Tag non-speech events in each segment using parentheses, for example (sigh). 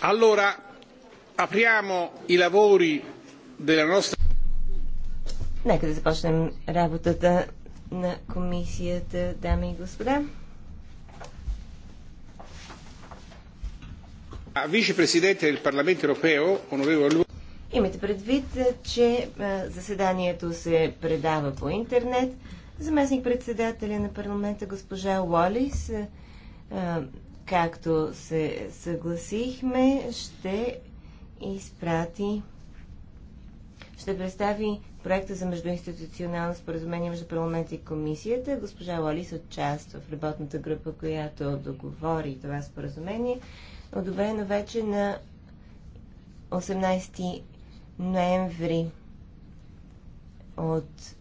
Allora, apriamo i lavori della nostra... Нека да започнем работата на комисията, дами и господа. Вице-президент del Parlamento europeo, onorevole Имайте предвид, че заседанието се предава по интернет. Заместник председателя на парламента госпожа Уолис Както се съгласихме, ще изпрати, ще представи проекта за междуинституционално споразумение между парламента и комисията. Госпожа от участва в работната група, която договори това споразумение. Одобрено вече на 18 ноември от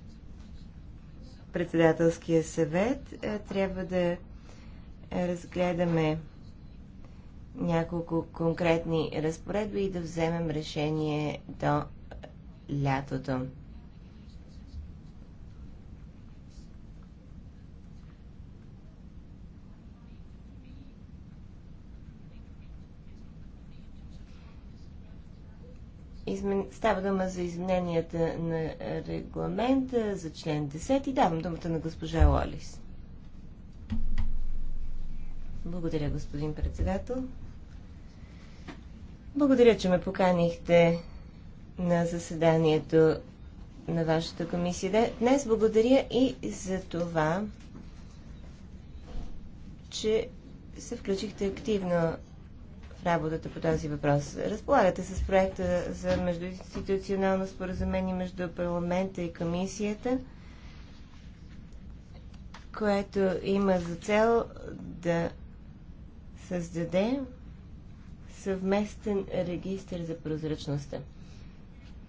председателския съвет. Е, трябва да разгледаме няколко конкретни разпоредби и да вземем решение до лятото. Измен... Става дума за измененията на регламента за член 10 и давам думата на госпожа Лолис. Благодаря, господин председател. Благодаря, че ме поканихте на заседанието на вашата комисия днес. Благодаря и за това, че се включихте активно в работата по този въпрос. Разполагате с проекта за междуинституционално споразумение между парламента и комисията, което има за цел да създаде съвместен регистр за прозрачността.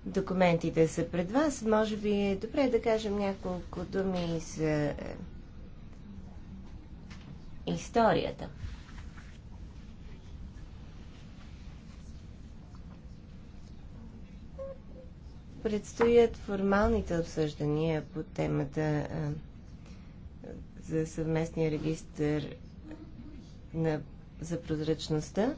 Документите са пред вас. Може би е добре да кажем няколко думи за е, историята. Предстоят формалните обсъждания по темата е, за съвместния регистр на за прозрачността.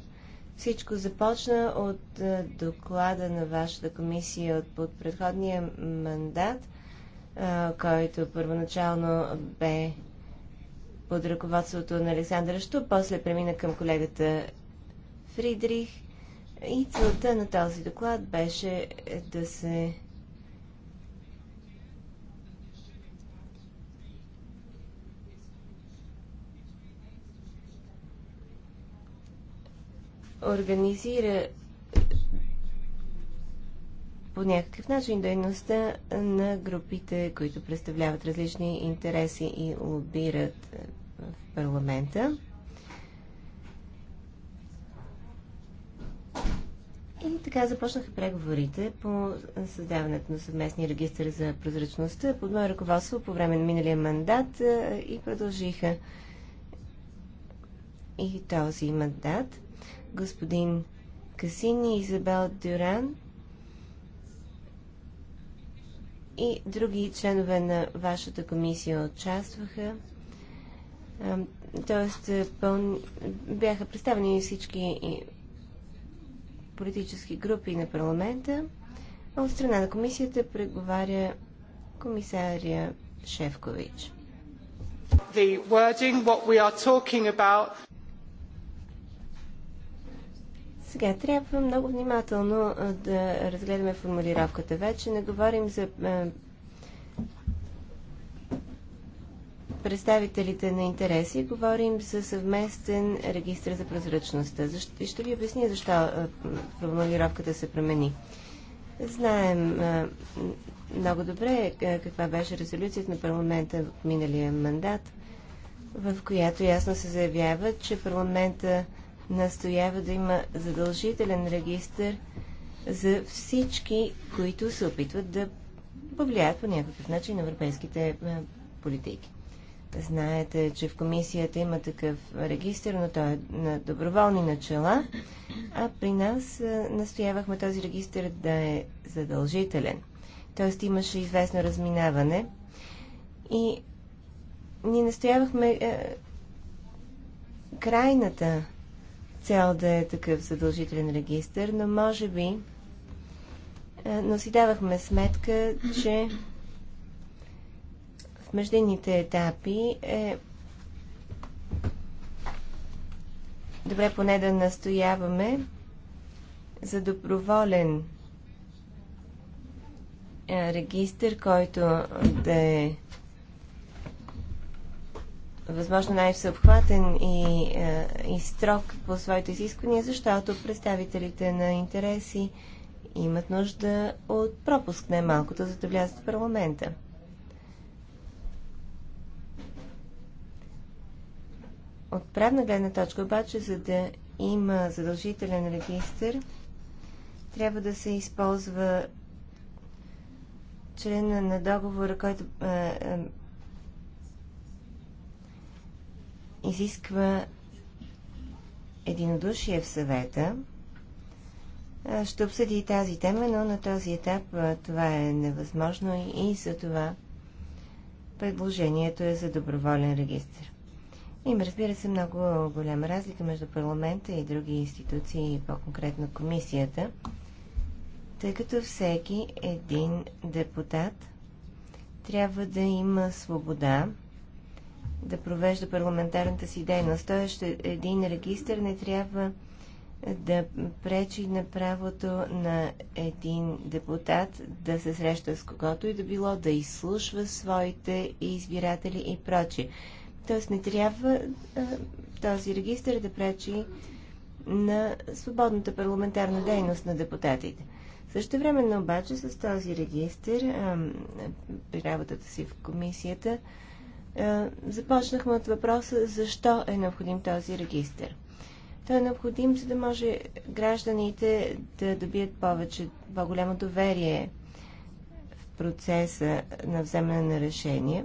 Всичко започна от доклада на вашата комисия от, под предходния мандат, който първоначално бе под ръководството на Александър Шту, после премина към колегата Фридрих. И целта на този доклад беше да се организира по някакъв начин дейността на групите, които представляват различни интереси и лобират е, в парламента. И така започнаха преговорите по създаването на съвместния регистр за прозрачността под мое ръководство по време на миналия мандат е, и продължиха и този мандат господин Касини, Изабел Дюран и други членове на вашата комисия участваха. Тоест, е, пълни... бяха представени всички политически групи на парламента. От страна на комисията преговаря комисария Шевкович. The wording, what we are talking about, сега трябва много внимателно да разгледаме формулировката. Вече не говорим за представителите на интереси, говорим за съвместен регистр за прозрачността. И ще ви обясня защо формулировката се промени. Знаем много добре каква беше резолюцията на парламента в миналия мандат, в която ясно се заявява, че парламента настоява да има задължителен регистр за всички, които се опитват да повлияят по някакъв начин на европейските е, политики. Знаете, че в комисията има такъв регистр, но той е на доброволни начала, а при нас е, настоявахме този регистр да е задължителен. Тоест имаше известно разминаване и ние настоявахме е, крайната цел да е такъв задължителен регистр, но може би, но си давахме сметка, че в междинните етапи е добре поне да настояваме за доброволен регистр, който да е възможно най-всеобхватен и, е, и строг по своите изисквания, защото представителите на интереси имат нужда от пропуск най малкото за да влязат в парламента. От правна гледна точка обаче, за да има задължителен регистр, трябва да се използва член на договора, който е, е, изисква единодушие в съвета. Ще обсъди и тази тема, но на този етап това е невъзможно и за това предложението е за доброволен регистр. Има, разбира се, много голяма разлика между парламента и други институции, и по-конкретно комисията, тъй като всеки един депутат трябва да има свобода да провежда парламентарната си дейност. Тоест, един регистр не трябва да пречи на правото на един депутат да се среща с когото и да било, да изслушва своите избиратели и прочи. Тоест не трябва този регистр да пречи на свободната парламентарна дейност на депутатите. Също времено обаче с този регистр при работата си в комисията е, започнахме от въпроса защо е необходим този регистр. Той е необходим, за да може гражданите да добият повече, по-голямо доверие в процеса на вземане на решение.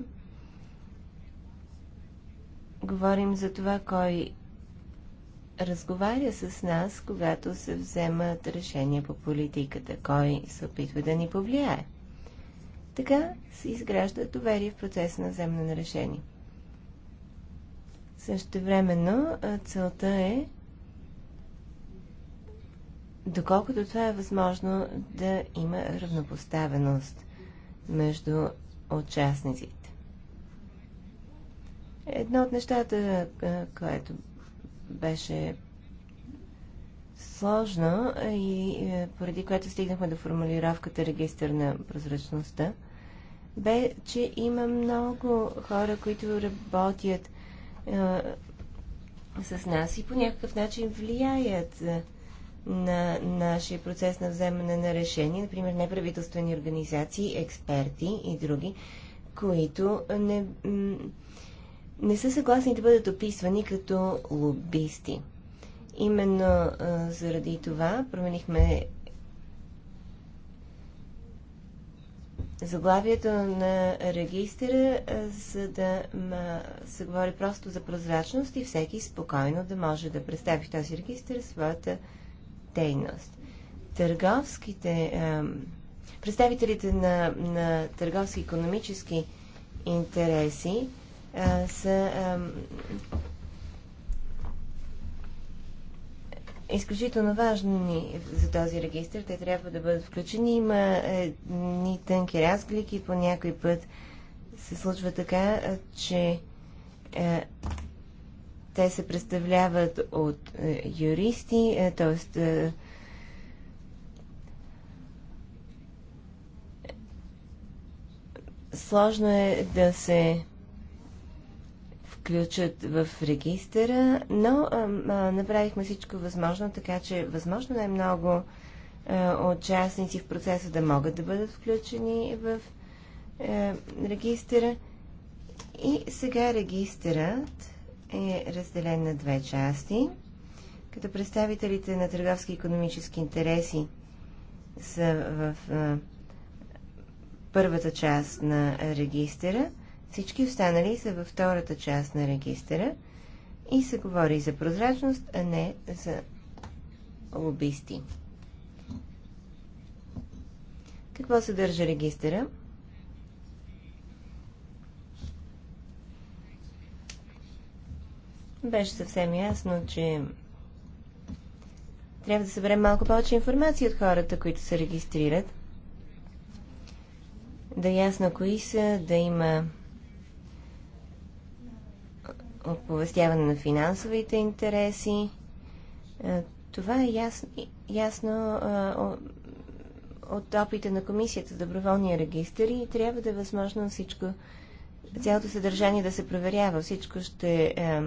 Говорим за това, кой разговаря с нас, когато се вземат решения по политиката, кой се опитва да ни повлияе. Така се изгражда доверие в процеса на вземане на решение. Същевременно целта е, доколкото това е възможно, да има равнопоставеност между участниците. Едно от нещата, което беше сложно и поради което стигнахме до формулировката регистър на прозрачността – бе, че има много хора, които работят а, с нас и по някакъв начин влияят на нашия процес на вземане на решения, например неправителствени организации, експерти и други, които не, не са съгласни да бъдат описвани като лобисти. Именно а, заради това променихме заглавието на регистъра, за да се говори просто за прозрачност и всеки спокойно да може да представи в този регистър своята дейност. Търговските, представителите на, на търговски економически интереси са изключително важни за този регистр. Те трябва да бъдат включени. Има е, ни тънки разклики. По някой път се случва така, е, че е, те се представляват от юристи, т.е. сложно е да се включат в регистъра, но а, а, направихме всичко възможно, така че възможно най-много участници в процеса да могат да бъдат включени в а, е, регистъра. И сега регистърът е разделен на две части, като представителите на търговски и економически интереси са в а, първата част на регистъра – всички останали са във втората част на регистъра и се говори за прозрачност, а не за лобисти. Какво съдържа регистъра? Беше съвсем ясно, че трябва да съберем малко повече информация от хората, които се регистрират. Да е ясно кои са, да има оповестяване на финансовите интереси. Е, това е ясно, ясно е, от опита на комисията за доброволния регистър и трябва да е възможно всичко, цялото съдържание да се проверява. Всичко ще е,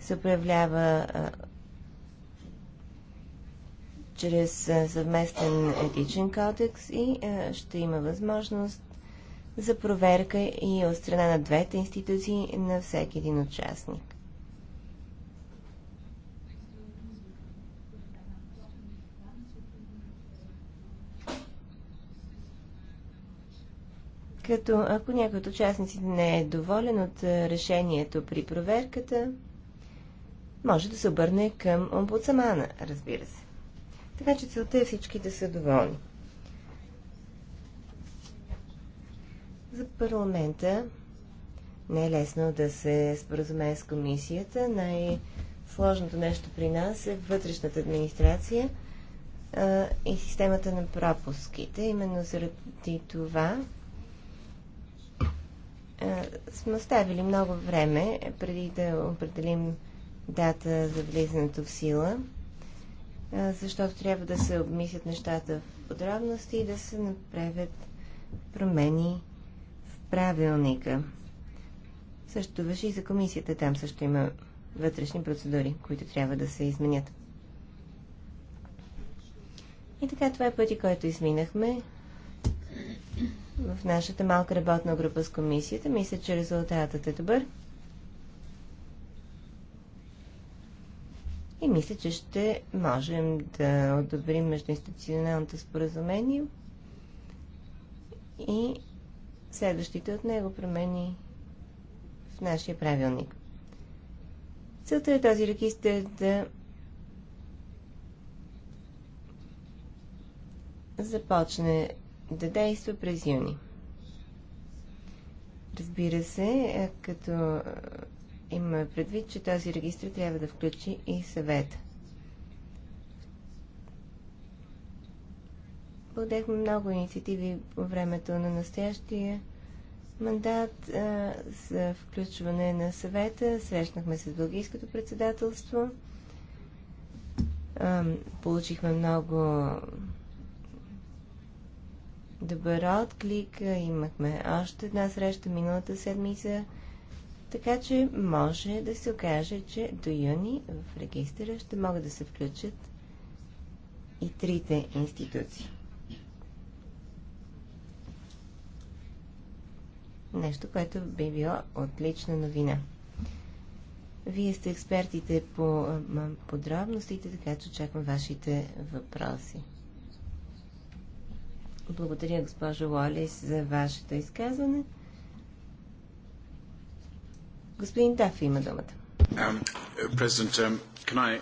се управлява чрез съвместен етичен кодекс и ще има възможност за проверка и от страна на двете институции на всеки един участник. като ако някой от участниците не е доволен от решението при проверката, може да се обърне към омбудсамана, разбира се. Така че целта е всички да са доволни. За парламента не е лесно да се споразумее с комисията. Най-сложното нещо при нас е вътрешната администрация а, и системата на пропуските. Именно заради това а, сме оставили много време преди да определим дата за влизането в сила, а, защото трябва да се обмислят нещата в подробности и да се направят промени правилника. Също въжи и за комисията. Там също има вътрешни процедури, които трябва да се изменят. И така, това е пъти, който изминахме в нашата малка работна група с комисията. Мисля, че резултатът е добър. И мисля, че ще можем да одобрим междуинституционалното споразумение и следващите от него промени в нашия правилник. Целта е този регистр да започне да действа през юни. Разбира се, е, като е, има предвид, че този регистр трябва да включи и съвета. подехме много инициативи по времето на настоящия мандат а, за включване на съвета. Срещнахме се с Бългийското председателство. А, получихме много добър отклик. Имахме още една среща миналата седмица. Така че може да се окаже, че до юни в регистъра ще могат да се включат и трите институции. Нещо, което би било отлична новина. Вие сте експертите по подробностите, така че очаквам вашите въпроси. Благодаря, госпожо Лолис, за вашето изказване. Господин Дафи има думата. Um, um,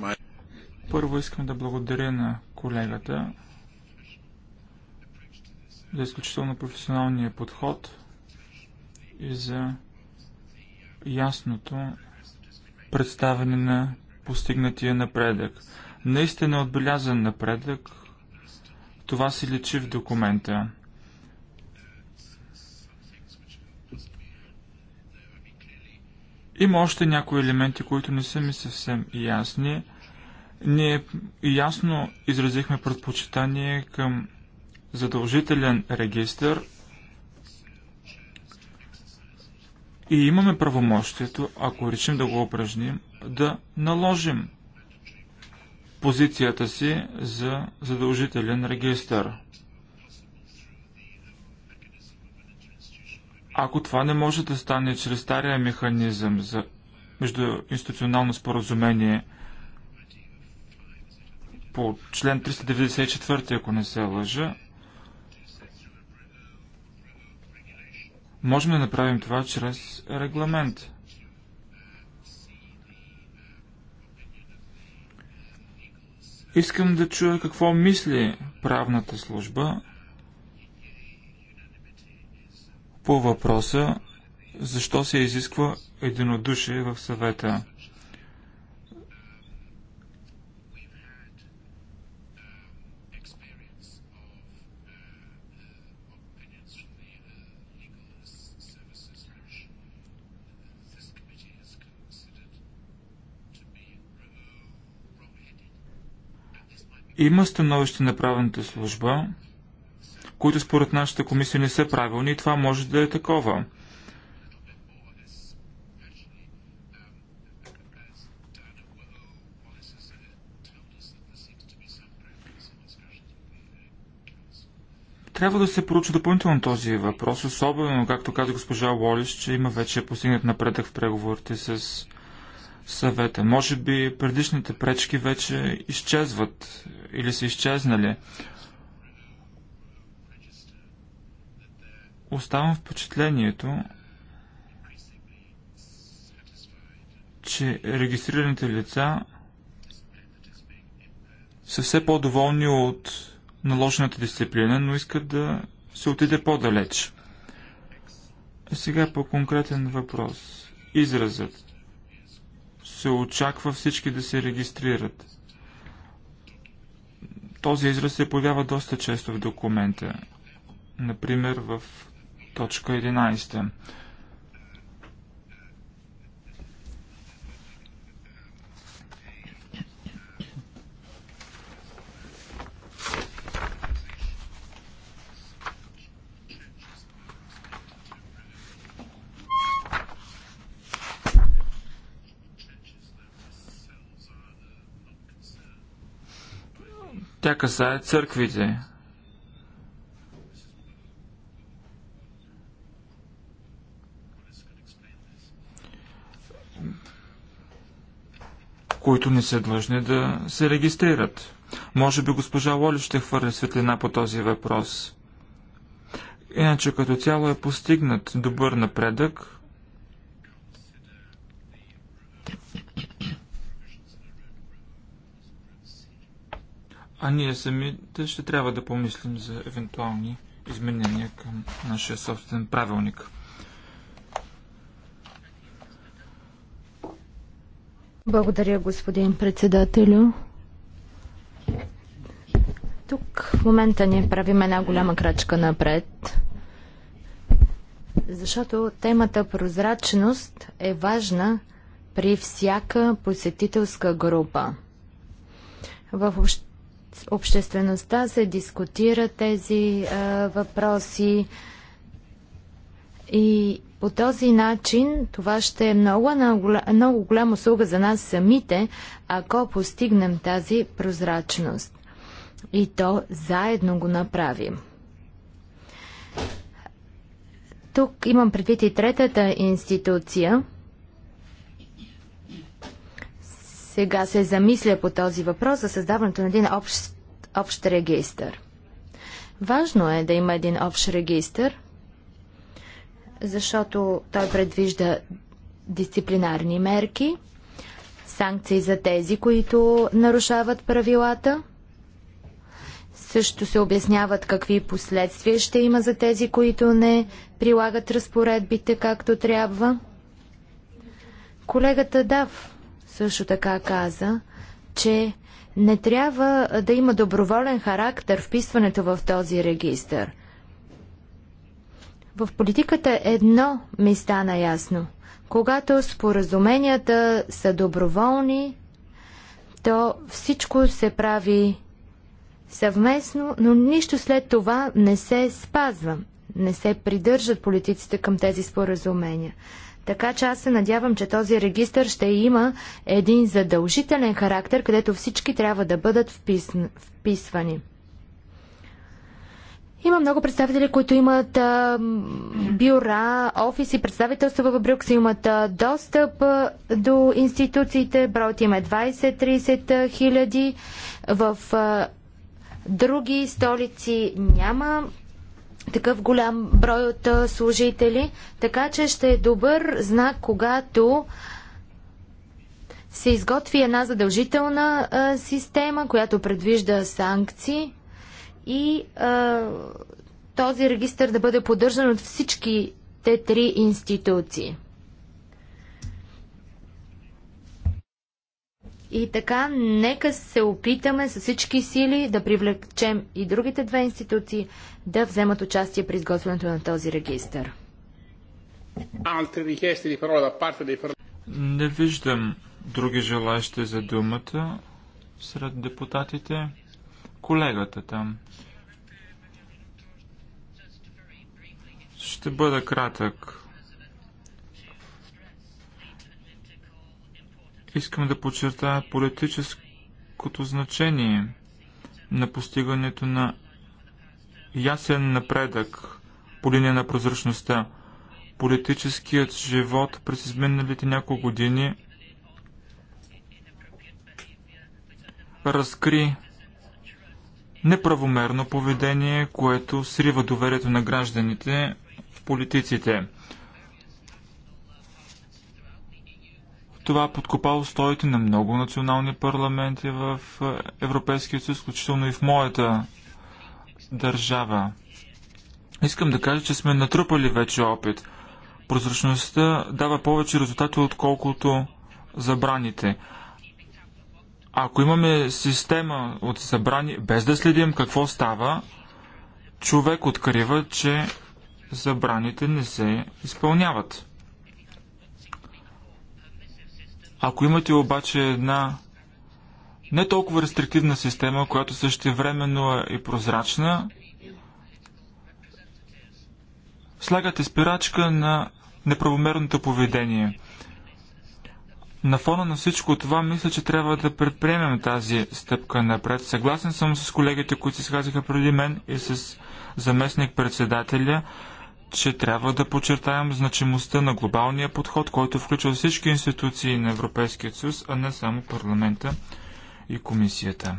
uh, Първо искам да благодаря на колегата за изключително професионалния подход и за ясното представяне на постигнатия напредък. Наистина е отбелязан напредък. Това се лечи в документа. Има още някои елементи, които не са ми съвсем ясни. Ние ясно изразихме предпочитание към задължителен регистр и имаме правомощието, ако решим да го упражним, да наложим позицията си за задължителен регистр. Ако това не може да стане чрез стария механизъм за междуинституционално споразумение по член 394, ако не се лъжа, Можем да направим това чрез регламент. Искам да чуя какво мисли правната служба по въпроса защо се изисква единодушие в съвета. Има становище на правната служба, които според нашата комисия не са правилни и това може да е такова. Трябва да се проучи допълнително този въпрос, особено, както каза госпожа Уолис, че има вече постигнат напредък в преговорите с съвета. Може би предишните пречки вече изчезват или са изчезнали. Оставам впечатлението, че регистрираните лица са все по-доволни от наложената дисциплина, но искат да се отиде по-далеч. Сега по конкретен въпрос. Изразът се очаква всички да се регистрират. Този израз се появява доста често в документа. Например, в точка 11. Тя касае църквите. които не са длъжни да се регистрират. Може би госпожа Лоли ще хвърли светлина по този въпрос. Иначе като цяло е постигнат добър напредък А ние самите ще трябва да помислим за евентуални изменения към нашия собствен правилник. Благодаря, господин председателю. Тук в момента ние правим една голяма крачка напред, защото темата прозрачност е важна при всяка посетителска група. В общ обществеността се дискутира тези а, въпроси и по този начин това ще е много, много голяма услуга за нас самите, ако постигнем тази прозрачност. И то заедно го направим. Тук имам предвид и третата институция – сега се замисля по този въпрос за създаването на един общ, общ регистр. Важно е да има един общ регистр, защото той предвижда дисциплинарни мерки, санкции за тези, които нарушават правилата. Също се обясняват какви последствия ще има за тези, които не прилагат разпоредбите както трябва. Колегата Дав също така каза, че не трябва да има доброволен характер вписването в този регистр. В политиката едно ми стана ясно. Когато споразуменията са доброволни, то всичко се прави съвместно, но нищо след това не се спазва. Не се придържат политиците към тези споразумения. Така че аз се надявам, че този регистр ще има един задължителен характер, където всички трябва да бъдат вписвани. Има много представители, които имат а, бюра, офиси, представителства в Брюкс, имат а, достъп а, до институциите. Броят им е 20-30 хиляди. В а, други столици няма такъв голям брой от служители, така че ще е добър знак, когато се изготви една задължителна а, система, която предвижда санкции и а, този регистр да бъде поддържан от всички те три институции. И така, нека се опитаме с всички сили да привлечем и другите две институции да вземат участие при изготвянето на този регистр. Не виждам други желащи за думата сред депутатите. Колегата там. Ще бъда кратък. Искам да подчертая политическото значение на постигането на ясен напредък по линия на прозрачността. Политическият живот през изминалите няколко години разкри неправомерно поведение, което срива доверието на гражданите в политиците. Това подкопа устоите на много национални парламенти в е, Европейския съюз, включително и в моята държава. Искам да кажа, че сме натрупали вече опит. Прозрачността дава повече резултати, отколкото забраните. Ако имаме система от забрани, без да следим какво става, човек открива, че забраните не се изпълняват. Ако имате обаче една не толкова рестриктивна система, която същевременно е и прозрачна, слагате спирачка на неправомерното поведение. На фона на всичко това, мисля, че трябва да предприемем тази стъпка напред. Съгласен съм с колегите, които се сказаха преди мен и с заместник председателя, че трябва да подчертаем значимостта на глобалния подход, който включва всички институции на Европейския съюз, а не само парламента и комисията.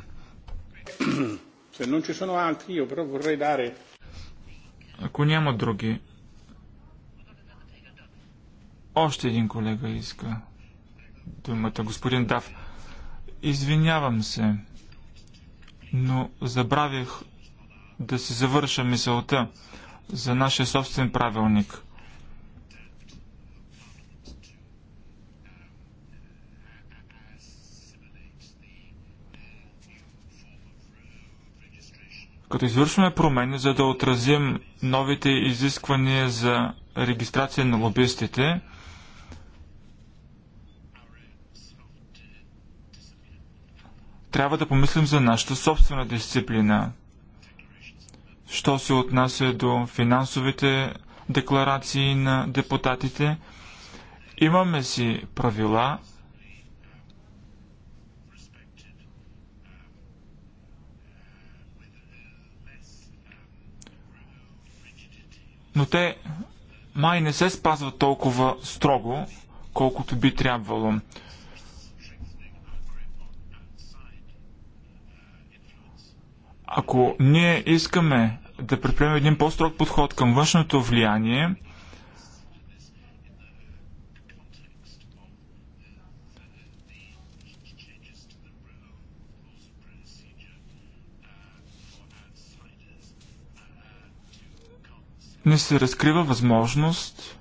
Ако няма други, още един колега иска думата, господин Дав. Извинявам се, но забравих да си завърша мисълта за нашия собствен правилник. Като извършваме промени, за да отразим новите изисквания за регистрация на лобистите, трябва да помислим за нашата собствена дисциплина. Що се отнася до финансовите декларации на депутатите, имаме си правила, но те май не се спазват толкова строго, колкото би трябвало. Ако ние искаме да предприемем един по-строг подход към външното влияние, не се разкрива възможност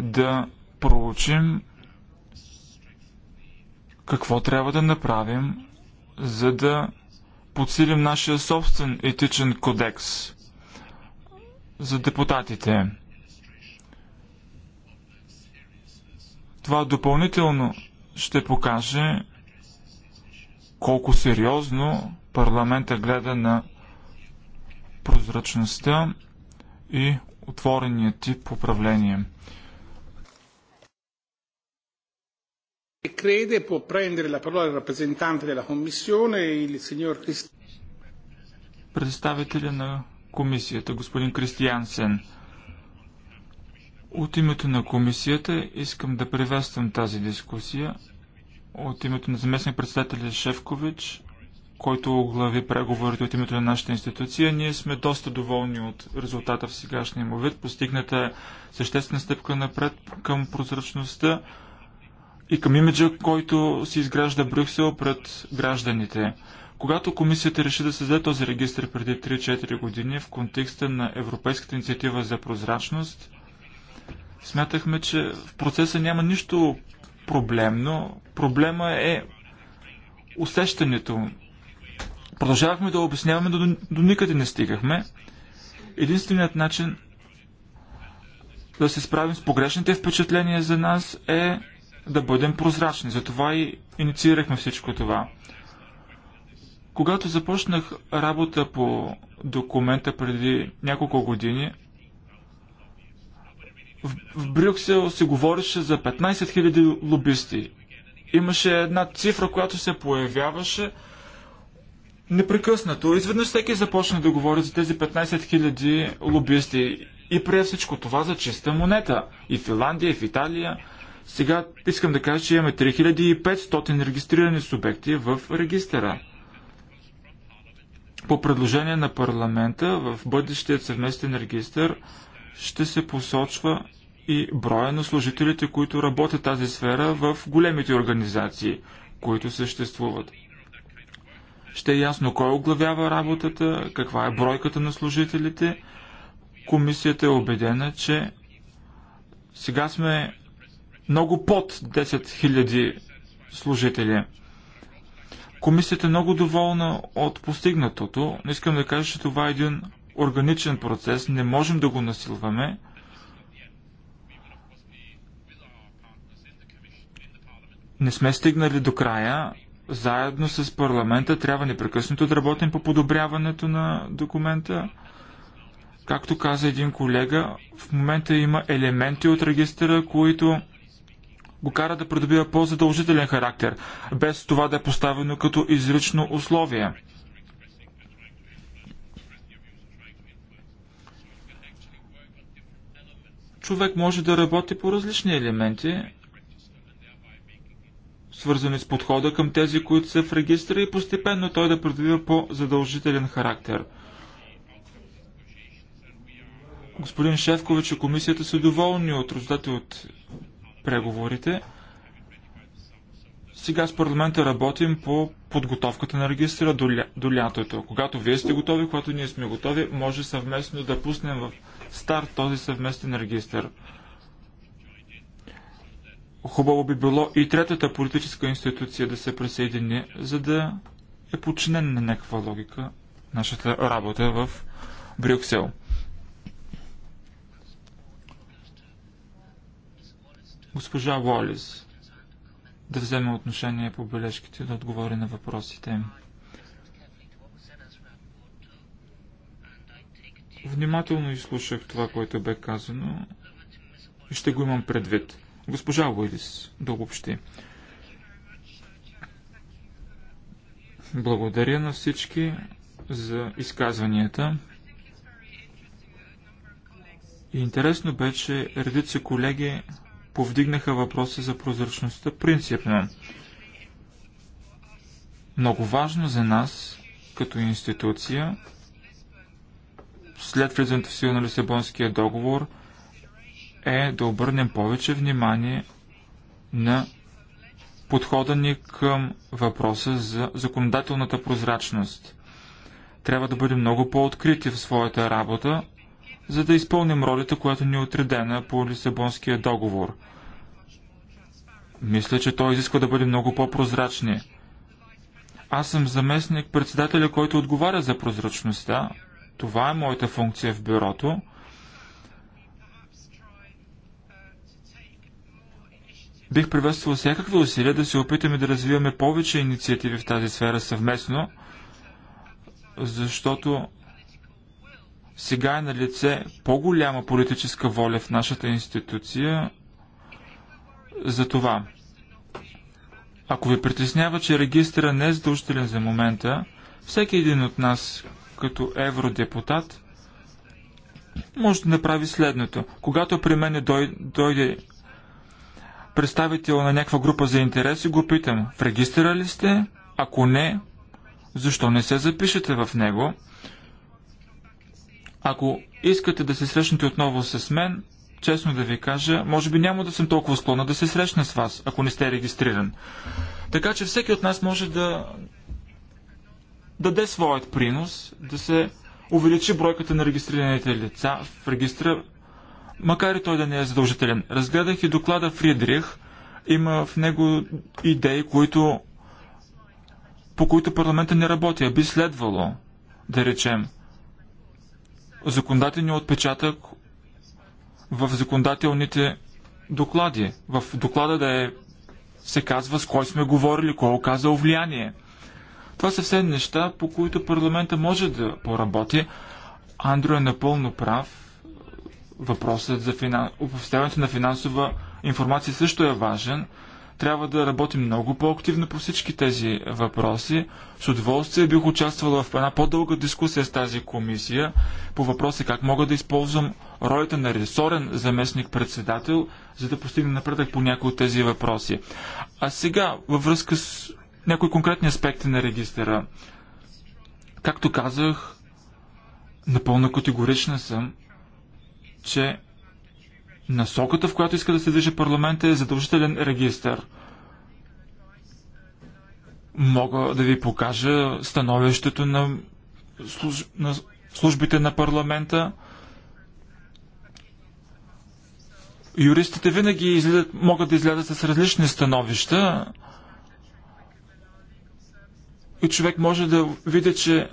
да проучим какво трябва да направим, за да подсилим нашия собствен етичен кодекс за депутатите. Това допълнително ще покаже колко сериозно парламента гледа на прозрачността и отворения тип управление. E crede può prendere la parola il rappresentante della Commissione, il signor Представителя на комисията, господин Кристиансен. От името на комисията искам да приветствам тази дискусия. От името на заместник председателя Шефкович, който оглави преговорите от името на нашата институция, ние сме доста доволни от резултата в сегашния му вид. Постигната е съществена стъпка напред към прозрачността и към имиджа, който си изгражда Брюксел пред гражданите. Когато комисията реши да създаде този регистр преди 3-4 години в контекста на Европейската инициатива за прозрачност, смятахме, че в процеса няма нищо проблемно. Проблема е усещането. Продължавахме да обясняваме, но до никъде не стигахме. Единственият начин да се справим с погрешните впечатления за нас е да бъдем прозрачни. Затова и инициирахме всичко това. Когато започнах работа по документа преди няколко години, в Брюксел се говореше за 15 000 лобисти. Имаше една цифра, която се появяваше непрекъснато. Изведнъж всеки започна да говори за тези 15 000 лобисти и прие всичко това за чиста монета. И в Финландия, и в Италия, сега искам да кажа, че имаме 3500 регистрирани субекти в регистъра. По предложение на парламента в бъдещия съвместен регистър ще се посочва и броя на служителите, които работят тази сфера в големите организации, които съществуват. Ще е ясно кой оглавява работата, каква е бройката на служителите. Комисията е убедена, че сега сме много под 10 000 служители. Комисията е много доволна от постигнатото, но искам да кажа, че това е един органичен процес, не можем да го насилваме. Не сме стигнали до края. Заедно с парламента трябва непрекъснато да работим по подобряването на документа. Както каза един колега, в момента има елементи от регистъра, които го кара да придобива по-задължителен характер, без това да е поставено като изрично условие. Човек може да работи по различни елементи, свързани с подхода към тези, които са в регистра и постепенно той да придобива по-задължителен характер. Господин Шефкович и комисията са доволни от резултати от преговорите. Сега с парламента работим по подготовката на регистра до, ля, до лятото. Когато вие сте готови, когато ние сме готови, може съвместно да пуснем в старт този съвместен регистр. Хубаво би било и третата политическа институция да се присъедини, за да е починен на някаква логика нашата работа в Брюксел. Госпожа Уолис да вземе отношение по бележките и да отговори на въпросите Внимателно изслушах това, което бе казано и ще го имам предвид. Госпожа Уолис, да обобщи. Благодаря на всички за изказванията. И интересно бе, че редица колеги повдигнаха въпроса за прозрачността принципно. Много важно за нас, като институция, след влизането в сила на Лисабонския договор, е да обърнем повече внимание на подхода ни към въпроса за законодателната прозрачност. Трябва да бъдем много по-открити в своята работа, за да изпълним ролята, която ни е отредена по Лисабонския договор. Мисля, че той изисква да бъде много по-прозрачни. Аз съм заместник председателя, който отговаря за прозрачността. Това е моята функция в бюрото. Бих приветствал всякакви усилия да се опитаме да развиваме повече инициативи в тази сфера съвместно, защото сега е на лице по-голяма политическа воля в нашата институция за това. Ако ви притеснява, че регистъра не е задължителен за момента, всеки един от нас, като евродепутат, може да направи следното. Когато при мен дойде представител на някаква група за интереси, го питам, в регистъра ли сте? Ако не, защо не се запишете в него? Ако искате да се срещнете отново с мен, честно да ви кажа, може би няма да съм толкова склонна да се срещна с вас, ако не сте регистриран. Така че всеки от нас може да даде своят принос, да се увеличи бройката на регистрираните лица в регистра, макар и той да не е задължителен. Разгледах и доклада Фридрих. Има в него идеи, които, по които парламента не работи, а би следвало, да речем, законодателния отпечатък в законодателните доклади. В доклада да е, се казва с кой сме говорили, кой е оказал влияние. Това са все неща, по които парламента може да поработи. Андро е напълно прав. Въпросът за финан... на финансова информация също е важен трябва да работим много по-активно по всички тези въпроси. С удоволствие бих участвала в една по-дълга дискусия с тази комисия по въпроса как мога да използвам ролята на ресорен заместник-председател, за да постигне напредък по някои от тези въпроси. А сега, във връзка с някои конкретни аспекти на регистъра. Както казах, напълно категорична съм, че Насоката, в която иска да се движи парламента е задължителен регистр. Мога да ви покажа становището на, служ... на службите на парламента. Юристите винаги излядат, могат да излядат с различни становища и човек може да види, че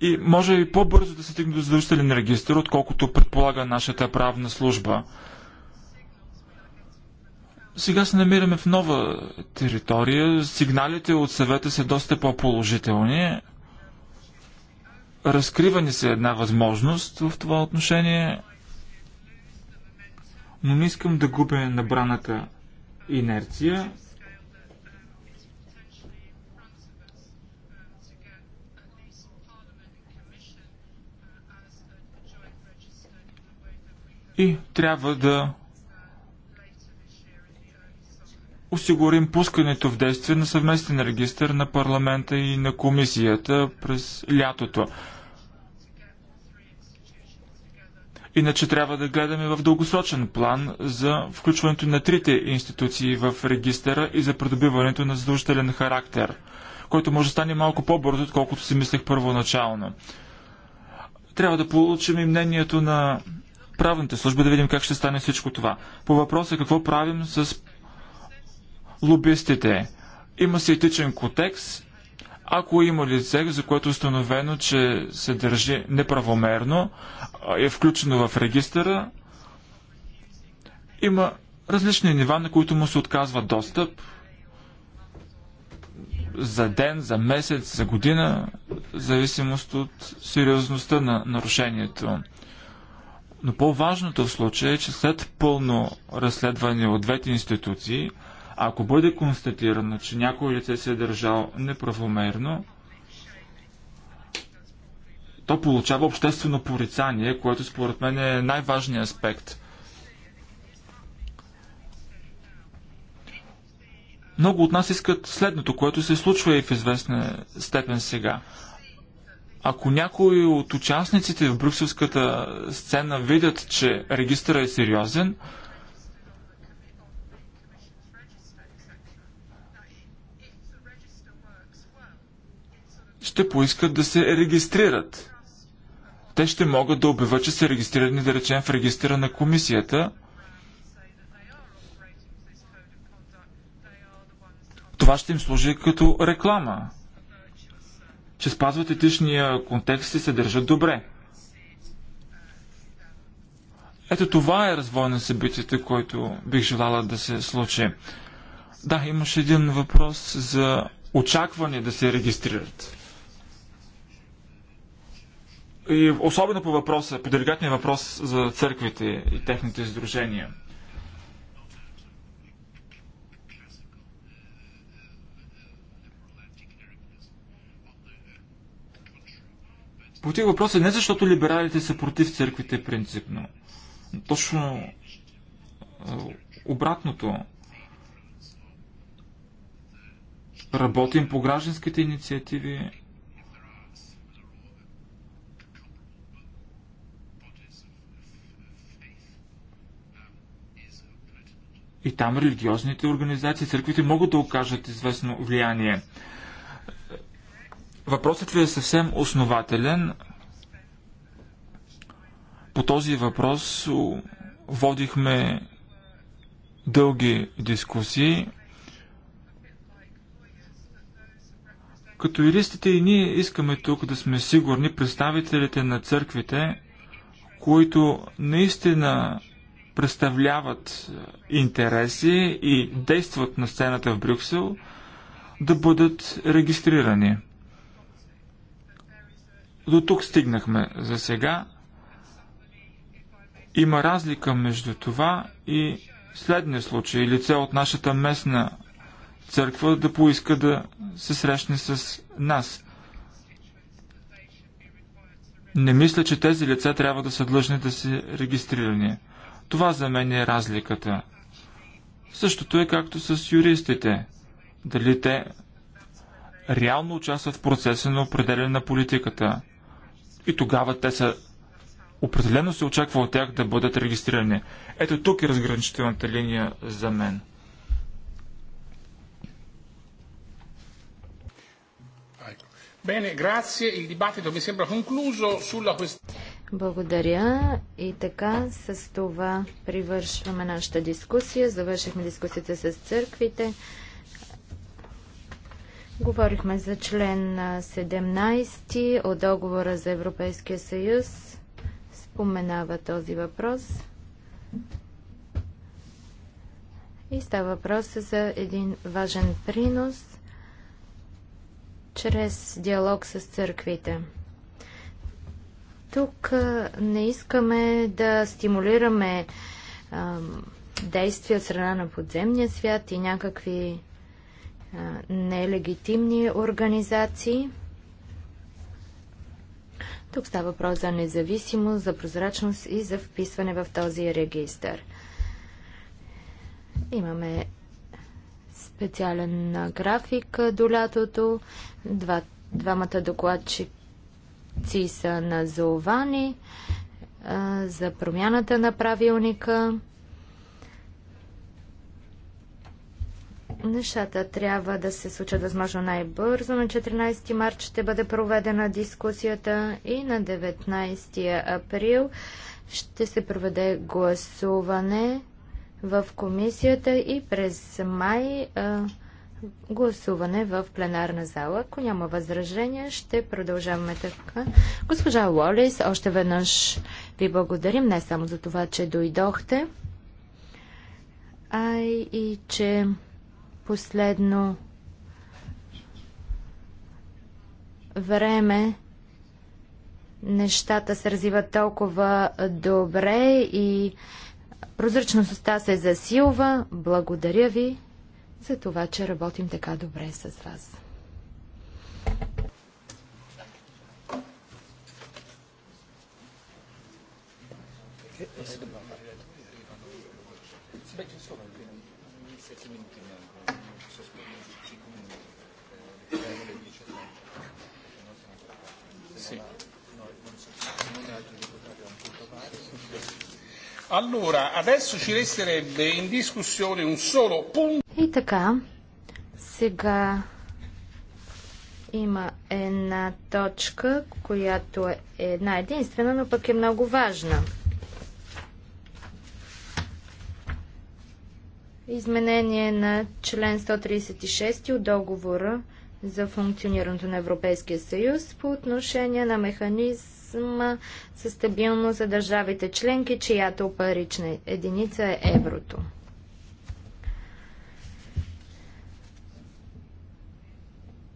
и може и по-бързо да се стигне до задължителен регистр, отколкото предполага нашата правна служба. Сега се намираме в нова територия. Сигналите от съвета са доста по-положителни. Разкрива ни се една възможност в това отношение, но не искам да губя набраната инерция. и трябва да осигурим пускането в действие на съвместен регистр на парламента и на комисията през лятото. Иначе трябва да гледаме в дългосрочен план за включването на трите институции в регистъра и за придобиването на задължителен характер, който може да стане малко по-бързо, отколкото си мислех първоначално. Трябва да получим и мнението на правните служби да видим как ще стане всичко това. По въпроса какво правим с лобистите. Има се етичен кодекс. Ако има лице, за което е установено, че се държи неправомерно, е включено в регистъра, има различни нива, на които му се отказва достъп за ден, за месец, за година, в зависимост от сериозността на нарушението. Но по-важното в случая е, че след пълно разследване от двете институции, ако бъде констатирано, че някой лице се е държал неправомерно, то получава обществено порицание, което според мен е най-важният аспект. Много от нас искат следното, което се случва и в известна степен сега. Ако някои от участниците в брюкселската сцена видят, че регистъра е сериозен, ще поискат да се регистрират. Те ще могат да обяват, че са регистрирани, да речем, в регистъра на комисията. Това ще им служи като реклама че спазват етичния контекст и се държат добре. Ето това е развой на събитията, който бих желала да се случи. Да, имаш един въпрос за очакване да се регистрират. И особено по въпроса, по делегатния въпрос за църквите и техните издружения – Потих въпроса, не защото либералите са против църквите принципно. Точно обратното. Работим по гражданските инициативи. И там религиозните организации, църквите могат да окажат известно влияние. Въпросът ви е съвсем основателен. По този въпрос водихме дълги дискусии. Като юристите и ние искаме тук да сме сигурни представителите на църквите, които наистина представляват интереси и действат на сцената в Брюксел, да бъдат регистрирани. До тук стигнахме за сега. Има разлика между това и следния случай. Лице от нашата местна църква да поиска да се срещне с нас. Не мисля, че тези лица трябва да са длъжни да се регистрирани. Това за мен е разликата. Същото е както с юристите. Дали те реално участват в процеса на определена на политиката и тогава те са определено се очаква от тях да бъдат регистрирани. Ето тук е разграничителната линия за мен. Благодаря. И така, с това привършваме нашата дискусия. Завършихме дискусията с църквите. Говорихме за член 17 от договора за Европейския съюз. Споменава този въпрос. И става въпрос за един важен принос чрез диалог с църквите. Тук не искаме да стимулираме а, действия от страна на подземния свят и някакви нелегитимни организации. Тук става въпрос за независимост, за прозрачност и за вписване в този регистр. Имаме специален график до лятото. Два, двамата докладчици са назовани за промяната на правилника. Нещата трябва да се случат възможно най-бързо. На 14 март ще бъде проведена дискусията и на 19 април ще се проведе гласуване в комисията и през май а, гласуване в пленарна зала. Ако няма възражения, ще продължаваме така. Госпожа Уолис, още веднъж ви благодарим не само за това, че дойдохте, а и че последно време нещата се развиват толкова добре и прозрачността се засилва. Благодаря ви за това, че работим така добре с вас. Okay. Allora, adesso ci resterebbe in discussione un solo punto. И така, сега има една точка, която е една единствена, но пък е много важна. Изменение на член 136 от договора за функционирането на Европейския съюз по отношение на механизм механизъм със стабилност за държавите членки, чиято парична единица е еврото.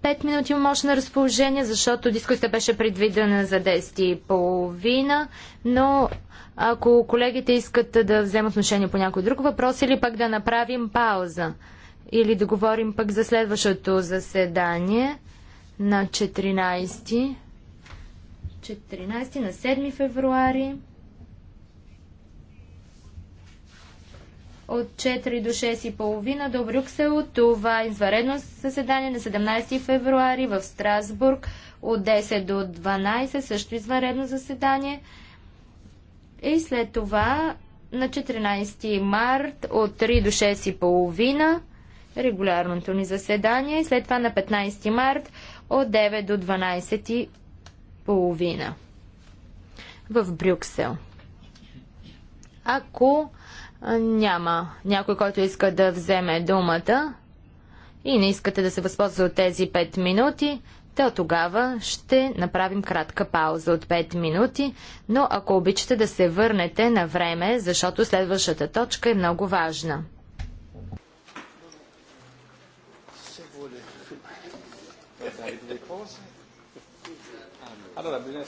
Пет минути мощно на разположение, защото дискусията беше предвидена за 10.30, но ако колегите искат да вземат отношение по някой друг въпрос или пък да направим пауза или да говорим пък за следващото заседание на 14. 14 на 7 февруари от 4 до 6 и половина до Брюксел. Това е изваредно заседание на 17 февруари в Страсбург от 10 до 12, също изваредно заседание. И след това на 14 март от 3 до 6 и половина регулярното ни заседание. И след това на 15 март от 9 до 12 половина в Брюксел. Ако няма някой, който иска да вземе думата и не искате да се възползва от тези 5 минути, то тогава ще направим кратка пауза от 5 минути, но ако обичате да се върнете на време, защото следващата точка е много важна. Allora bisogna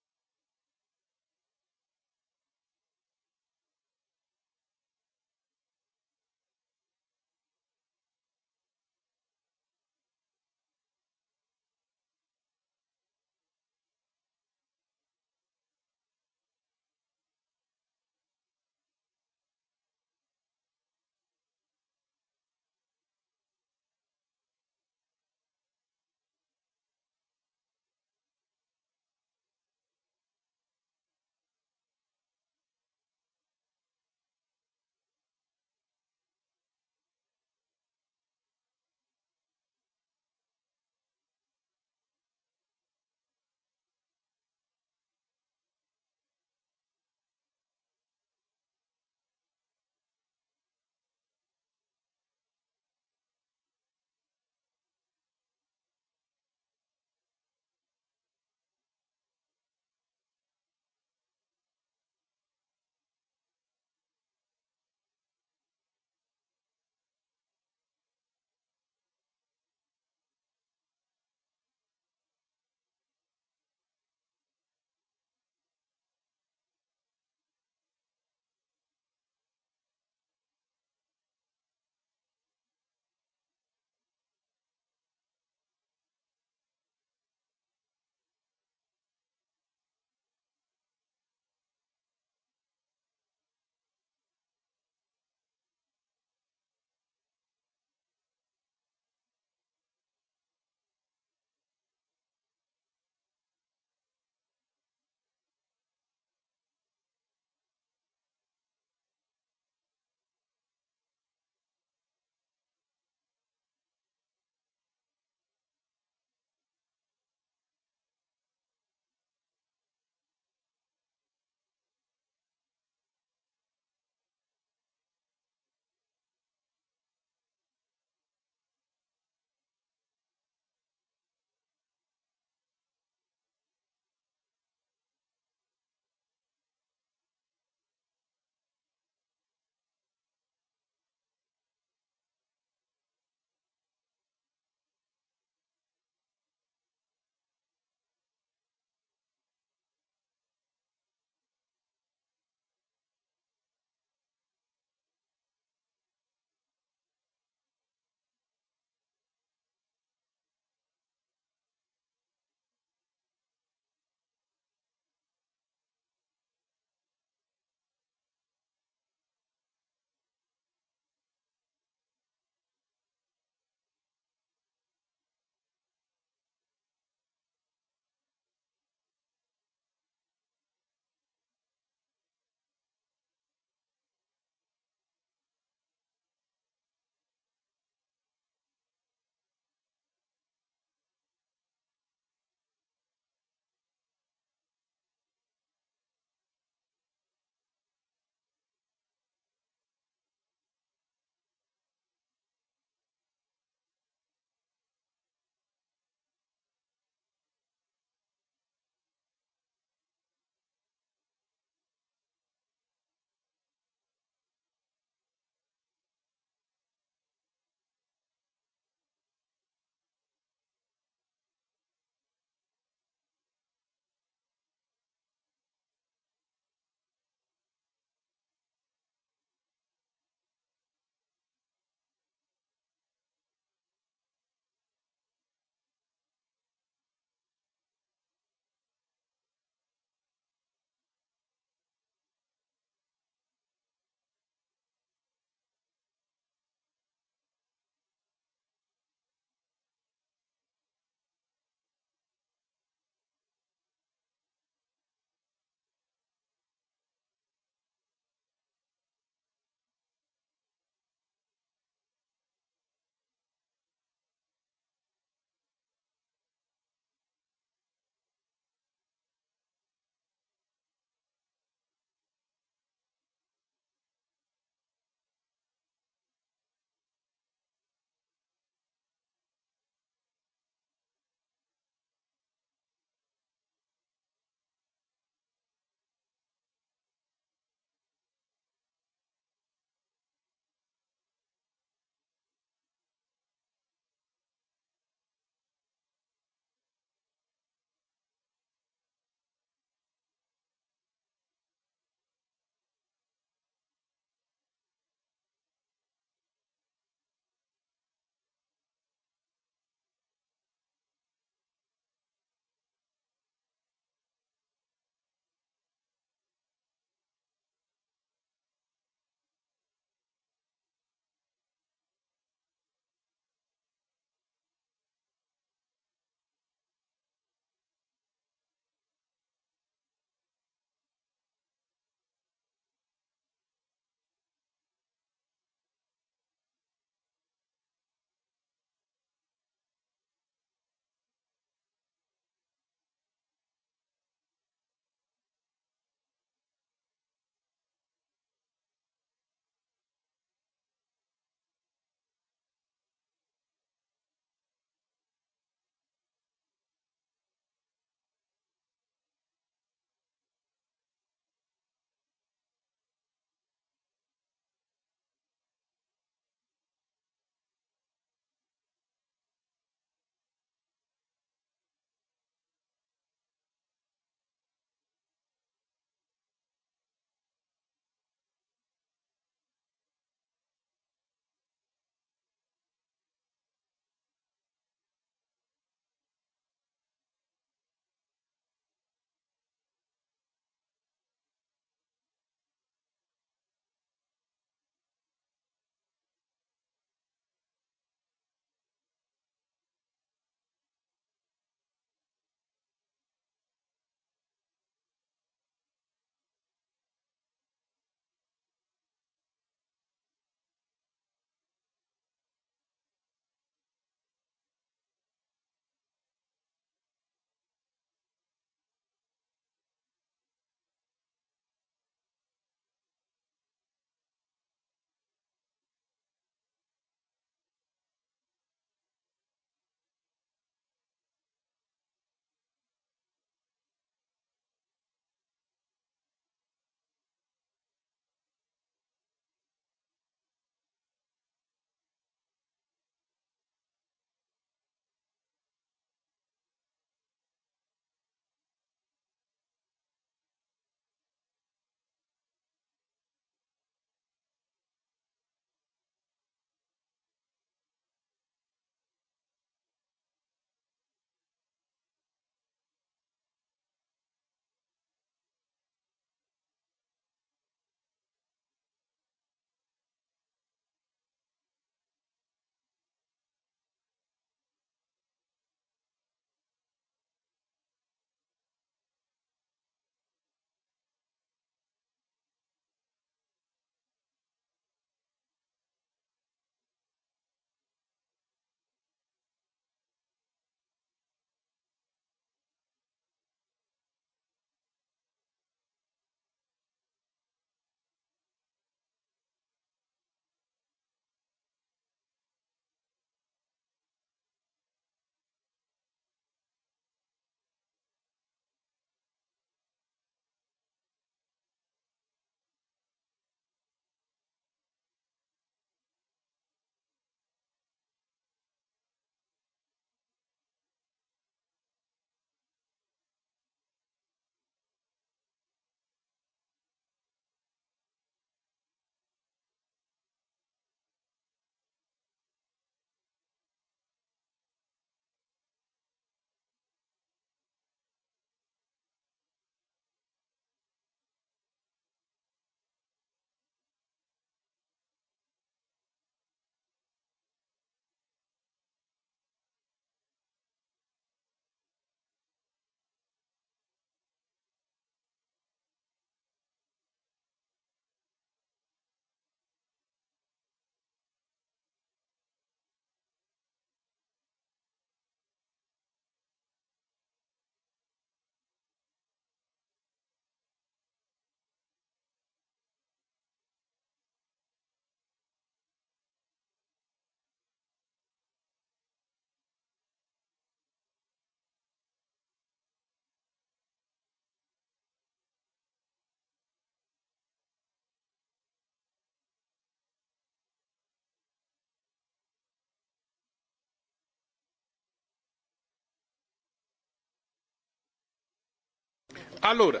Allora,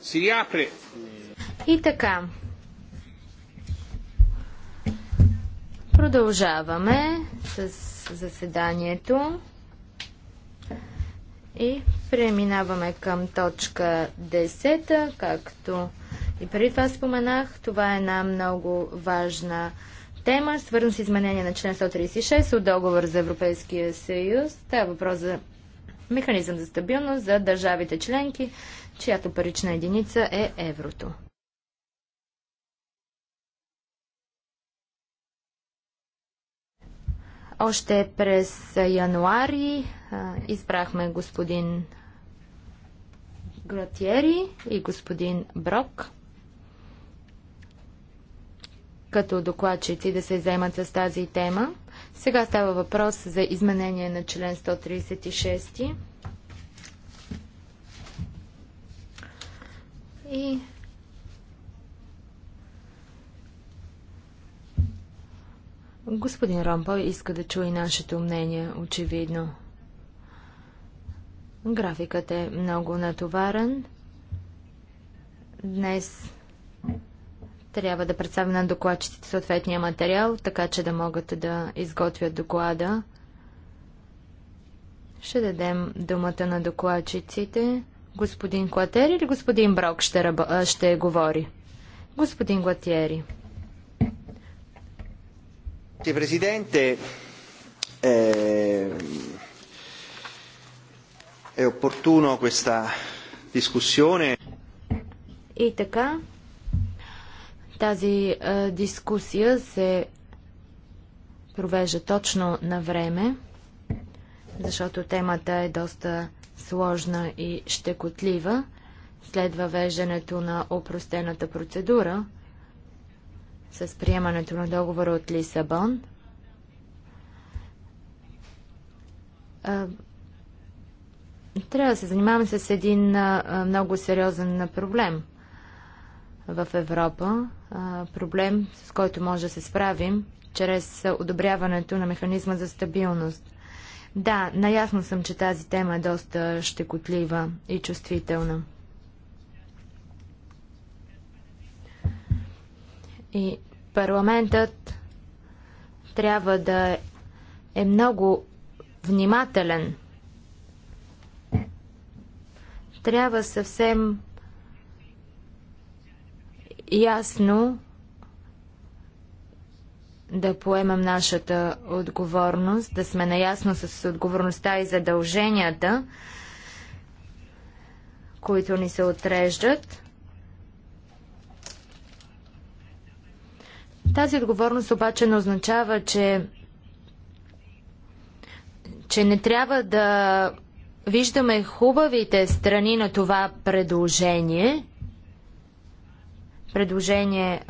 si riapre. И така. Продължаваме с заседанието и преминаваме към точка 10, както и преди това споменах. Това е една много важна тема, свързана с изменение на член 136 от договор за Европейския съюз. Това е въпрос за механизъм за стабилност за държавите членки, чиято парична единица е еврото. Още през януари избрахме господин Гратиери и господин Брок като докладчици да се вземат с тази тема. Сега става въпрос за изменение на член 136. И Господин Ромпо иска да чуе нашето мнение, очевидно. Графикът е много натоварен. Днес трябва да представя на докладчиците съответния материал, така че да могат да изготвят доклада. Ще дадем думата на докладчиците. Господин Клатери или господин Брок ще, ръб... ще говори? Господин Ти Президенте, е... е опортуно questa discussione. И така, тази а, дискусия се провежда точно на време, защото темата е доста сложна и щекотлива. След въвеждането на опростената процедура с приемането на договора от Лисабон, а, трябва да се занимаваме с един а, много сериозен проблем в Европа. Проблем, с който може да се справим чрез одобряването на механизма за стабилност. Да, наясно съм, че тази тема е доста щекотлива и чувствителна. И парламентът трябва да е много внимателен. Трябва съвсем ясно да поемам нашата отговорност, да сме наясно с отговорността и задълженията, които ни се отреждат. Тази отговорност обаче не означава, че, че не трябва да виждаме хубавите страни на това предложение – предложение,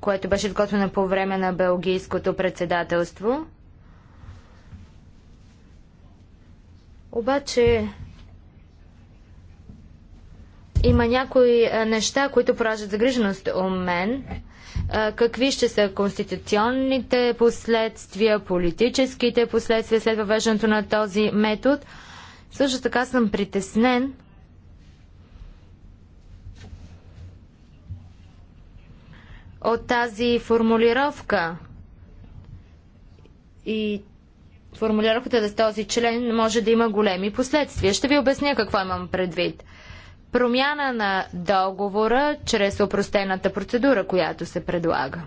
което беше изготвено по време на Белгийското председателство. Обаче има някои неща, които поражат загриженост у мен. Какви ще са конституционните последствия, политическите последствия след въвеждането на този метод? Също така съм притеснен – от тази формулировка. И формулировката за този член може да има големи последствия. Ще ви обясня какво имам предвид. Промяна на договора чрез опростената процедура, която се предлага.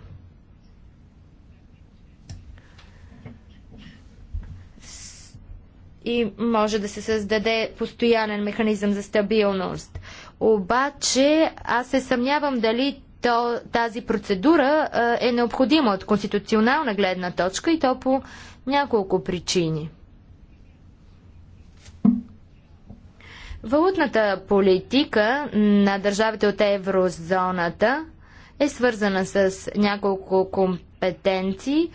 И може да се създаде постоянен механизъм за стабилност. Обаче аз се съмнявам дали то тази процедура е необходима от конституционална гледна точка и то по няколко причини. Валутната политика на държавите от еврозоната е свързана с няколко компетенции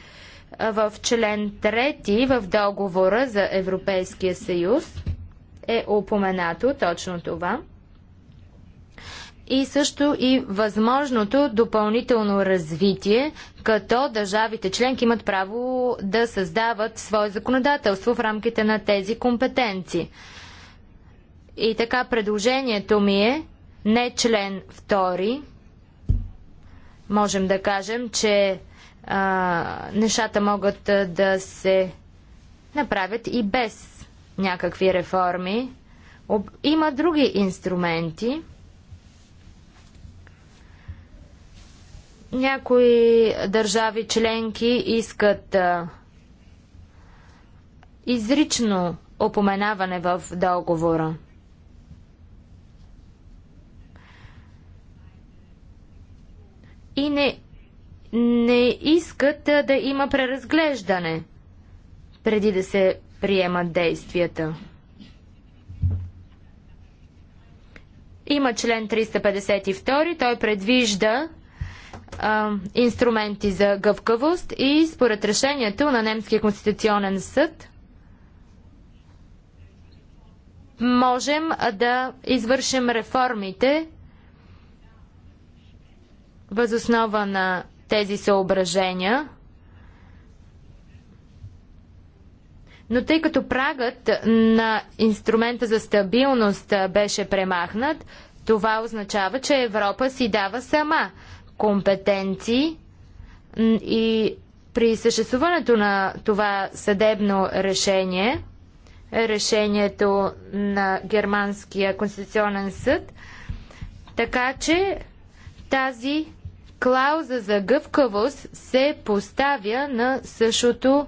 в член 3 в договора за Европейския съюз е упоменато точно това – и също и възможното допълнително развитие, като държавите членки имат право да създават свое законодателство в рамките на тези компетенции. И така предложението ми е не член 2. Можем да кажем, че а, нещата могат да се направят и без някакви реформи. Има други инструменти. Някои държави членки искат а, изрично опоменаване в договора. И не, не искат а, да има преразглеждане преди да се приемат действията. Има член 352, той предвижда а, инструменти за гъвкавост и според решението на Немския конституционен съд можем да извършим реформите възоснова на тези съображения. Но тъй като прагът на инструмента за стабилност беше премахнат, това означава, че Европа си дава сама компетенции и при съществуването на това съдебно решение, решението на Германския конституционен съд, така че тази клауза за гъвкавост се поставя на същото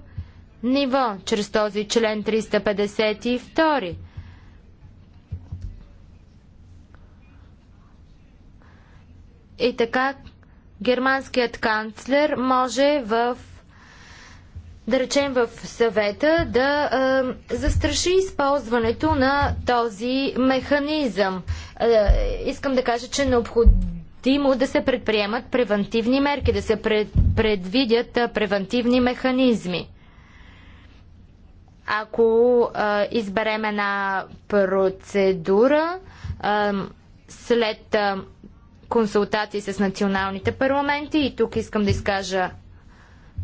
ниво, чрез този член 352. И така германският канцлер може в да речем в съвета, да е, застраши използването на този механизъм. Е, искам да кажа, че е необходимо да се предприемат превентивни мерки, да се пред, предвидят е, превентивни механизми. Ако е, изберем една процедура, е, след е, консултации с националните парламенти и тук искам да изкажа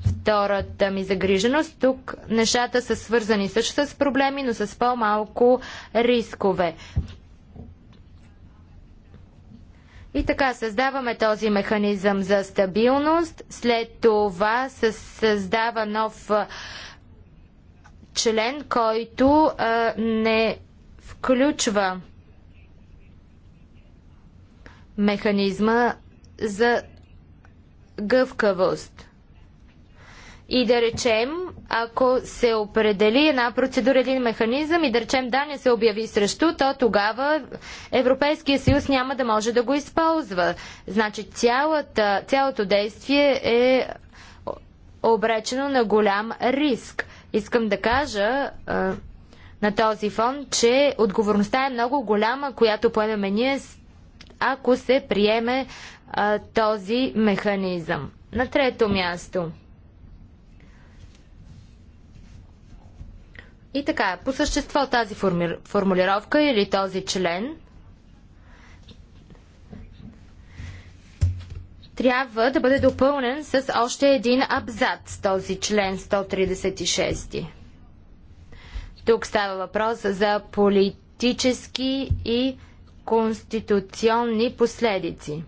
втората ми загриженост. Тук нещата са свързани също с проблеми, но с по-малко рискове. И така създаваме този механизъм за стабилност. След това се създава нов член, който а, не включва механизма за гъвкавост. И да речем, ако се определи една процедура, един механизъм и да речем да не се обяви срещу, то тогава Европейския съюз няма да може да го използва. Значи цялата, цялото действие е обречено на голям риск. Искам да кажа а, на този фон, че отговорността е много голяма, която поемеме ние с ако се приеме а, този механизъм. На трето място. И така, по същество тази форми... формулировка или този член трябва да бъде допълнен с още един абзац, този член 136. Тук става въпрос за политически и конституционни последици.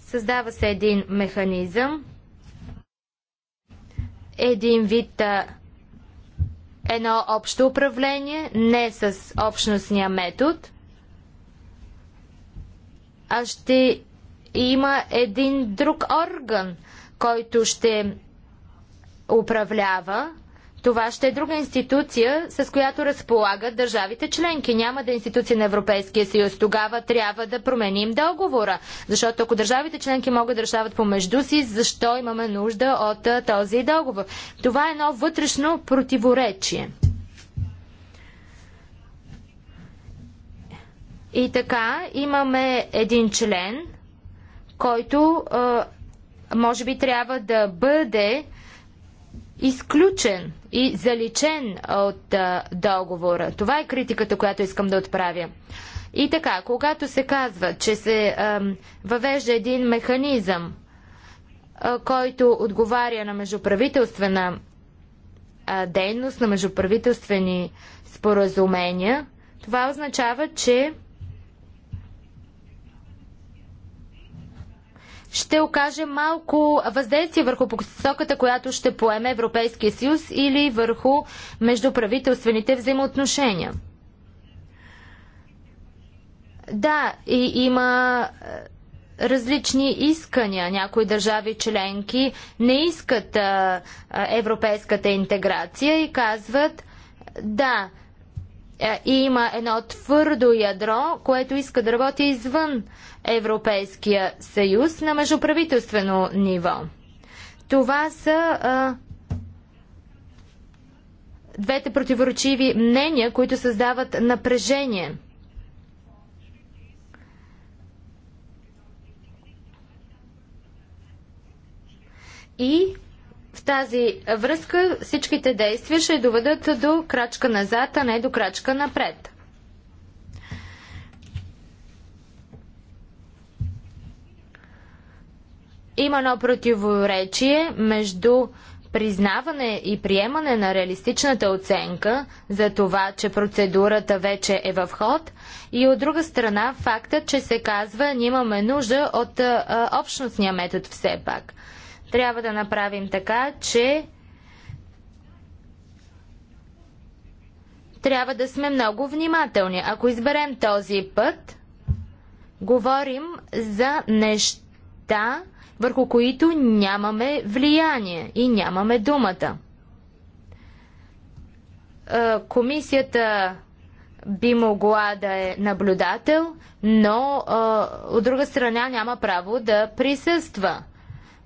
Създава се един механизъм, един вид едно общо управление, не с общностния метод, а ще има един друг орган, който ще управлява това ще е друга институция, с която разполагат държавите членки. Няма да е институция на Европейския съюз. Тогава трябва да променим договора. Защото ако държавите членки могат да решават помежду си, защо имаме нужда от този договор? Това е едно вътрешно противоречие. И така, имаме един член, който а, може би трябва да бъде изключен и заличен от а, договора. Това е критиката, която искам да отправя. И така, когато се казва, че се а, въвежда един механизъм, а, който отговаря на междуправителствена а, дейност, на междуправителствени споразумения, това означава, че ще окаже малко въздействие върху посоката, която ще поеме Европейския съюз или върху междуправителствените взаимоотношения. Да, и има е, различни искания. Някои държави членки не искат а, е, е, европейската интеграция и казват да, е, има едно твърдо ядро, което иска да работи извън Европейския съюз на междуправителствено ниво. Това са а, двете противоречиви мнения, които създават напрежение. И тази връзка всичките действия ще доведат до крачка назад, а не до крачка напред. Има едно противоречие между признаване и приемане на реалистичната оценка за това, че процедурата вече е в ход и от друга страна факта, че се казва, ние имаме нужда от а, общностния метод все пак – трябва да направим така, че трябва да сме много внимателни. Ако изберем този път, говорим за неща, върху които нямаме влияние и нямаме думата. Е, комисията би могла да е наблюдател, но е, от друга страна няма право да присъства.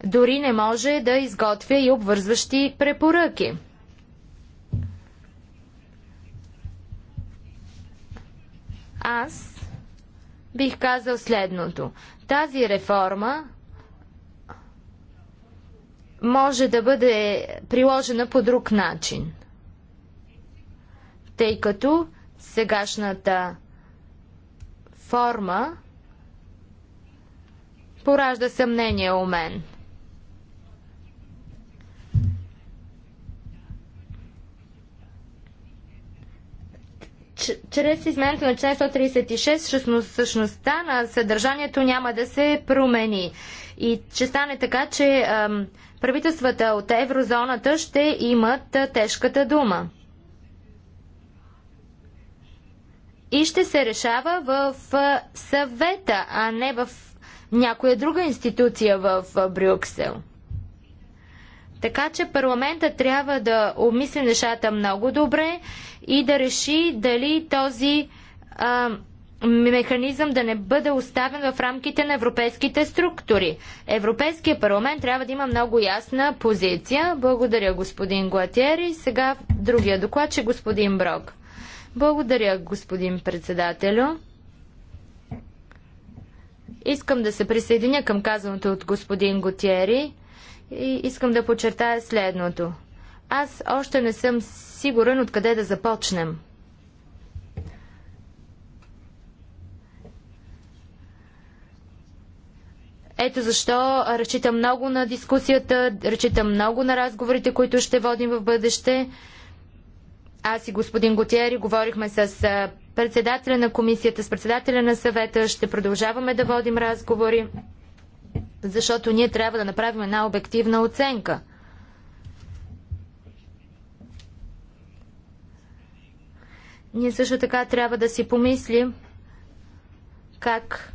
Дори не може да изготвя и обвързващи препоръки. Аз бих казал следното. Тази реформа може да бъде приложена по друг начин, тъй като сегашната форма поражда съмнение у мен. чрез изменението на член 136 същността на съдържанието няма да се промени. И че стане така, че ам, правителствата от еврозоната ще имат тежката дума. И ще се решава в съвета, а не в някоя друга институция в Брюксел. Така че парламента трябва да обмисли нещата много добре и да реши дали този а, механизъм да не бъде оставен в рамките на европейските структури. Европейския парламент трябва да има много ясна позиция. Благодаря господин Гуатери. Сега другия доклад, че господин Брок. Благодаря господин председателю. Искам да се присъединя към казаното от господин Готиери. И искам да подчертая следното. Аз още не съм сигурен откъде да започнем. Ето защо разчитам много на дискусията, разчитам много на разговорите, които ще водим в бъдеще. Аз и господин Готиери говорихме с председателя на комисията, с председателя на съвета. Ще продължаваме да водим разговори защото ние трябва да направим една обективна оценка. Ние също така трябва да си помислим как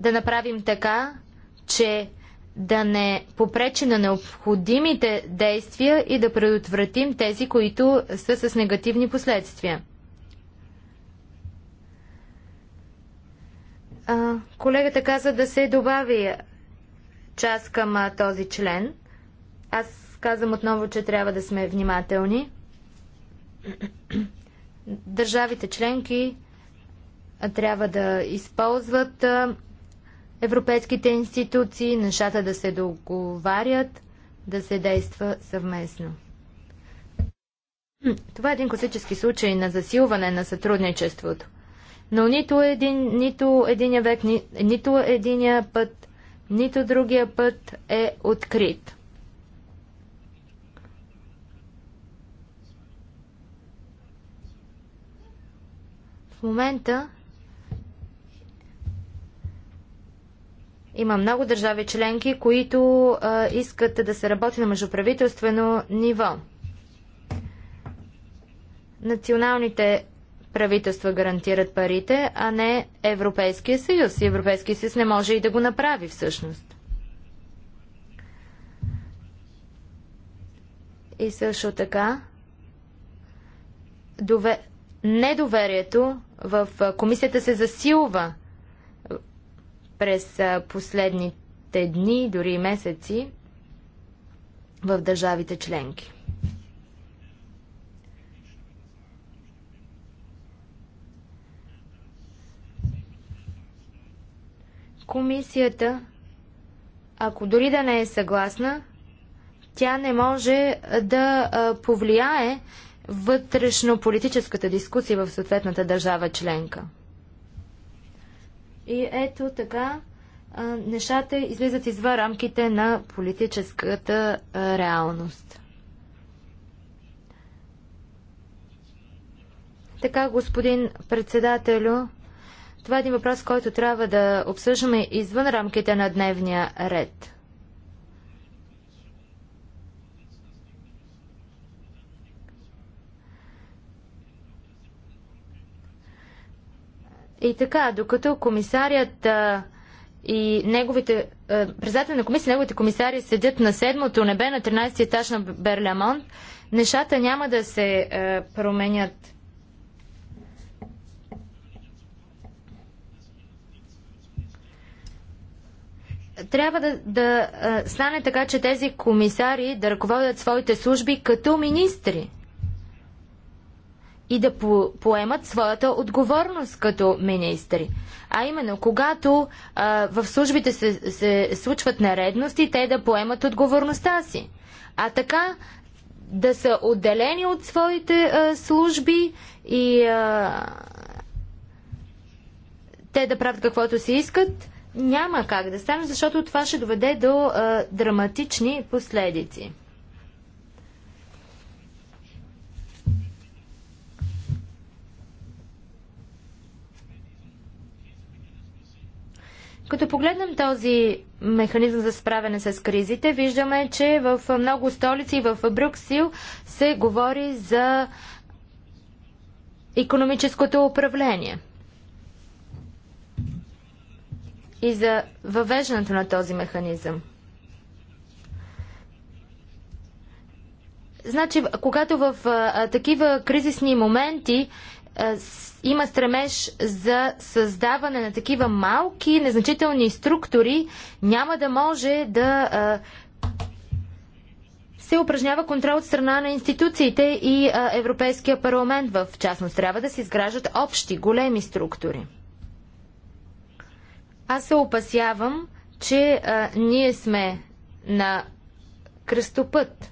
да направим така, че да не попречи на необходимите действия и да предотвратим тези, които са с негативни последствия. А, колегата каза да се добави част към а, този член. Аз казвам отново, че трябва да сме внимателни. (clears throat) Държавите членки а, трябва да използват а, европейските институции, нещата да се договарят, да се действа съвместно. Това е един класически случай на засилване на сътрудничеството. Но нито един, нито единия век, ни, нито единия път, нито другия път е открит. В момента Има много държави членки, които а, искат да се работи на междуправителствено ниво. Националните правителства гарантират парите, а не Европейския съюз. Европейския съюз не може и да го направи всъщност. И също така, дове... недоверието в комисията се засилва през последните дни, дори и месеци в държавите членки. Комисията, ако дори да не е съгласна, тя не може да повлияе вътрешно-политическата дискусия в съответната държава членка. И ето така нещата излизат извън рамките на политическата реалност. Така, господин председателю, това е един въпрос, който трябва да обсъждаме извън рамките на дневния ред. И така, докато комисарият и неговите, председател на комисия, неговите комисари седят на седмото небе на 13 етаж на Берлямонт, нещата няма да се променят. трябва да, да стане така, че тези комисари да ръководят своите служби като министри и да по, поемат своята отговорност като министри. А именно, когато а, в службите се, се случват наредности, те да поемат отговорността си. А така да са отделени от своите а, служби и а, те да правят каквото си искат няма как да стане, защото това ще доведе до а, драматични последици. Като погледнем този механизъм за справяне с кризите, виждаме, че в много столици в Брюксил се говори за економическото управление – и за въвеждането на този механизъм. Значи, когато в а, такива кризисни моменти а, с, има стремеж за създаване на такива малки, незначителни структури, няма да може да а, се упражнява контрол от страна на институциите и а, Европейския парламент в частност. Трябва да се изграждат общи, големи структури. Аз се опасявам, че а, ние сме на кръстопът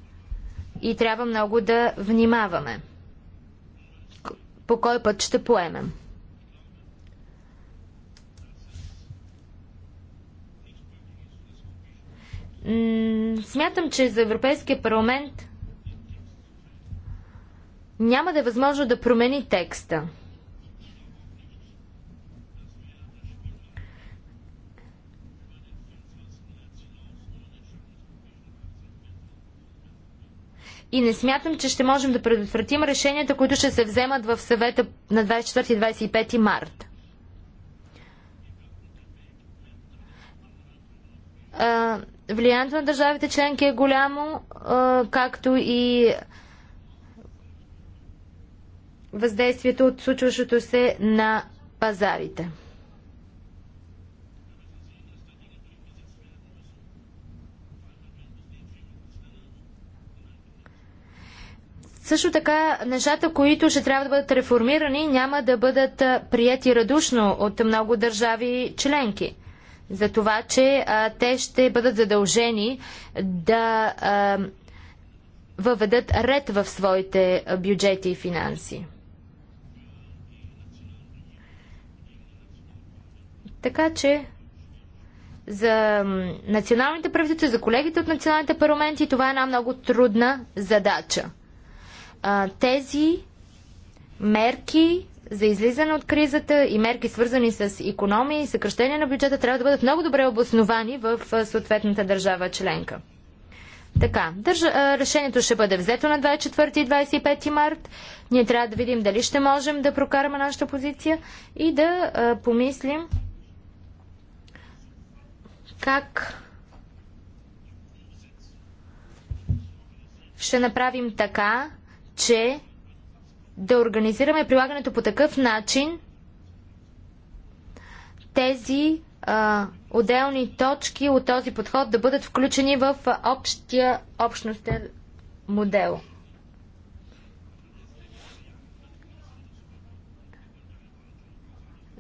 и трябва много да внимаваме. По кой път ще поемем? Смятам, че за Европейския парламент няма да е възможно да промени текста. и не смятам, че ще можем да предотвратим решенията, които ще се вземат в съвета на 24 и 25 март. Влиянието на държавите членки е голямо, както и въздействието от случващото се на пазарите. Също така, нещата, които ще трябва да бъдат реформирани, няма да бъдат прияти радушно от много държави членки. За това, че а, те ще бъдат задължени да а, въведат ред в своите бюджети и финанси. Така че за националните правителства, за колегите от националните парламенти това е една много трудна задача а, тези мерки за излизане от кризата и мерки свързани с економия и съкръщение на бюджета трябва да бъдат много добре обосновани в съответната държава членка. Така, държа, решението ще бъде взето на 24 и 25 март. Ние трябва да видим дали ще можем да прокараме нашата позиция и да а, помислим как ще направим така, че да организираме прилагането по такъв начин, тези а, отделни точки от този подход да бъдат включени в общия общностен модел.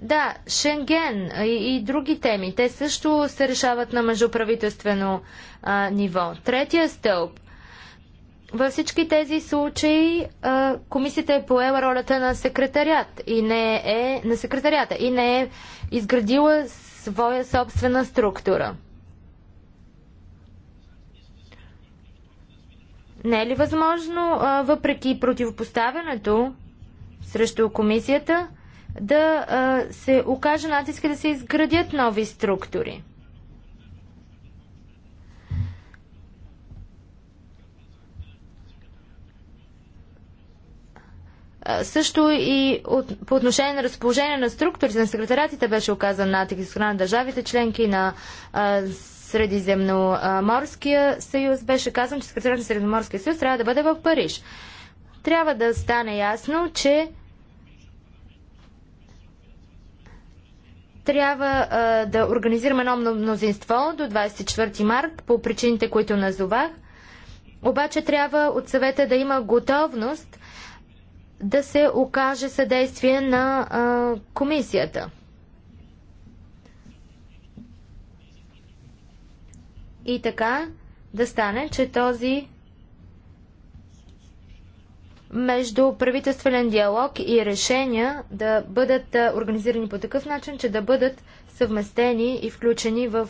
Да, Шенген и, и други теми, те също се решават на междуправителствено а, ниво. Третия стълб във всички тези случаи а, комисията е поела ролята на секретарят и не е на секретарята и не е изградила своя собствена структура. Не е ли възможно, а, въпреки противопоставянето срещу комисията, да а, се окаже натиска да се изградят нови структури? Също и от, по отношение на разположение на структурите на секретариатите беше оказан натиск страна на държавите членки на а, Средиземноморския съюз. Беше казан, че секретарият на Средиземноморския съюз трябва да бъде в Париж. Трябва да стане ясно, че трябва а, да организираме едно мнозинство до 24 март по причините, които назовах. Обаче трябва от съвета да има готовност да се окаже съдействие на а, комисията. И така да стане, че този между правителствен диалог и решения да бъдат организирани по такъв начин, че да бъдат съвместени и включени в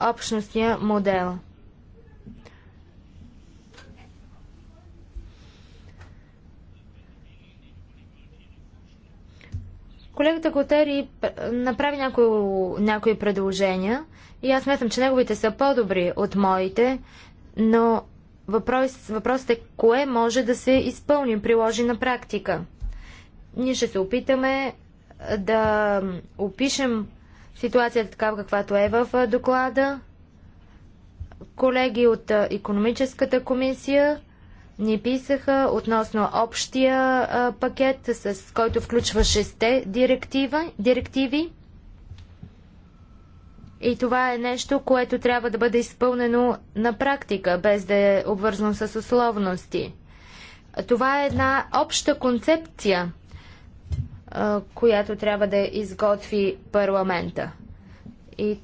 общностния модел. Колегата Котери направи някои, някои предложения и аз смятам, че неговите са по-добри от моите, но въпрос, въпросът е кое може да се изпълни, приложи на практика. Ние ще се опитаме да опишем ситуацията такава, каквато е в доклада. Колеги от економическата комисия ни писаха относно общия а, пакет, с който включва шесте директива, директиви. И това е нещо, което трябва да бъде изпълнено на практика, без да е обвързано с условности. Това е една обща концепция, а, която трябва да изготви парламента. И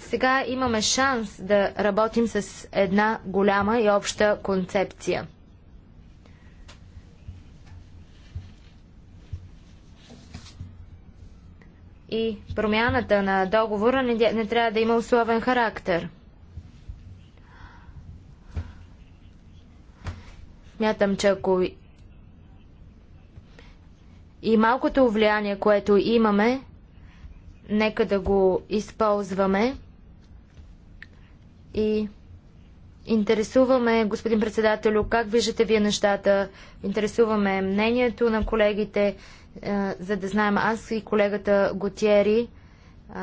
сега имаме шанс да работим с една голяма и обща концепция. И промяната на договора не, не трябва да има условен характер. Мятам, че ако и малкото влияние, което имаме, нека да го използваме. И интересуваме, господин председател, как виждате вие нещата, интересуваме мнението на колегите, е, за да знаем аз и колегата Готиери е,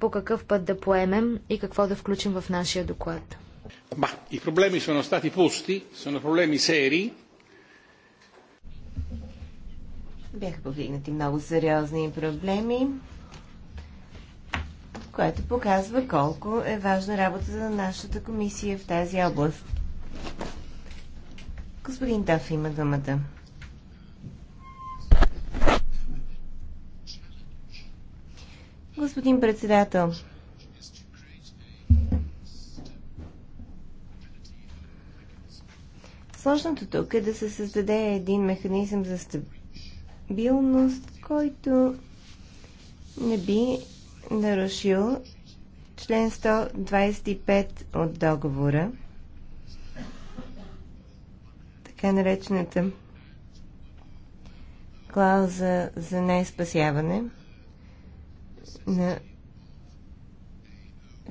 по какъв път да поемем и какво да включим в нашия доклад. и проблеми са настати пусти, са на проблеми seri. Бяха повдигнати много сериозни проблеми което показва колко е важна работата на нашата комисия в тази област. Господин Таф има думата. Господин председател, Сложното тук е да се създаде един механизъм за стабилност, който не би нарушил член 125 от договора, така наречената клауза за неспасяване на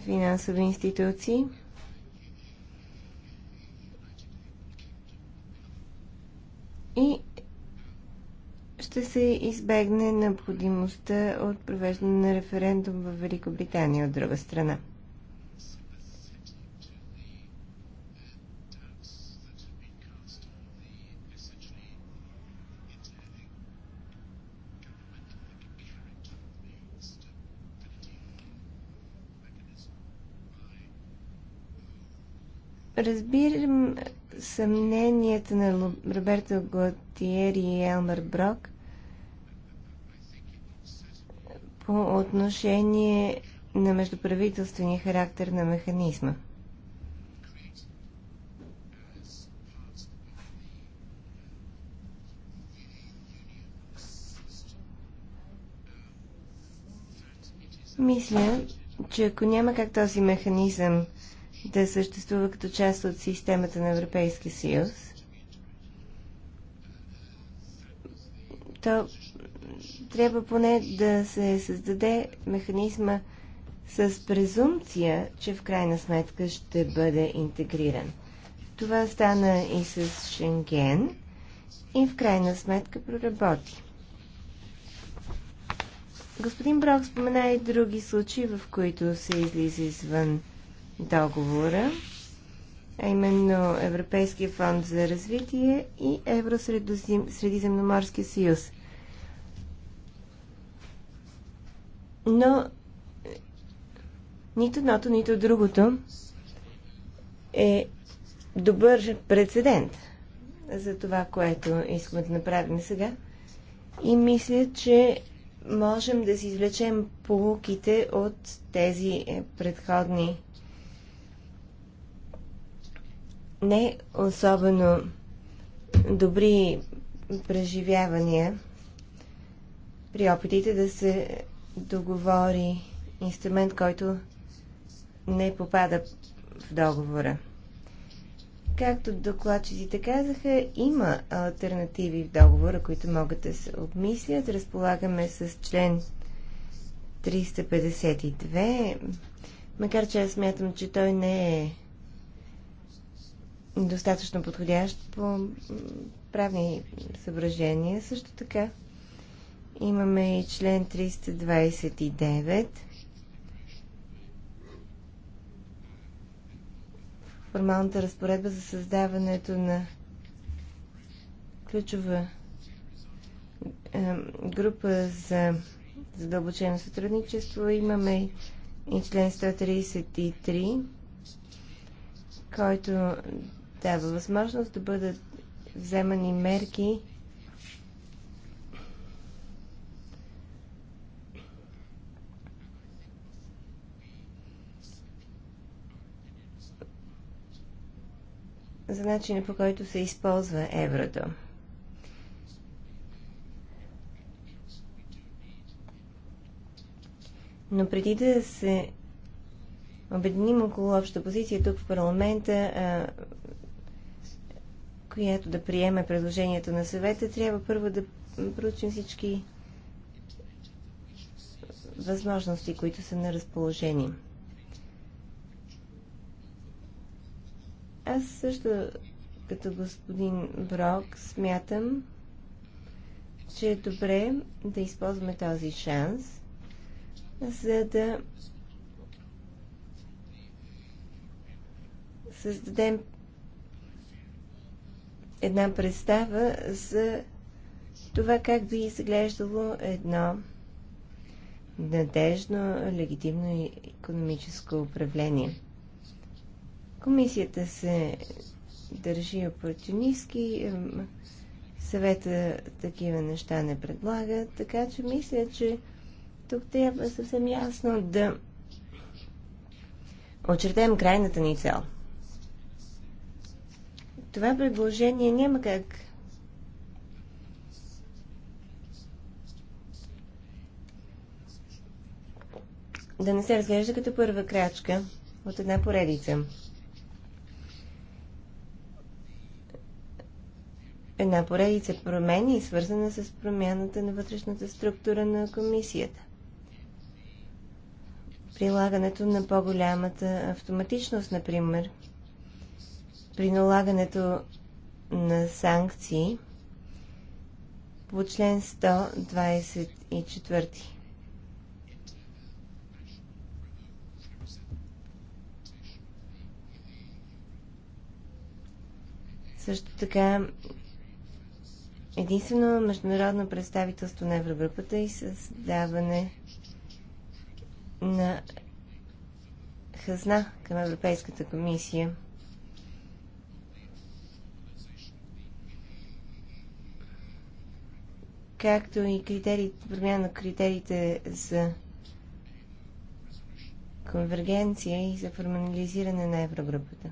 финансови институции. И ще се избегне необходимостта от провеждане на референдум в Великобритания от друга страна. Разбирам съмненията на Роберто Готиери и Елмар Брок по отношение на междуправителствения характер на механизма. Мисля, че ако няма как този механизъм да съществува като част от системата на Европейския съюз, то трябва поне да се създаде механизма с презумпция, че в крайна сметка ще бъде интегриран. Това стана и с Шенген и в крайна сметка проработи. Господин Брок спомена и други случаи, в които се излиза извън договора, а именно Европейския фонд за развитие и Евросредиземноморския съюз. Но нито едното, нито другото е добър прецедент за това, което искаме да направим сега. И мисля, че можем да си извлечем полуките от тези е, предходни не особено добри преживявания при опитите да се договори инструмент, който не попада в договора. Както докладчиците казаха, има альтернативи в договора, които могат да се обмислят. Разполагаме с член 352, макар че аз смятам, че той не е достатъчно подходящ по правни съображения. Също така Имаме и член 329. Формалната разпоредба за създаването на ключова група за задълбочено сътрудничество. Имаме и член 133, който дава възможност да бъдат вземани мерки за начина по който се използва еврото. Но преди да се обединим около обща позиция тук в парламента, а, която да приеме предложението на съвета, трябва първо да проучим всички възможности, които са на разположение. Аз също, като господин Брок, смятам, че е добре да използваме този шанс, за да създадем една представа за това как би изглеждало едно надежно, легитимно економическо управление. Комисията се държи опортунистки, съвета такива неща не предлага, така че мисля, че тук трябва съвсем ясно да очертаем крайната ни цел. Това предложение няма как да не се разглежда като първа крачка от една поредица. една поредица промени, свързана с промяната на вътрешната структура на комисията. Прилагането на по-голямата автоматичност, например, при налагането на санкции по член 124. Също така единствено международно представителство на Еврогрупата и създаване на хазна към Европейската комисия. както и критериите, промяна на критериите за конвергенция и за формализиране на еврогрупата.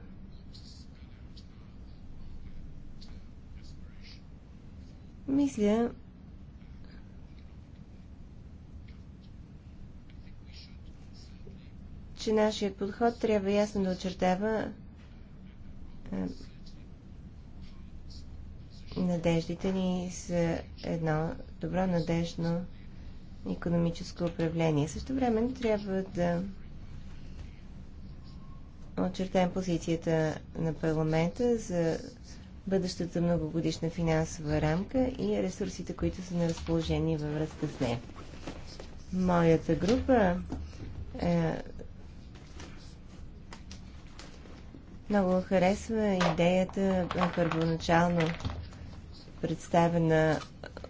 Мисля, че нашият подход трябва ясно да очертава надеждите ни за едно добро, надежно економическо управление. Също време трябва да очертаем позицията на парламента за бъдещата многогодишна финансова рамка и ресурсите, които са на разположение във връзка с нея. Моята група е, много харесва идеята, е, първоначално представена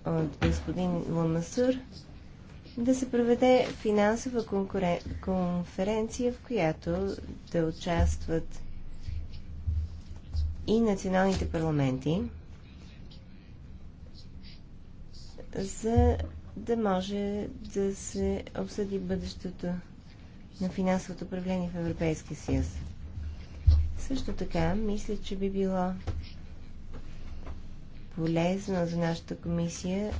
от господин Ломасур да се проведе финансова конкурен... конференция, в която да участват и националните парламенти, за да може да се обсъди бъдещето на финансовото управление в Европейския съюз. Също така, мисля, че би било полезно за нашата комисия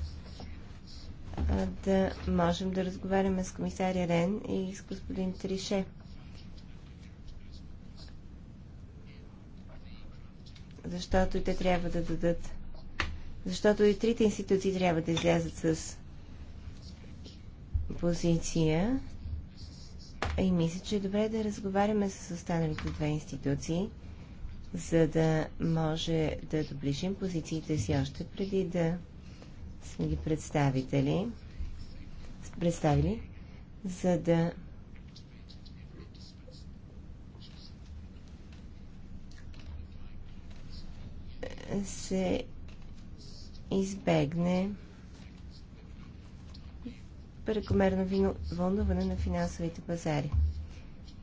да можем да разговаряме с комисаря Рен и с господин Трише защото и те трябва да дадат. Защото и трите институции трябва да излязат с позиция. И мисля, че е добре да разговаряме с останалите две институции, за да може да доближим позициите си още преди да сме ги представители, представили, за да се избегне прекомерно вълнуване на финансовите пазари.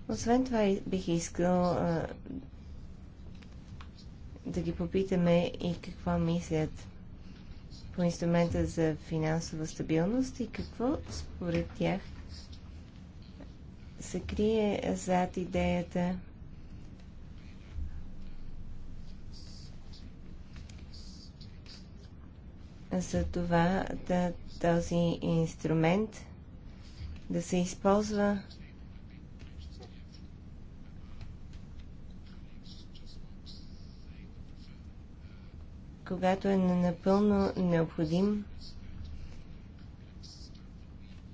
Освен това, бих искал а, да ги попитаме и какво мислят по инструмента за финансова стабилност и какво според тях се крие зад идеята за това да, този инструмент да се използва когато е напълно необходим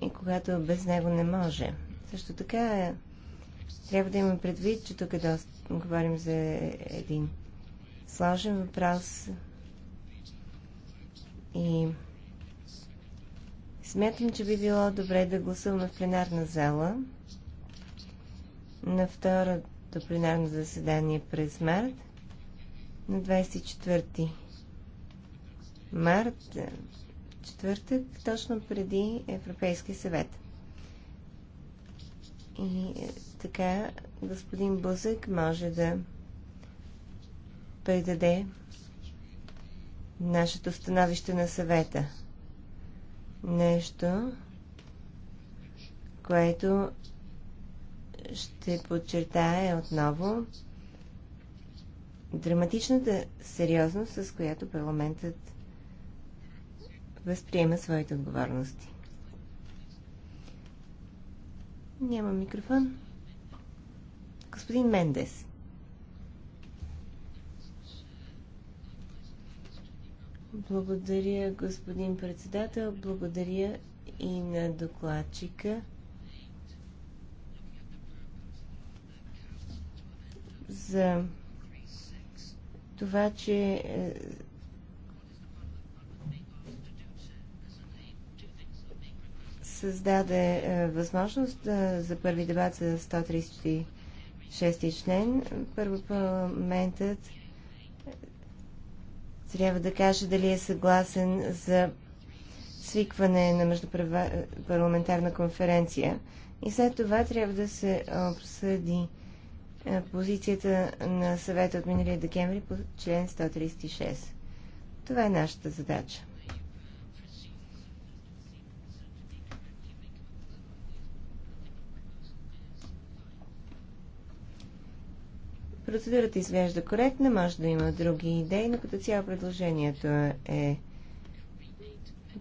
и когато без него не може. Също така е, трябва да имаме предвид, че тук е доста, говорим за един сложен въпрос, и смятам, че би било добре да гласуваме в пленарна зала на второто пленарно заседание през март, на 24 март, четвъртък, точно преди Европейския съвет. И е, така господин Бузък може да предаде нашето становище на съвета. Нещо, което ще подчертая отново драматичната сериозност, с която парламентът възприема своите отговорности. Няма микрофон. Господин Мендес. Благодаря, господин председател. Благодаря и на докладчика. за това, че е, създаде е, възможност е, за първи дебат за 136 член. Първо парламентът трябва да каже дали е съгласен за свикване на междупарламентарна конференция. И след това трябва да се обсъди е, позицията на съвета от миналия декември по член 136. Това е нашата задача. Процедурата изглежда коректна, може да има други идеи, но като цяло предложението е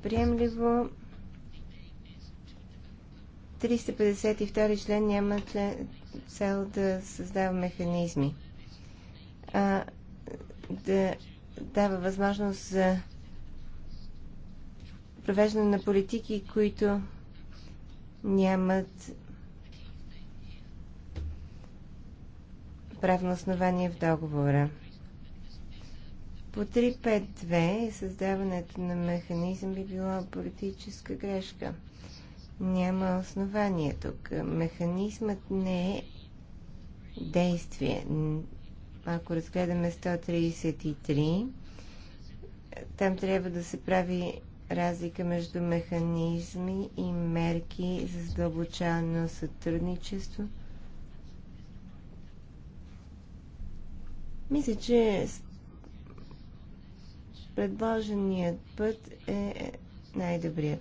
приемливо. 352 член няма цел да създава механизми. А, да дава възможност за провеждане на политики, които нямат правно основание в договора. По 352 създаването на механизъм би било политическа грешка. Няма основание тук. Механизмът не е действие. Ако разгледаме 133, там трябва да се прави разлика между механизми и мерки за задълбочаване на сътрудничество – Мисля, че предложеният път е най-добрият.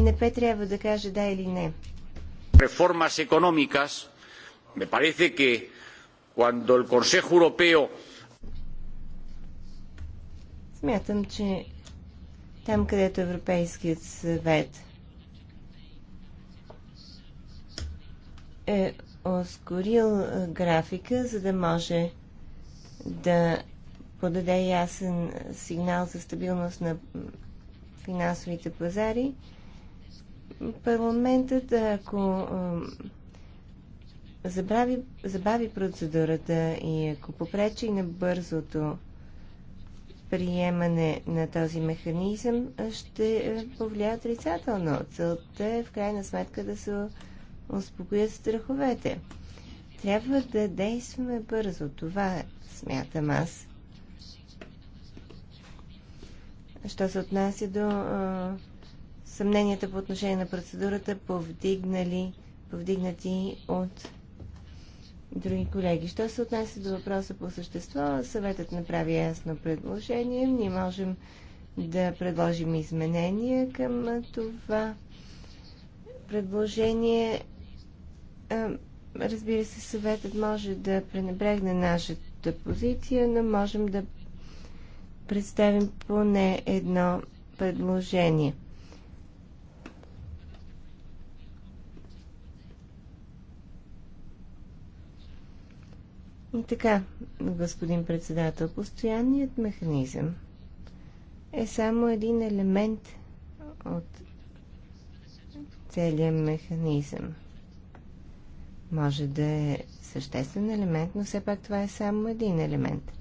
НП трябва да каже да или не. Реформas económicas, me parece que cuando el Consejo Europeo Смятам, че там, където Европейският съвет е ускорил е, графика, за да може да подаде ясен сигнал за стабилност на финансовите пазари. Парламентът, ако е, забави, забави процедурата и ако попречи на бързото приемане на този механизъм, ще е, повлия отрицателно. Целта е в крайна сметка да се успокоят страховете. Трябва да действаме бързо. Това смятам аз. Що се отнася до а, съмненията по отношение на процедурата, повдигнали, повдигнати от други колеги. Що се отнася до въпроса по същество, съветът направи ясно предложение. Ние можем да предложим изменения към това предложение. Е, разбира се, съветът може да пренебрегне нашата позиция, но можем да представим поне едно предложение. И така, господин председател, постоянният механизъм е само един елемент от целият механизъм може да е съществен елемент, но все пак това е само един елемент.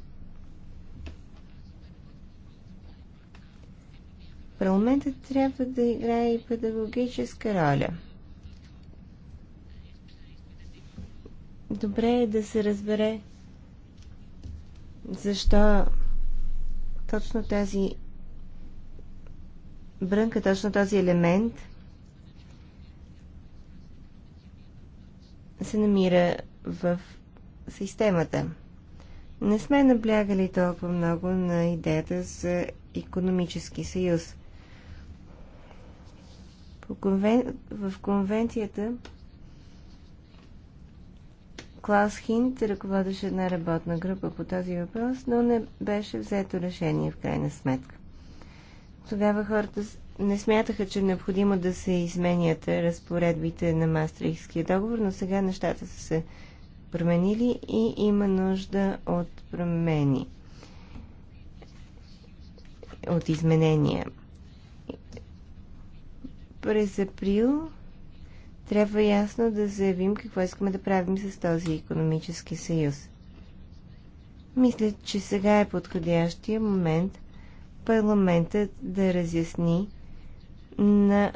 Парламентът трябва да играе и педагогическа роля. Добре е да се разбере защо точно тази брънка, точно този елемент – се намира в системата. Не сме наблягали толкова много на идеята за економически съюз. Конвен... В конвенцията Клаус Хинт ръководеше една работна група по този въпрос, но не беше взето решение в крайна сметка. Тогава хората не смятаха, че е необходимо да се изменят разпоредбите на Мастрихския договор, но сега нещата са се променили и има нужда от промени, от изменения. През април трябва ясно да заявим какво искаме да правим с този економически съюз. Мисля, че сега е подходящия момент парламентът да разясни на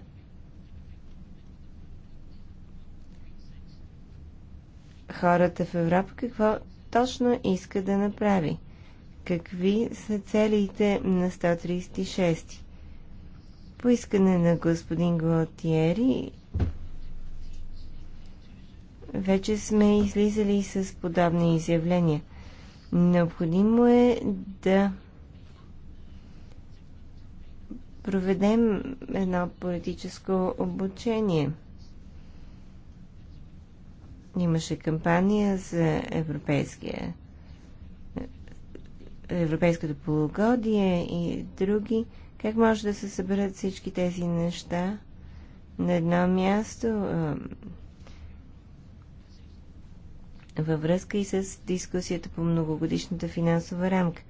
хората в Европа какво точно иска да направи. Какви са целите на 136? Поискане на господин Голтиери вече сме излизали с подобни изявления. Необходимо е да проведем едно политическо обучение. Имаше кампания за европейския европейското полугодие и други. Как може да се съберат всички тези неща на едно място във връзка и с дискусията по многогодишната финансова рамка?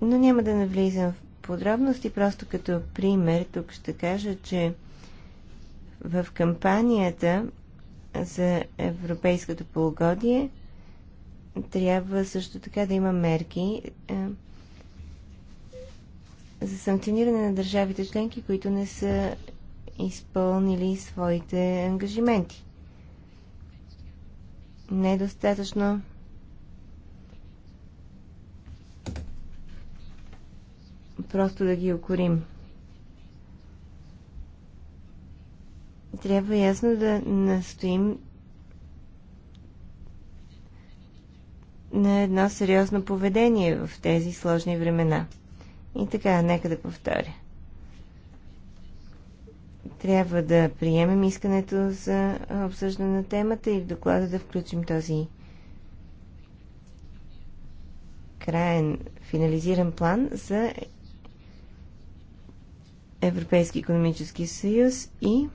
Но няма да навлизам в подробности, просто като пример тук ще кажа, че в кампанията за европейското полугодие трябва също така да има мерки е, за санкциониране на държавите членки, които не са изпълнили своите ангажименти. Недостатъчно е просто да ги укорим. Трябва ясно да настоим на едно сериозно поведение в тези сложни времена. И така, нека да повторя. Трябва да приемем искането за обсъждане на темата и в доклада да включим този краен финализиран план за Европейски економически съюз и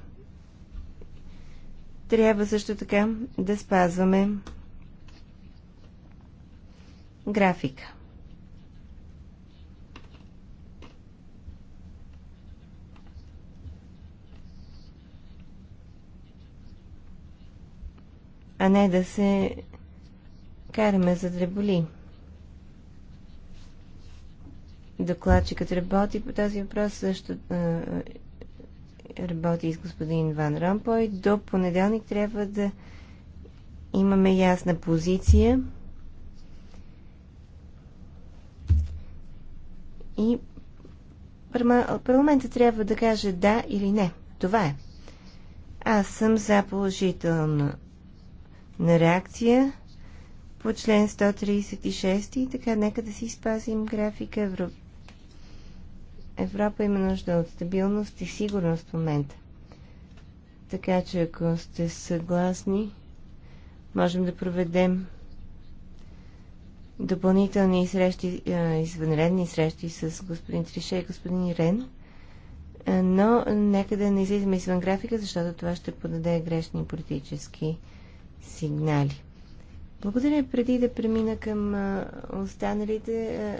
трябва също така да спазваме графика. А не да се караме за дреболи. Докладчикът работи по този въпрос, също работи с господин Ван Ромпой. До понеделник трябва да имаме ясна позиция и парламентът трябва да каже да или не. Това е. Аз съм за положителна на реакция по член 136 и така нека да си спазим графика. Европ... Европа има нужда от стабилност и сигурност в момента. Така че ако сте съгласни, можем да проведем допълнителни срещи, извънредни срещи с господин Трише и господин Рен. Но нека да не излизаме извън графика, защото това ще подаде грешни политически сигнали. Благодаря. Преди да премина към останалите,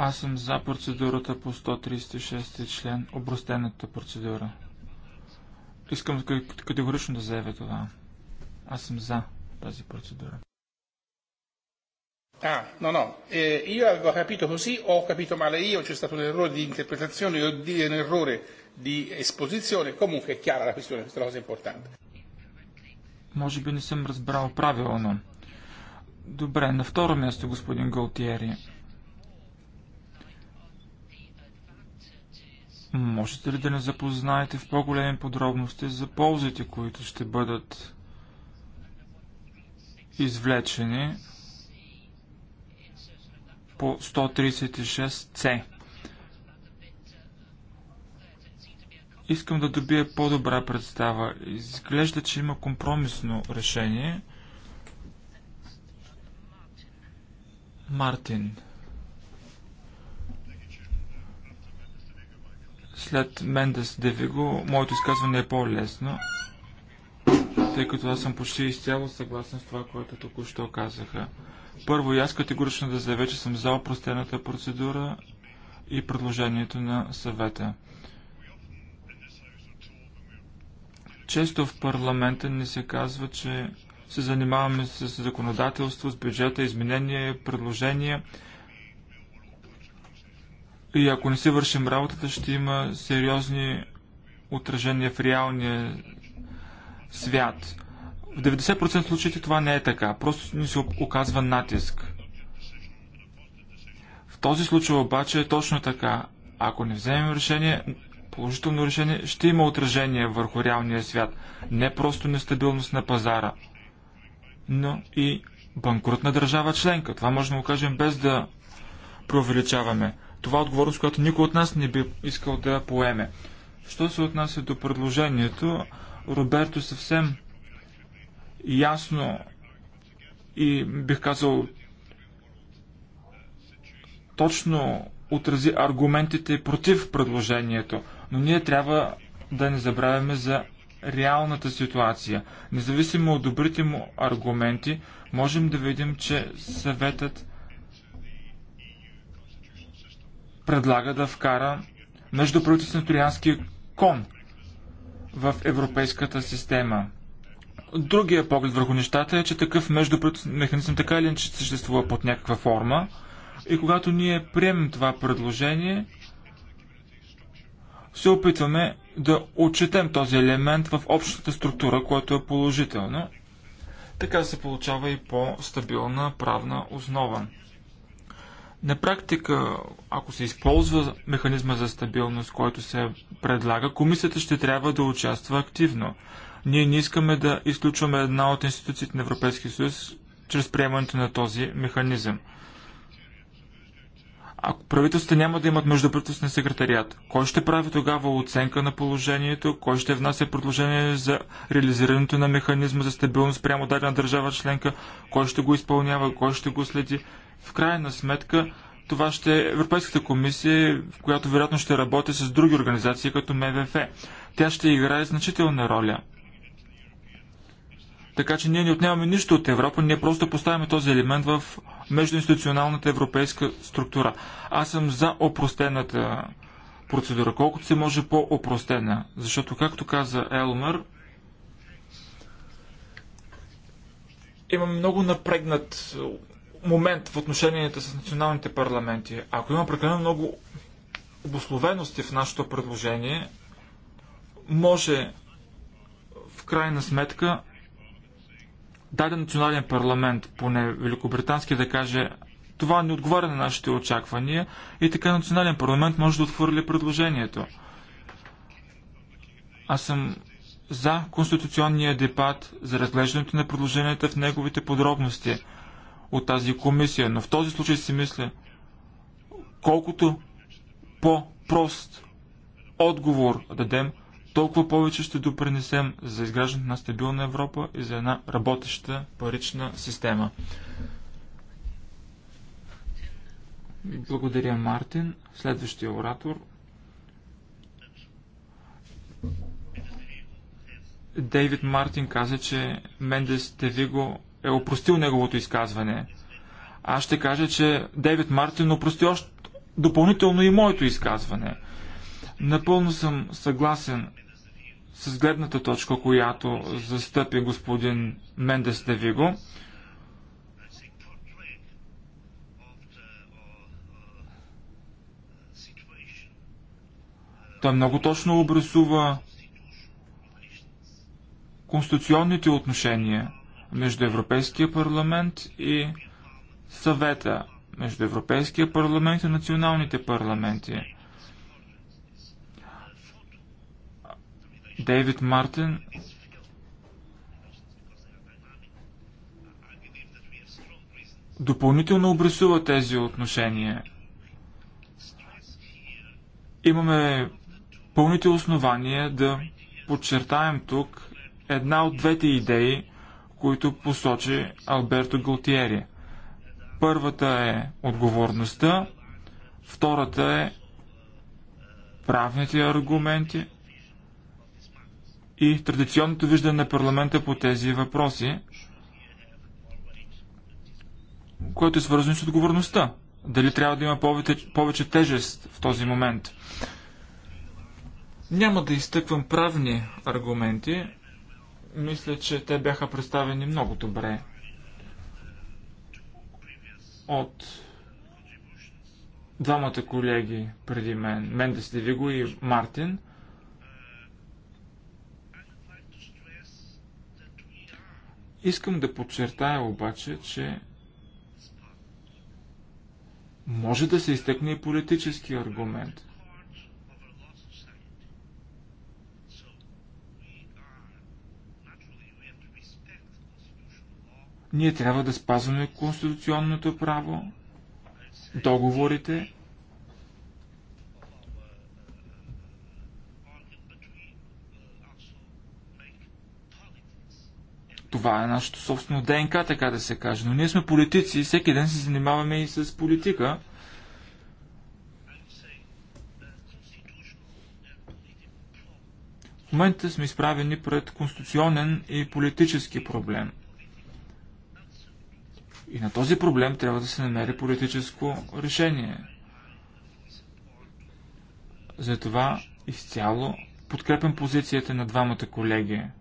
Аз съм за процедурата по 136 член, обрастената процедура. Искам категорично да заявя това. Аз съм за тази процедура. Ah, no, no, eh, io avevo capito così, ho capito male io, c'è stato un errore di interpretazione, o di, un errore di esposizione, comunque è chiara la questione, questa è la cosa importante. Може би не съм разбрал правилно. Добре, на второ място, господин Голтиери. Можете ли да не запознаете в по-големи подробности за ползите, които ще бъдат извлечени по 136C? Искам да добия по-добра представа. Изглежда, че има компромисно решение. Мартин. След Мендес Девиго, моето изказване е по-лесно, тъй като аз съм почти изцяло съгласен с това, което току-що казаха. Първо, и аз категорично да заявя, че съм за опростената процедура и предложението на съвета. Често в парламента ни се казва, че се занимаваме с законодателство, с бюджета, изменения, предложения – и ако не си вършим работата, ще има сериозни отражения в реалния свят. В 90% случаите това не е така. Просто ни се оказва натиск. В този случай обаче е точно така. Ако не вземем решение, положително решение, ще има отражение върху реалния свят. Не просто нестабилност на пазара, но и банкрутна държава членка. Това може да го кажем без да преувеличаваме. Това е отговорност, която никой от нас не би искал да поеме. Що се отнася до предложението, Роберто съвсем ясно и бих казал точно отрази аргументите против предложението, но ние трябва да не забравяме за реалната ситуация. Независимо от добрите му аргументи, можем да видим, че съветът предлага да вкара междуправителствен троянски кон в европейската система. Другия поглед върху нещата е, че такъв междуправителствен механизъм така или иначе съществува под някаква форма. И когато ние приемем това предложение, се опитваме да отчетем този елемент в общата структура, което е положително. Така се получава и по-стабилна правна основа. На практика, ако се използва механизма за стабилност, който се предлага, комисията ще трябва да участва активно. Ние не искаме да изключваме една от институциите на Европейския съюз чрез приемането на този механизъм. Ако правителствата няма да имат междуправителствен секретариат, кой ще прави тогава оценка на положението, кой ще внася предложение за реализирането на механизма за стабилност прямо дадена държава членка, кой ще го изпълнява, кой ще го следи. В крайна сметка, това ще е Европейската комисия, в която вероятно ще работи с други организации като МВФ. Тя ще играе значителна роля. Така че ние не отнемаме нищо от Европа, ние просто поставяме този елемент в междуинституционалната европейска структура. Аз съм за опростената процедура, колкото се може по-опростена. Защото, както каза Елмър, има много напрегнат момент в отношенията с националните парламенти. Ако има прекалено много обословености в нашето предложение, може в крайна сметка даден национален парламент, поне великобритански, да каже това не отговаря на нашите очаквания и така национален парламент може да отхвърли предложението. Аз съм за конституционния дебат, за разглеждането на предложенията в неговите подробности от тази комисия, но в този случай си мисля, колкото по-прост отговор дадем, толкова повече ще допринесем за изграждането на стабилна Европа и за една работеща парична система. Благодаря, Мартин. Следващия оратор. Дейвид Мартин каза, че Мендес Тевиго е опростил неговото изказване. Аз ще кажа, че Дейвид Мартин опрости още допълнително и моето изказване – Напълно съм съгласен с гледната точка, която застъпи господин Мендес Девиго. Той много точно обрисува конституционните отношения между Европейския парламент и съвета, между Европейския парламент и националните парламенти. Дейвид Мартин допълнително обрисува тези отношения. Имаме пълните основания да подчертаем тук една от двете идеи, които посочи Алберто Галтиери. Първата е отговорността, втората е правните аргументи – и традиционното виждане на парламента по тези въпроси, което е свързано с отговорността. Дали трябва да има повече, повече тежест в този момент? Няма да изтъквам правни аргументи. Мисля, че те бяха представени много добре от двамата колеги преди мен, Мендес Девиго и Мартин. Искам да подчертая обаче, че може да се изтъкне и политически аргумент. Ние трябва да спазваме конституционното право, договорите, Това е нашето собствено ДНК, така да се каже. Но ние сме политици и всеки ден се занимаваме и с политика. В момента сме изправени пред конституционен и политически проблем. И на този проблем трябва да се намери политическо решение. Затова изцяло подкрепям позицията на двамата колеги –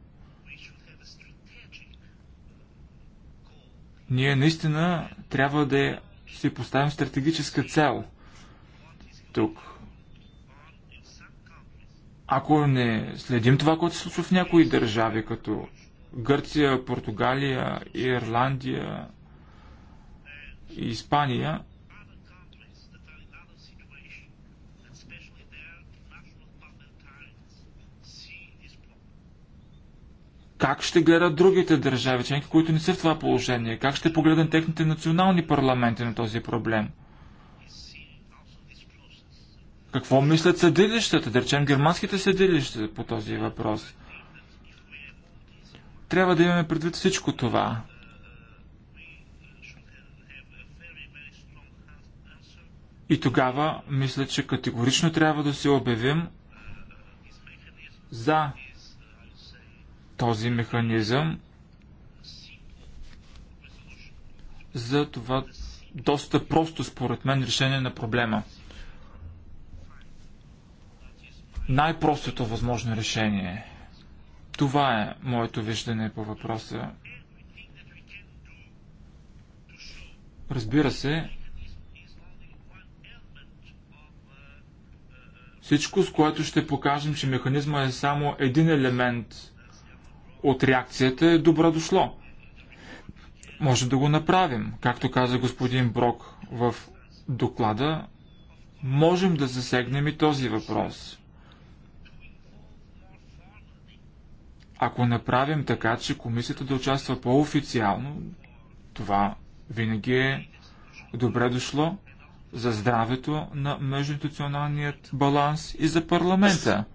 Ние наистина трябва да си поставим стратегическа цел тук. Ако не следим това, което се случва в някои държави, като Гърция, Португалия, Ирландия и Испания, Как ще гледат другите държави членки, които не са в това положение? Как ще погледнат техните национални парламенти на този проблем? Какво мислят съдилищата, да речем германските съдилища по този въпрос? Трябва да имаме предвид всичко това. И тогава мисля, че категорично трябва да се обявим за този механизъм за това доста просто според мен решение на проблема. Най-простото възможно решение. Това е моето виждане по въпроса. Разбира се, всичко, с което ще покажем, че механизма е само един елемент от реакцията е добро дошло. Може да го направим. Както каза господин Брок в доклада, можем да засегнем и този въпрос. Ако направим така, че комисията да участва по-официално, това винаги е добре дошло за здравето на междуинституционалният баланс и за парламента.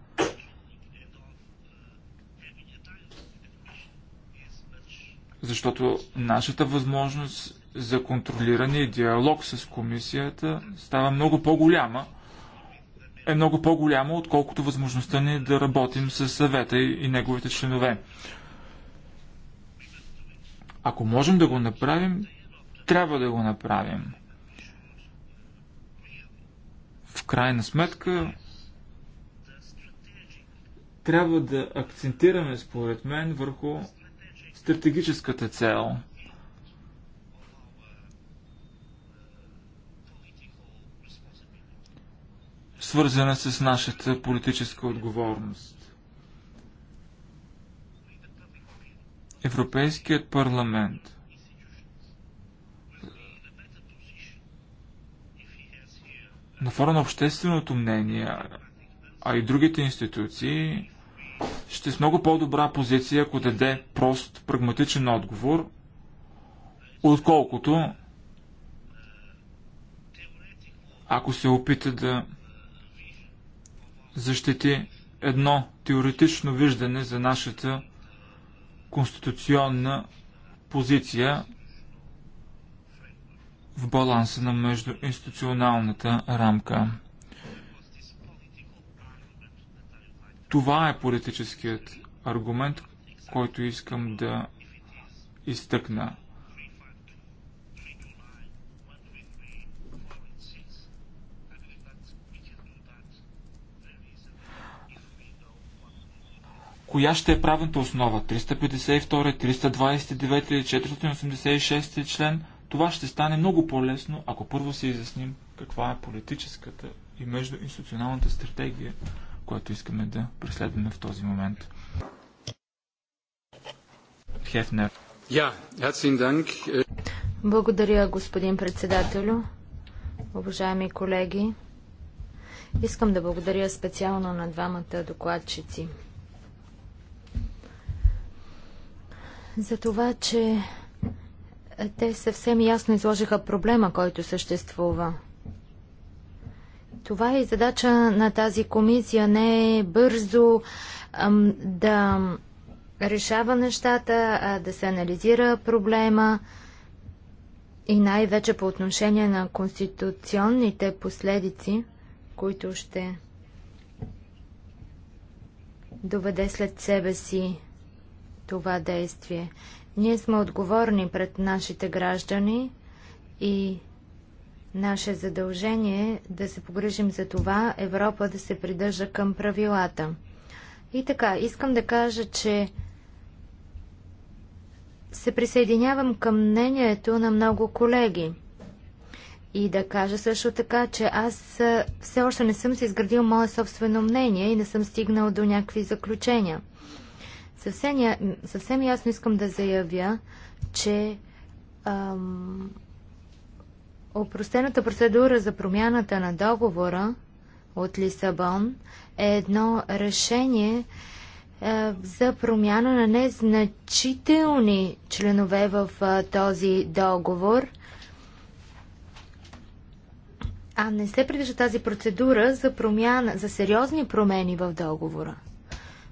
защото нашата възможност за контролиране и диалог с комисията става много по-голяма, е много по-голяма, отколкото възможността ни да работим с съвета и неговите членове. Ако можем да го направим, трябва да го направим. В крайна сметка, трябва да акцентираме, според мен, върху стратегическата цел. свързана с нашата политическа отговорност. Европейският парламент на форма на общественото мнение, а и другите институции ще е с много по-добра позиция, ако даде прост, прагматичен отговор, отколкото ако се опита да защити едно теоретично виждане за нашата конституционна позиция в баланса на междуинституционалната рамка. Това е политическият аргумент, който искам да изтъкна. Коя ще е правната основа? 352, 329 или 486 член? Това ще стане много по-лесно, ако първо се изясним каква е политическата и междуинституционалната стратегия което искаме да преследваме в този момент. Хефнер. Yeah, Благодаря, господин председателю. Уважаеми колеги, искам да благодаря специално на двамата докладчици. За това, че те съвсем ясно изложиха проблема, който съществува – това е задача на тази комисия. Не е бързо ам, да решава нещата, а да се анализира проблема и най-вече по отношение на конституционните последици, които ще доведе след себе си това действие. Ние сме отговорни пред нашите граждани и Наше задължение е да се погрижим за това Европа да се придържа към правилата. И така, искам да кажа, че се присъединявам към мнението на много колеги. И да кажа също така, че аз все още не съм се изградил мое собствено мнение и не съм стигнал до някакви заключения. Съвсем, съвсем ясно искам да заявя, че ам, Опростената процедура за промяната на договора от Лисабон е едно решение е, за промяна на незначителни членове в е, този договор, а не се предвижда тази процедура за промяна, за сериозни промени в договора.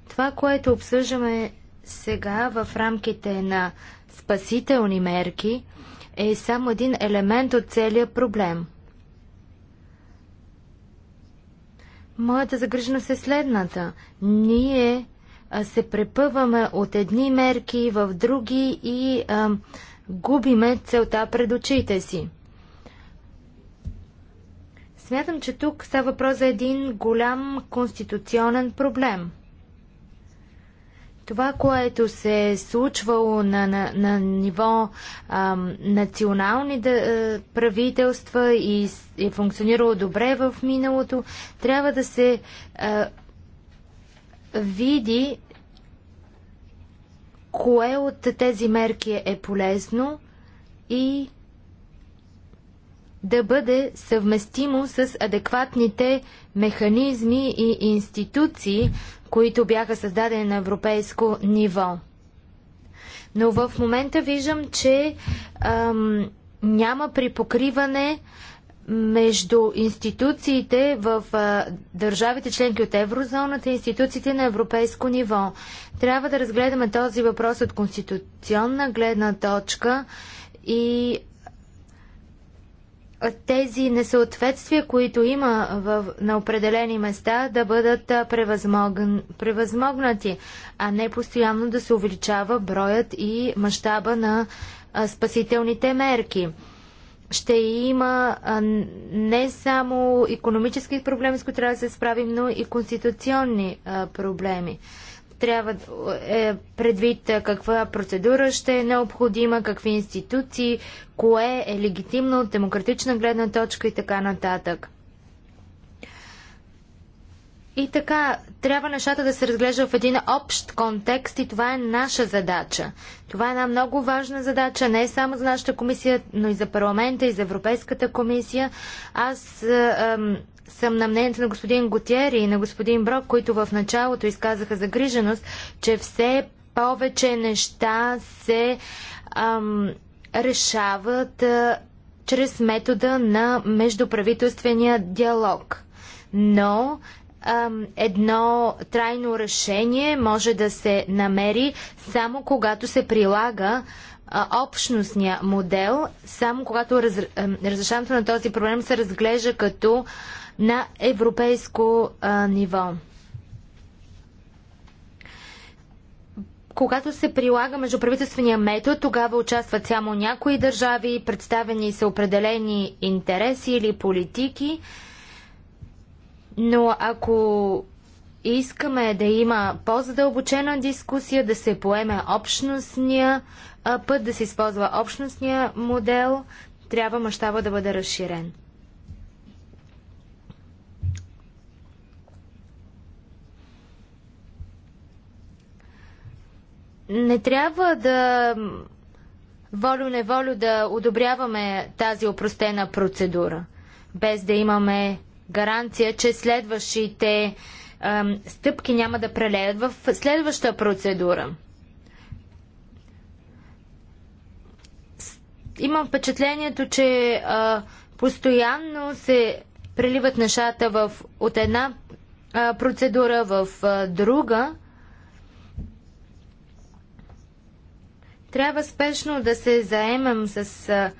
Това, което обсъждаме сега в рамките на спасителни мерки – е само един елемент от целия проблем. Моята загриженост е следната. Ние се препъваме от едни мерки в други и а, губиме целта пред очите си. Смятам, че тук става въпрос за един голям конституционен проблем – това, което се е случвало на, на, на ниво ам, национални да, а, е, правителства и е функционирало добре в миналото, трябва да се а, е, види кое от тези мерки е полезно и да бъде съвместимо с адекватните механизми и институции, които бяха създадени на европейско ниво. Но в момента виждам, че ам, няма припокриване между институциите в а, държавите членки от еврозоната и институциите на европейско ниво. Трябва да разгледаме този въпрос от конституционна гледна точка и тези несъответствия, които има в, на определени места, да бъдат превъзмогн, превъзмогнати, а не постоянно да се увеличава броят и мащаба на а, спасителните мерки. Ще има а, не само економически проблеми, с които трябва да се справим, но и конституционни а, проблеми трябва е, предвид е, каква процедура ще е необходима, какви институции, кое е легитимно от демократична гледна точка и така нататък. И така, трябва нещата да се разглежда в един общ контекст и това е наша задача. Това е една много важна задача, не само за нашата комисия, но и за парламента, и за Европейската комисия. Аз е, съм на мнението на господин Готиери и на господин Брок, които в началото изказаха загриженост, че все повече неща се ам, решават а, чрез метода на междуправителствения диалог. Но ам, едно трайно решение може да се намери само когато се прилага общностния модел, само когато раз, разрешаването на този проблем се разглежда като на европейско а, ниво. Когато се прилага междуправителствения метод, тогава участват само някои държави, представени са определени интереси или политики, но ако искаме да има по-задълбочена дискусия, да се поеме общностния път, да се използва общностния модел, трябва мащаба да бъде разширен. Не трябва да волю-неволю да одобряваме тази опростена процедура, без да имаме гаранция, че следващите ем, стъпки няма да прелеят в следваща процедура. Имам впечатлението, че е, постоянно се преливат нещата в, от една е, процедура в е, друга Трябва спешно да се заемам с а,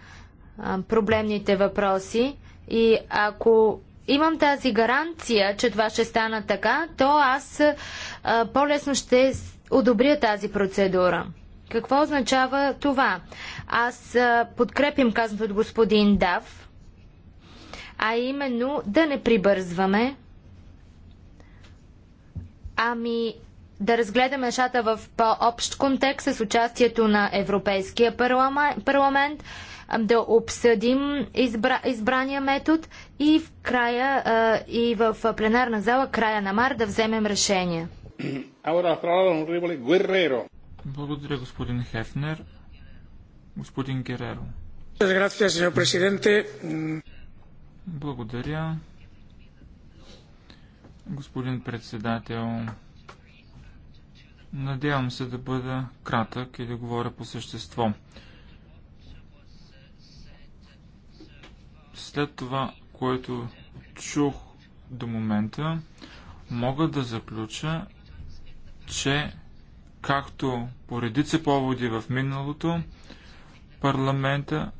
проблемните въпроси и ако имам тази гаранция, че това ще стана така, то аз по-лесно ще одобря тази процедура. Какво означава това? Аз а, подкрепим казаното от господин Дав, а именно да не прибързваме, ами да разгледаме нещата в по-общ контекст с участието на Европейския парламент, да обсъдим избра, избрания метод и в края и в пленарна зала края на мар да вземем решение. Благодаря, господин Хефнер. Господин Гереро. Благодаря, господин председател. Надявам се да бъда кратък и да говоря по същество. След това, което чух до момента, мога да заключа, че както по редица поводи в миналото, парламента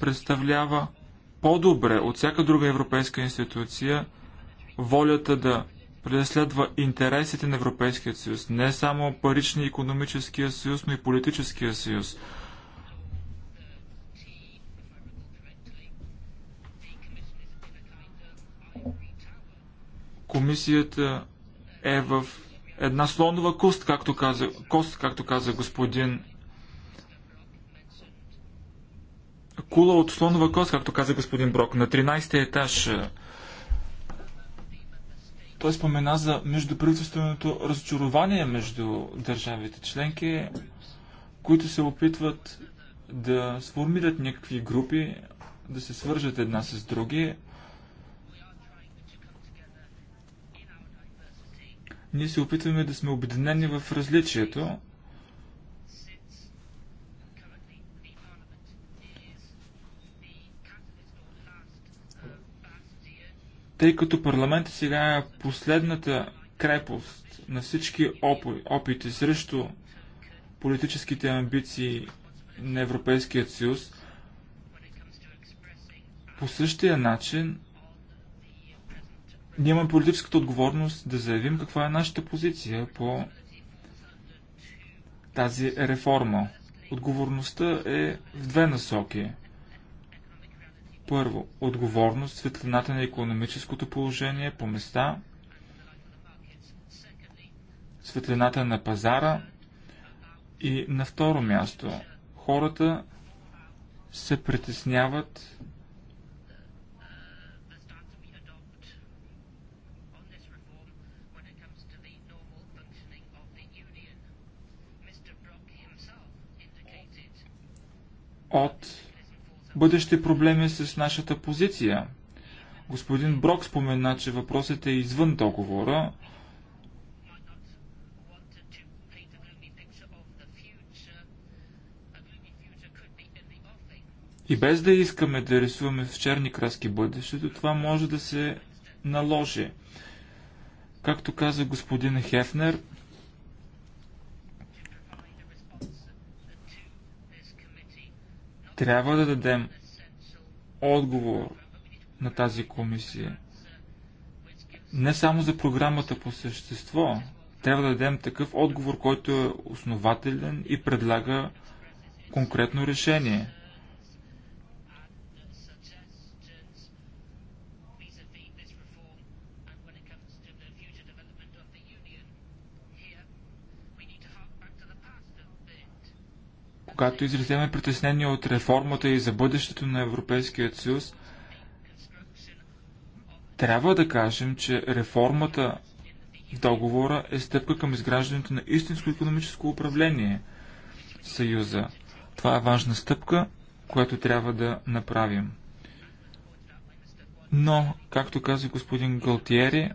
представлява по-добре от всяка друга европейска институция волята да преследва интересите на Европейския съюз, не само паричния и економическия съюз, но и политическия съюз. Комисията е в една слонова кост, както каза, кост, както каза господин Кула от слонова кост, както каза господин Брок, на 13 етаж той спомена за междуправителственото разочарование между държавите членки, които се опитват да сформират някакви групи, да се свържат една с други. Ние се опитваме да сме обединени в различието, тъй като парламентът сега е последната крепост на всички опити срещу политическите амбиции на Европейския съюз, по същия начин ние имаме политическата отговорност да заявим каква е нашата позиция по тази реформа. Отговорността е в две насоки – първо, отговорност светлината на економическото положение по места, светлината на пазара и на второ място, хората се притесняват от бъдещи проблеми с нашата позиция. Господин Брок спомена, че въпросът е извън договора. И без да искаме да рисуваме в черни краски бъдещето, това може да се наложи. Както каза господин Хефнер, Трябва да дадем отговор на тази комисия. Не само за програмата по същество, трябва да дадем такъв отговор, който е основателен и предлага конкретно решение. когато изразяваме притеснение от реформата и за бъдещето на Европейския съюз, трябва да кажем, че реформата в договора е стъпка към изграждането на истинско економическо управление в Съюза. Това е важна стъпка, която трябва да направим. Но, както каза господин Галтиери,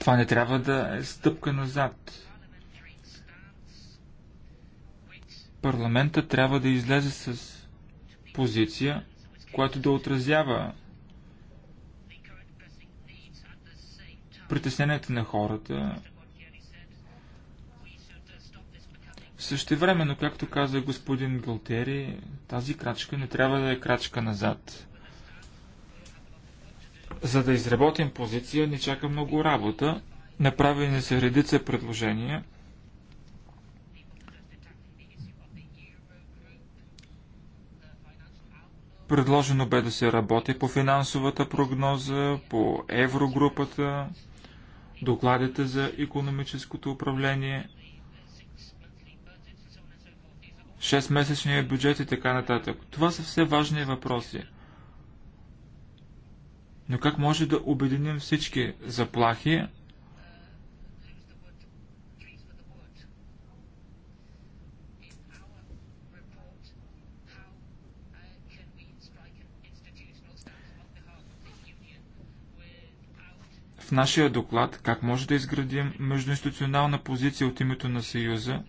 Това не трябва да е стъпка назад. Парламента трябва да излезе с позиция, която да отразява притесненията на хората. Същевременно, както каза господин Галтери, тази крачка не трябва да е крачка назад. За да изработим позиция, ни чака много работа. Направени са редица предложения. Предложено бе да се работи по финансовата прогноза, по еврогрупата, докладите за економическото управление, 6-месечния бюджет и така нататък. Това са все важни въпроси. Но как може да обединим всички заплахи? В нашия доклад как може да изградим междуинституционална позиция от името на Съюза,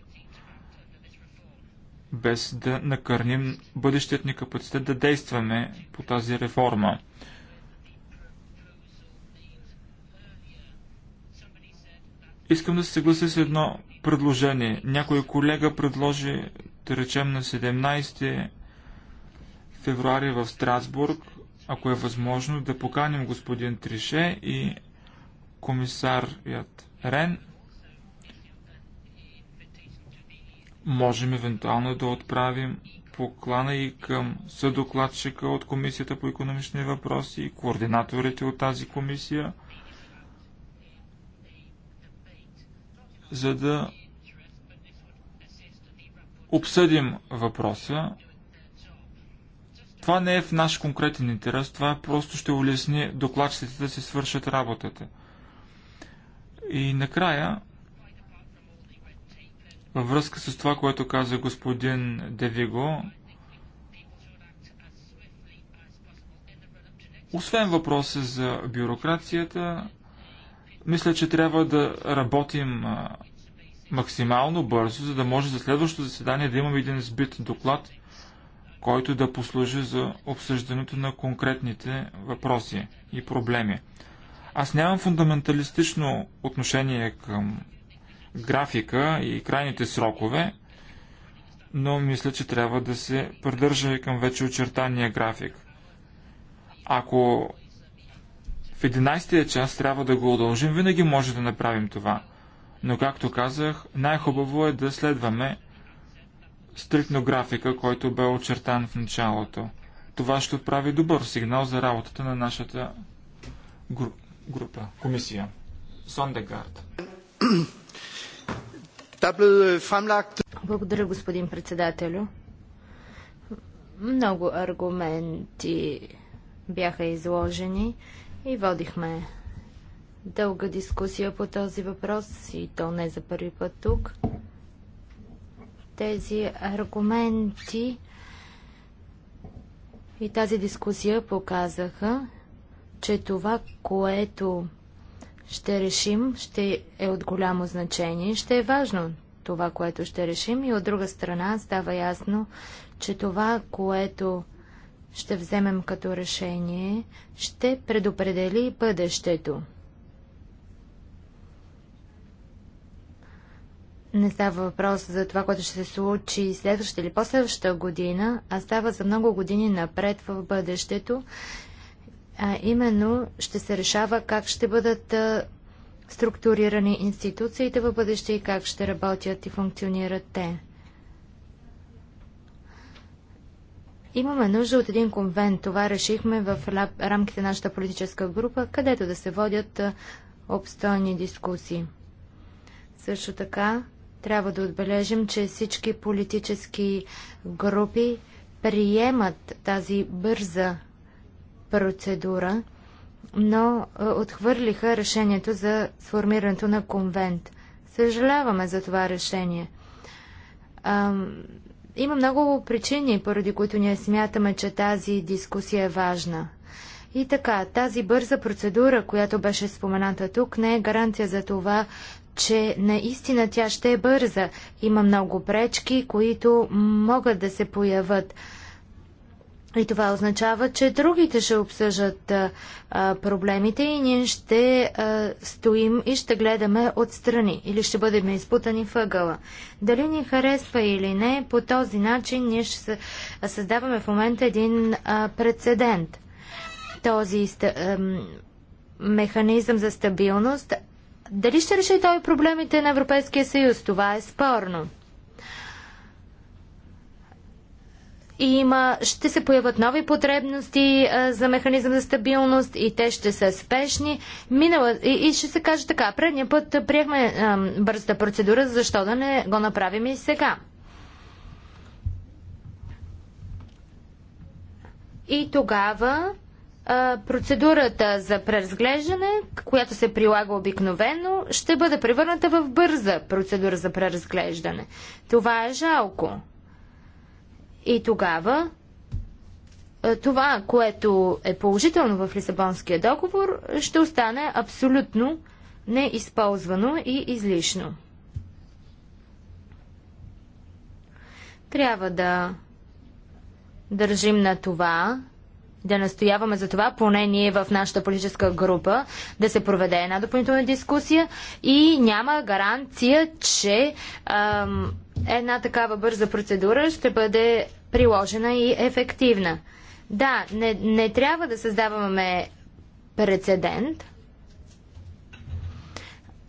без да накърним бъдещият ни капацитет да действаме по тази реформа. Искам да се съглася с едно предложение. Някой колега предложи, да речем, на 17 февруари в Страсбург, ако е възможно, да поканим господин Трише и комисарият Рен. Можем евентуално да отправим поклана и към съдокладчика от Комисията по економични въпроси и координаторите от тази комисия. за да обсъдим въпроса. Това не е в наш конкретен интерес, това просто ще улесни докладчиците да се свършат работата. И накрая, във връзка с това, което каза господин Девиго, освен въпроса за бюрокрацията, мисля, че трябва да работим максимално бързо, за да може за следващото заседание да имаме един сбит доклад, който да послужи за обсъждането на конкретните въпроси и проблеми. Аз нямам фундаменталистично отношение към графика и крайните срокове, но мисля, че трябва да се придържа и към вече очертания график. Ако в 11-тия час трябва да го удължим. Винаги може да направим това. Но, както казах, най-хубаво е да следваме стриктно графика, който бе очертан в началото. Това ще отправи добър сигнал за работата на нашата гру- група, комисия. Сондегард. (clears throat) Е, Благодаря, господин председателю. Много аргументи бяха изложени. И водихме дълга дискусия по този въпрос и то не за първи път тук. Тези аргументи и тази дискусия показаха, че това, което ще решим, ще е от голямо значение, ще е важно това, което ще решим и от друга страна става ясно, че това, което ще вземем като решение, ще предопредели бъдещето. Не става въпрос за това, което ще се случи следващата или последваща година, а става за много години напред в бъдещето. А именно ще се решава как ще бъдат структурирани институциите в бъдеще и как ще работят и функционират те. Имаме нужда от един конвент. Това решихме в рамките на нашата политическа група, където да се водят обстойни дискусии. Също така трябва да отбележим, че всички политически групи приемат тази бърза процедура, но отхвърлиха решението за сформирането на конвент. Съжаляваме за това решение. Има много причини, поради които ние смятаме, че тази дискусия е важна. И така, тази бърза процедура, която беше спомената тук, не е гаранция за това, че наистина тя ще е бърза. Има много пречки, които могат да се появят. И това означава, че другите ще обсъждат а, проблемите и ние ще а, стоим и ще гледаме отстрани или ще бъдем изпутани въгъла. Дали ни харесва или не, по този начин ние ще създаваме в момента един а, прецедент. Този а, механизъм за стабилност. Дали ще реши той проблемите на Европейския съюз? Това е спорно. Има, ще се появят нови потребности а, за механизъм за стабилност и те ще са спешни. Минала, и, и ще се каже така, предния път приехме а, бързата процедура, защо да не го направим и сега? И тогава а, процедурата за преразглеждане, която се прилага обикновено, ще бъде превърната в бърза процедура за преразглеждане. Това е жалко. И тогава е, това, което е положително в Лисабонския договор, ще остане абсолютно неизползвано и излишно. Трябва да държим на това, да настояваме за това, поне ние в нашата политическа група, да се проведе една допълнителна дискусия и няма гаранция, че ам, една такава бърза процедура ще бъде приложена и ефективна. Да, не, не трябва да създаваме прецедент,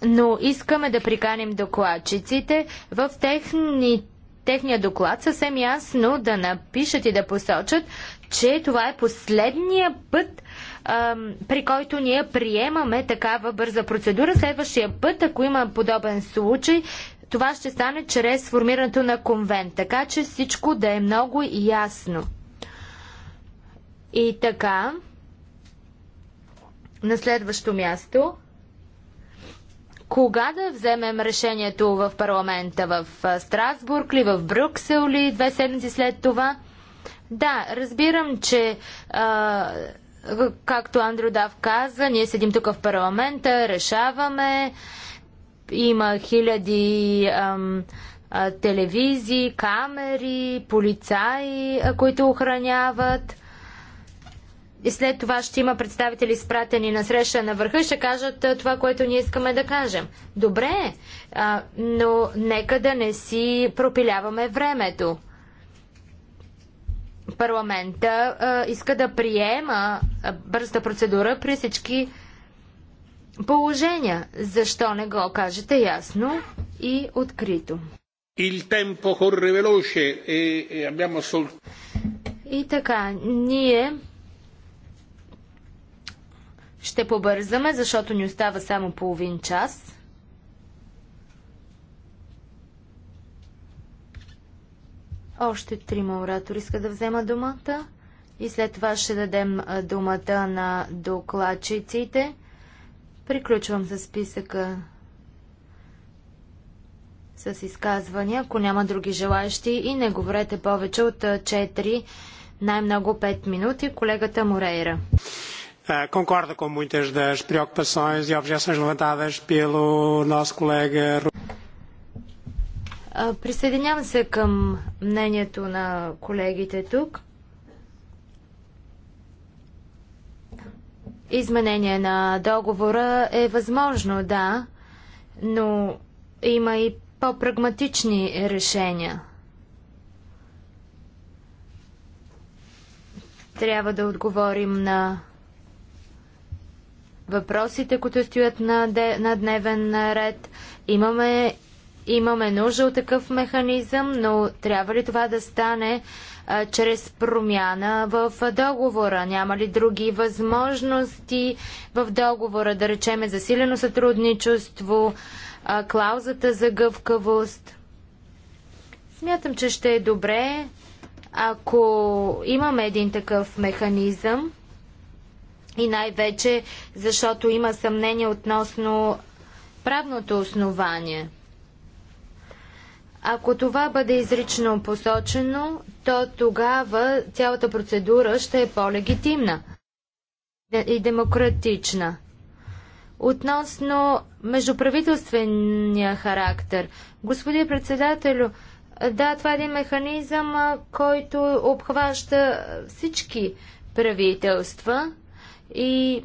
но искаме да приканим докладчиците в техни, техния доклад съвсем ясно да напишат и да посочат, че това е последния път, ам, при който ние приемаме такава бърза процедура. Следващия път, ако има подобен случай, това ще стане чрез формирането на конвент, така че всичко да е много ясно. И така, на следващо място, кога да вземем решението в парламента, в Страсбург ли, в Брюксел ли, две седмици след това? Да, разбирам, че а, както Андрю Дав каза, ние седим тук в парламента, решаваме, има хиляди ам, а, телевизии, камери, полицаи, а, които охраняват. И след това ще има представители спратени на среща на върха и ще кажат а, това, което ние искаме да кажем. Добре, а, но нека да не си пропиляваме времето парламента а, иска да приема бърза процедура при всички положения. Защо не го кажете ясно и открито? Il tempo corre veloce e, e, abbiamo sol... И така, ние ще побързаме, защото ни остава само половин час. Още трима оратори иска да взема думата и след това ще дадем думата на докладчиците. Приключвам с списъка с изказвания, ако няма други желаящи и не говорете повече от 4, най-много 5 минути. Колегата Морейра. Concordo com muitas das preocupações e objeções levantadas pelo nosso colega. Присъединявам се към мнението на колегите тук. изменение на договора е възможно, да, но има и по-прагматични решения. Трябва да отговорим на въпросите, които стоят на, де, на дневен ред. Имаме, имаме нужда от такъв механизъм, но трябва ли това да стане чрез промяна в договора? Няма ли други възможности в договора, да речеме засилено сътрудничество, клаузата за гъвкавост? Смятам, че ще е добре, ако имаме един такъв механизъм и най-вече защото има съмнение относно правното основание. Ако това бъде изрично посочено, то тогава цялата процедура ще е по-легитимна и демократична. Относно междуправителствения характер, господин председателю, да, това е един механизъм, който обхваща всички правителства и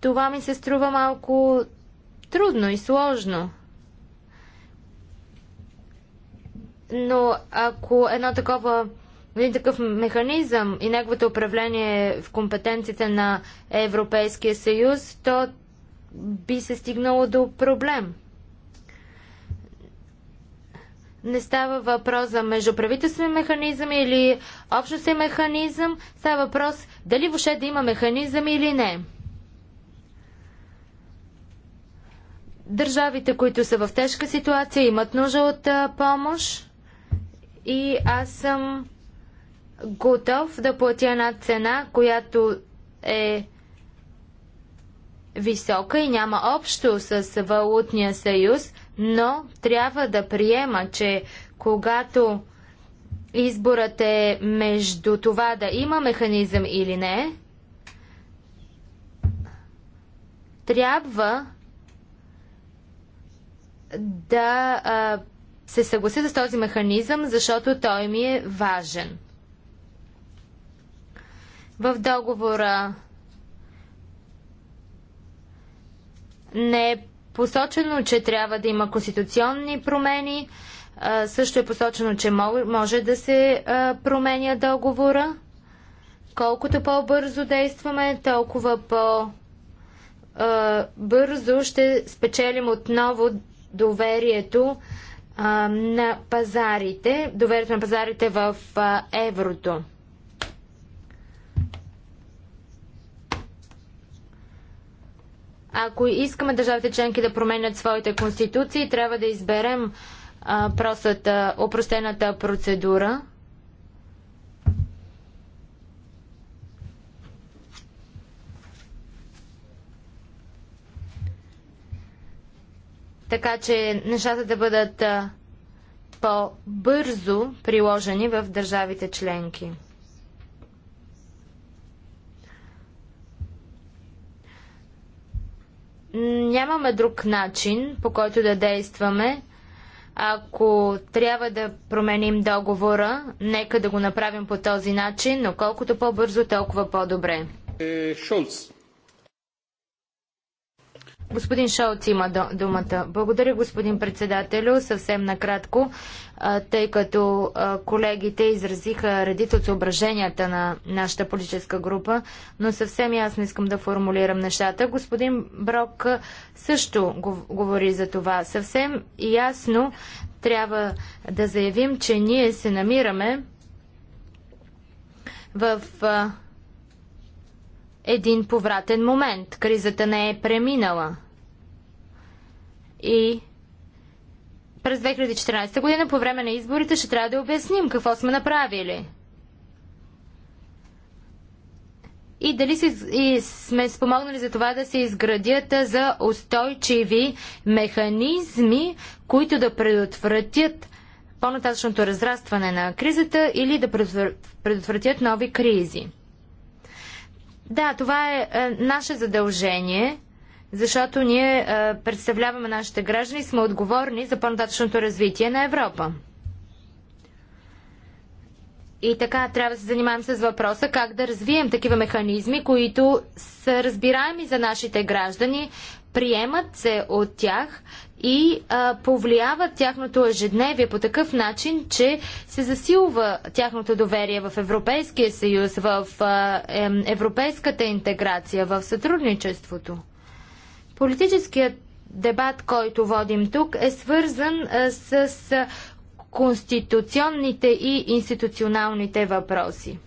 това ми се струва малко трудно и сложно. Но ако едно такова един такъв механизъм и неговото управление в компетенциите на Европейския съюз, то би се стигнало до проблем. Не става въпрос за междуправителствен механизъм или общностен механизъм, става въпрос дали въобще да има механизъм или не. Държавите, които са в тежка ситуация, имат нужда от помощ и аз съм готов да платя една цена, която е висока и няма общо с валутния съюз, но трябва да приема, че когато изборът е между това да има механизъм или не, трябва да а, се съглася с този механизъм, защото той ми е важен. В договора не е посочено, че трябва да има конституционни промени. Също е посочено, че може да се променя договора. Колкото по-бързо действаме, толкова по- бързо ще спечелим отново доверието на пазарите, доверието на пазарите в еврото. Ако искаме държавите членки да променят своите конституции, трябва да изберем а, простата, опростената процедура. Така че нещата да бъдат по-бързо приложени в държавите членки. Нямаме друг начин, по който да действаме. Ако трябва да променим договора, нека да го направим по този начин, но колкото по-бързо, толкова по-добре. Е, Шулц. Господин Шолц има думата. Благодаря, господин председателю. Съвсем накратко, тъй като колегите изразиха редица от съображенията на нашата политическа група, но съвсем ясно искам да формулирам нещата. Господин Брок също говори за това. Съвсем ясно трябва да заявим, че ние се намираме в един повратен момент. Кризата не е преминала. И през 2014 година по време на изборите ще трябва да обясним какво сме направили. И дали си, и сме спомогнали за това да се изградят за устойчиви механизми, които да предотвратят по-нататъчното разрастване на кризата или да предотвратят нови кризи. Да, това е, е наше задължение, защото ние е, представляваме нашите граждани и сме отговорни за по-нататъчното развитие на Европа. И така трябва да се занимаем с въпроса как да развием такива механизми, които са разбираеми за нашите граждани, приемат се от тях и а, повлияват тяхното ежедневие по такъв начин, че се засилва тяхното доверие в Европейския съюз, в а, е, европейската интеграция, в сътрудничеството. Политическият дебат, който водим тук, е свързан а, с а, конституционните и институционалните въпроси.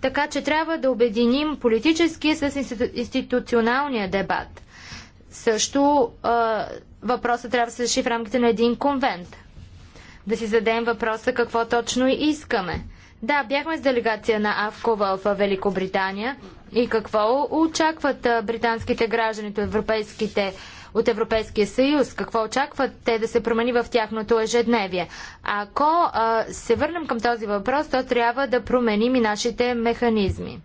Така че трябва да обединим политическия с институ... институционалния дебат – също а, въпросът трябва да се реши в рамките на един конвент. Да си зададем въпроса какво точно искаме. Да, бяхме с делегация на АВКО в Великобритания. И какво очакват британските граждани от европейските от Европейския съюз? Какво очакват те да се промени в тяхното ежедневие? Ако а, се върнем към този въпрос, то трябва да променим и нашите механизми.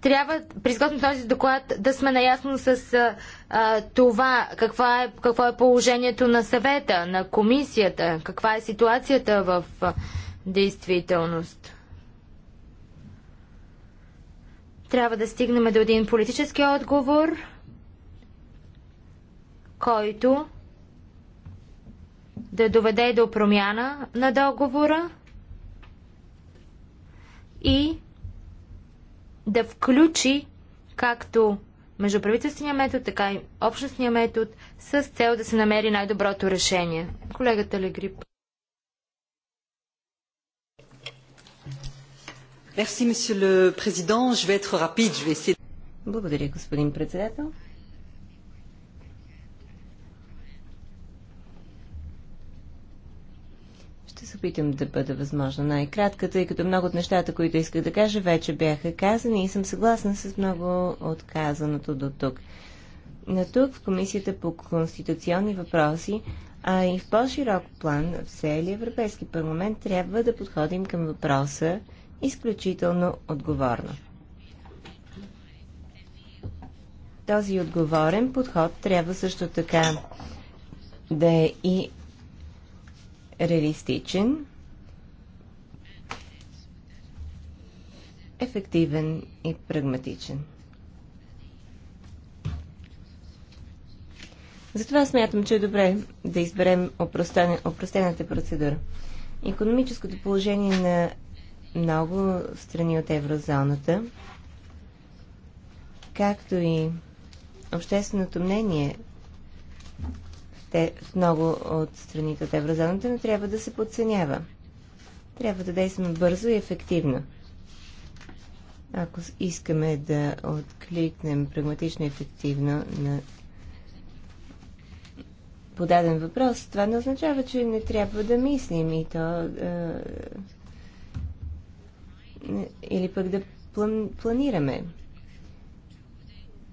трябва при изготвянето този доклад да сме наясно с а, това какво е, какво е положението на съвета, на комисията, каква е ситуацията в а, действителност. Трябва да стигнем до един политически отговор, който да доведе до промяна на договора и да включи както междуправителствения метод, така и общностния метод, с цел да се намери най-доброто решение. Колегата Легрип. Благодаря, господин председател. се опитам да бъда възможно най-кратка, тъй като много от нещата, които исках да кажа, вече бяха казани и съм съгласна с много от казаното до тук. На тук в Комисията по конституционни въпроси, а и в по-широк план в целия Европейски парламент трябва да подходим към въпроса изключително отговорно. Този отговорен подход трябва също така да е и реалистичен, ефективен и прагматичен. Затова смятам, че е добре да изберем опростената процедура. Економическото положение на много страни от еврозоната, както и общественото мнение те в много от страните от еврозоната, но трябва да се подценява. Трябва да действаме бързо и ефективно. Ако искаме да откликнем прагматично и ефективно на подаден въпрос, това не означава, че не трябва да мислим и то. Е, или пък да план, планираме.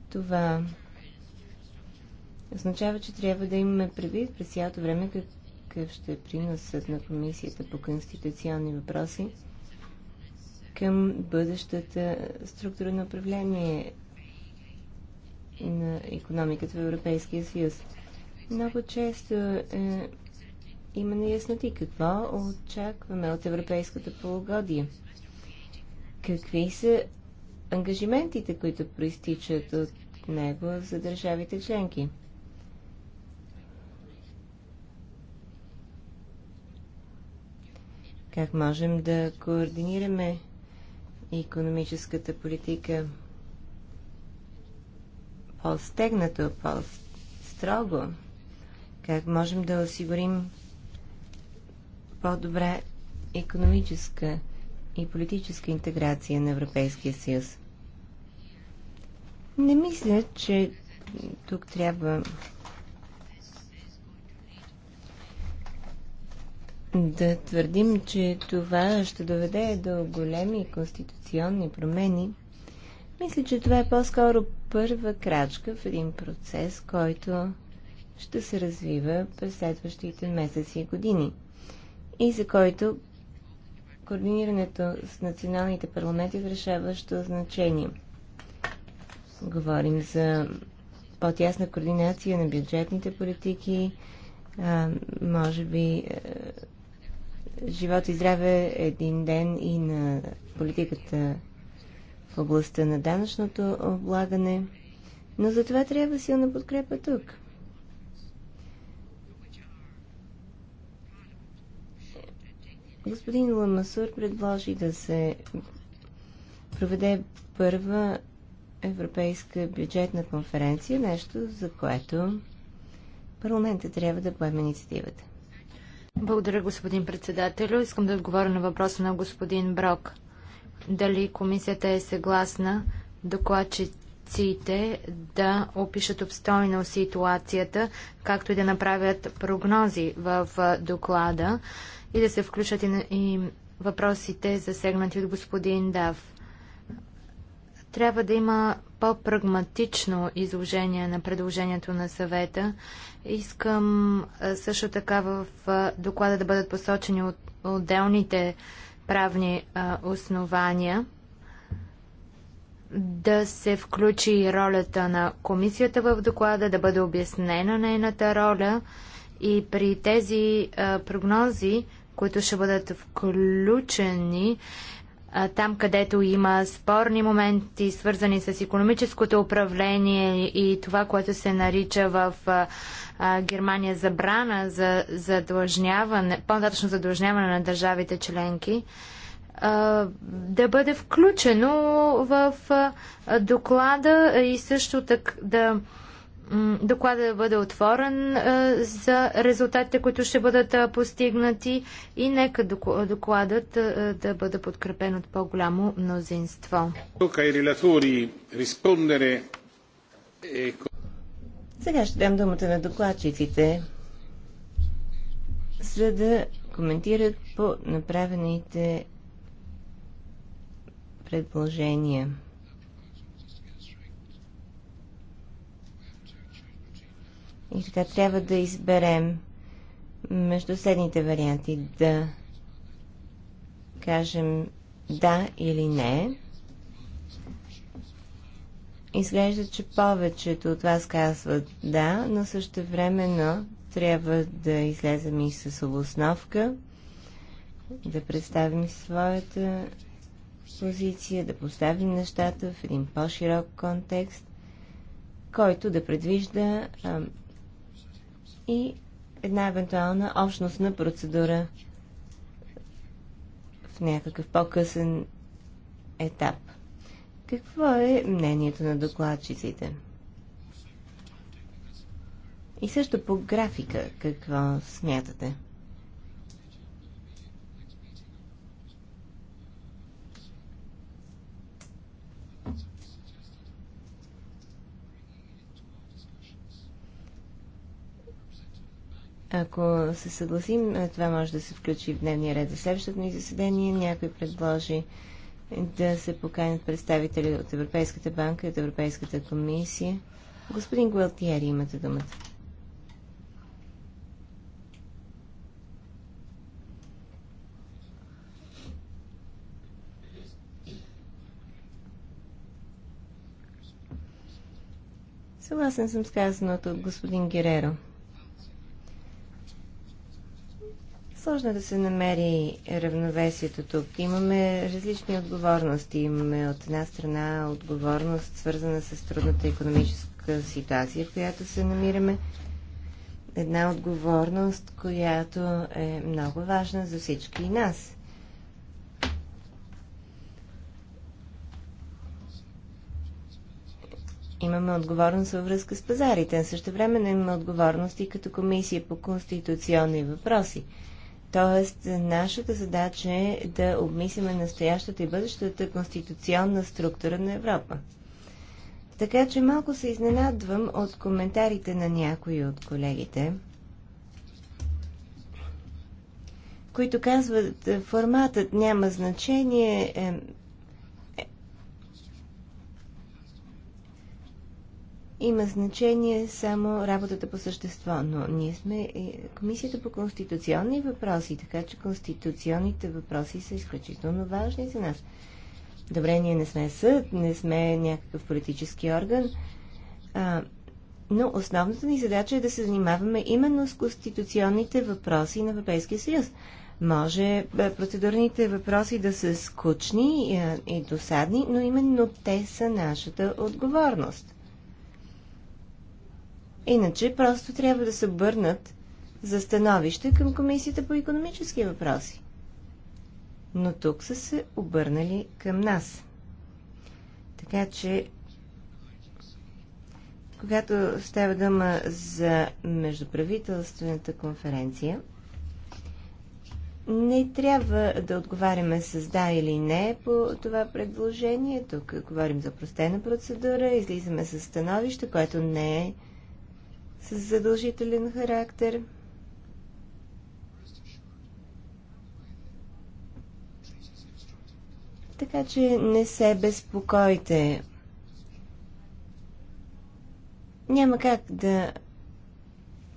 Това означава, че трябва да имаме предвид през цялото време какъв ще е приносът на Комисията по конституционни въпроси към бъдещата структура на управление на економиката в Европейския съюз. Много често е, има неясноти какво очакваме от европейското полугодие. Какви са ангажиментите, които проистичат от него за държавите членки? как можем да координираме економическата политика по-стегнато, по-строго, как можем да осигурим по-добра економическа и политическа интеграция на Европейския съюз. Не мисля, че тук трябва да твърдим, че това ще доведе до големи конституционни промени, мисля, че това е по-скоро първа крачка в един процес, който ще се развива през следващите месеци и години и за който координирането с националните парламенти е решаващо значение. Говорим за по-тясна координация на бюджетните политики, може би е, живот и здраве един ден и на политиката в областта на данъчното облагане, но за това трябва силна подкрепа тук. Господин Ламасур предложи да се проведе първа европейска бюджетна конференция, нещо за което парламента трябва да поеме инициативата. Благодаря, господин председател. Искам да отговоря на въпроса на господин Брок. Дали комисията е съгласна докладчиците да опишат обстойно ситуацията, както и да направят прогнози в доклада и да се включат и въпросите, засегнати от господин Дав. Трябва да има по-прагматично изложение на предложението на съвета. Искам също така в доклада да бъдат посочени от отделните правни основания да се включи ролята на комисията в доклада, да бъде обяснена нейната роля и при тези прогнози, които ще бъдат включени, там, където има спорни моменти, свързани с економическото управление и това, което се нарича в Германия забрана за задлъжняване, по-нататъчно задлъжняване на държавите членки, да бъде включено в доклада и също така да Докладът да бъде отворен за резултатите, които ще бъдат постигнати и нека докладът да бъде подкрепен от по-голямо мнозинство. Е, Сега ще дам думата на докладчиците, за да коментират по направените предложения. И така трябва да изберем между следните варианти. Да кажем да или не. Изглежда, че повечето от вас казват да, но също времено трябва да излезем и с обосновка, да представим своята позиция, да поставим нещата в един по-широк контекст, който да предвижда а, и една евентуална общностна процедура в някакъв по-късен етап. Какво е мнението на докладчиците? И също по графика какво смятате? Ако се съгласим, е, това може да се включи в дневния ред за следващото ни заседание. Някой предложи да се поканят представители от Европейската банка и от Европейската комисия. Господин Гуалтиери, имате думата. Съгласен съм с казаното от господин Гереро. Сложно е да се намери равновесието тук. Имаме различни отговорности. Имаме от една страна отговорност, свързана с трудната економическа ситуация, в която се намираме. Една отговорност, която е много важна за всички нас. Имаме отговорност във връзка с пазарите, а също време имаме отговорности като комисия по конституционни въпроси – Тоест, нашата задача е да обмислиме настоящата и бъдещата конституционна структура на Европа. Така че малко се изненадвам от коментарите на някои от колегите, които казват, е, форматът няма значение, е, има значение само работата по същество, но ние сме Комисията по конституционни въпроси, така че конституционните въпроси са изключително важни за нас. Добре, ние не сме съд, не сме някакъв политически орган, а, но основната ни задача е да се занимаваме именно с конституционните въпроси на Европейския съюз. Може процедурните въпроси да са скучни е, и досадни, но именно те са нашата отговорност. Иначе просто трябва да се обърнат за становище към Комисията по економически въпроси. Но тук са се обърнали към нас. Така че, когато става дума за междуправителствената конференция, не трябва да отговаряме с да или не по това предложение. Тук говорим за простена процедура, излизаме с становище, което не е с задължителен характер. Така че не се безпокойте. Няма как да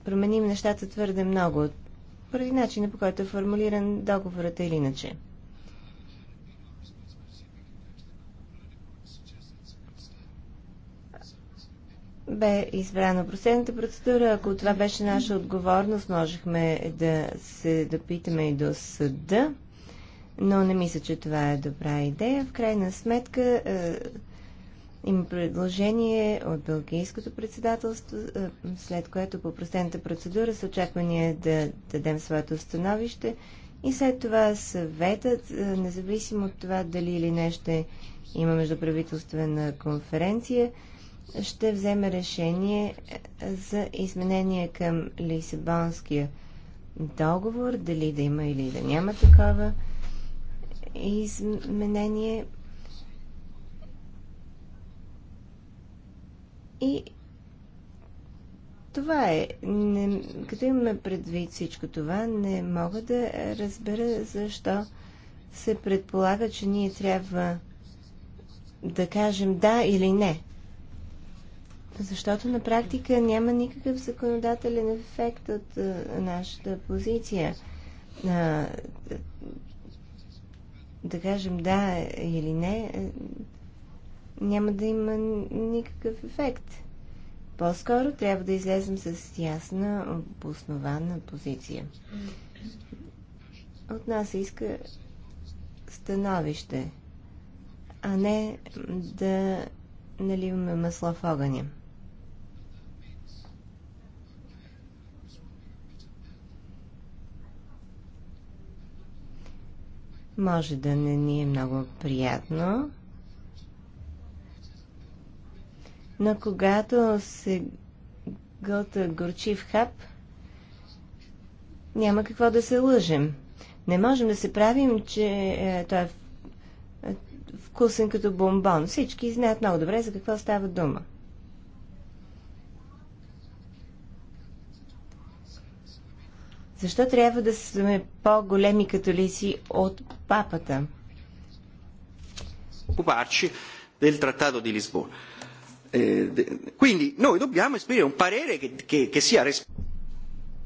променим нещата твърде много, поради начина по който е формулиран договорът или иначе. бе избрана простената процедура. Ако това беше наша отговорност, можехме да се допитаме и до съда, но не мисля, че това е добра идея. В крайна сметка е, има предложение от белгийското председателство, е, след което по простената процедура се очаква ние да дадем своето становище и след това съветът, е, независимо от това дали или не ще има междуправителствена конференция, ще вземе решение за изменение към Лисабонския договор, дали да има или да няма такова изменение. И това е. Не, като имаме предвид всичко това, не мога да разбера защо се предполага, че ние трябва да кажем да или не защото на практика няма никакъв законодателен ефект от е, нашата позиция. А, да кажем да или не, е, няма да има никакъв ефект. По-скоро трябва да излезем с ясна, обоснована позиция. От нас иска становище, а не да наливаме масло в огъня. може да не ни е много приятно. Но когато се гълта горчив хап, няма какво да се лъжем. Не можем да се правим, че е, той е, е вкусен като бомбон. Всички знаят много добре за какво става дума. Защо трябва да сме по-големи католици от папата? Occuparci del Trattato di Lisbona. Eh, quindi noi dobbiamo esprimere un parere che, sia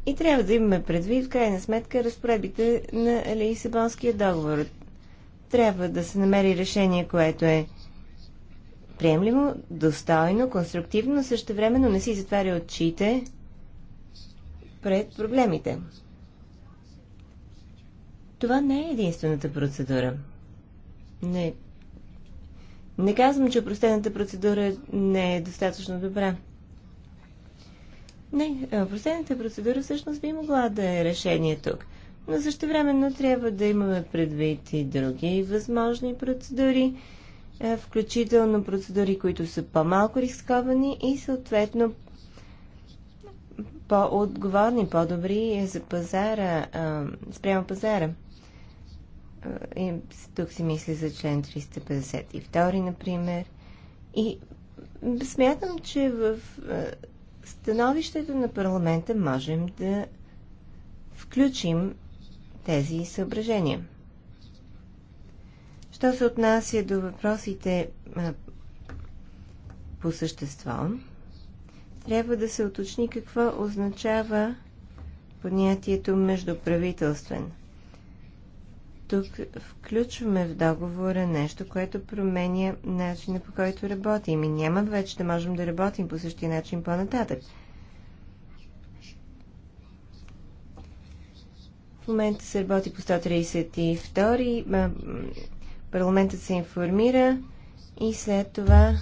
И трябва да имаме предвид, в крайна сметка, разпоредбите на Лисабонския договор. Трябва да се намери решение, което е приемливо, достойно, конструктивно, също времено не си затваря очите пред проблемите. Това не е единствената процедура. Не. Не казвам, че простената процедура не е достатъчно добра. Не, простената процедура всъщност би могла да е решение тук. Но времено трябва да имаме предвид и други възможни процедури, включително процедури, които са по-малко рисковани и съответно по-отговорни, по-добри за пазара, спрямо пазара. И тук си мисля за член 352, например. И смятам, че в становището на парламента можем да включим тези съображения. Що се отнася до въпросите по същество, трябва да се уточни какво означава понятието междуправителствен. Тук включваме в договора нещо, което променя начина по който работим и няма вече да можем да работим по същия начин по-нататък. В момента се работи по 132, парламентът се информира и след това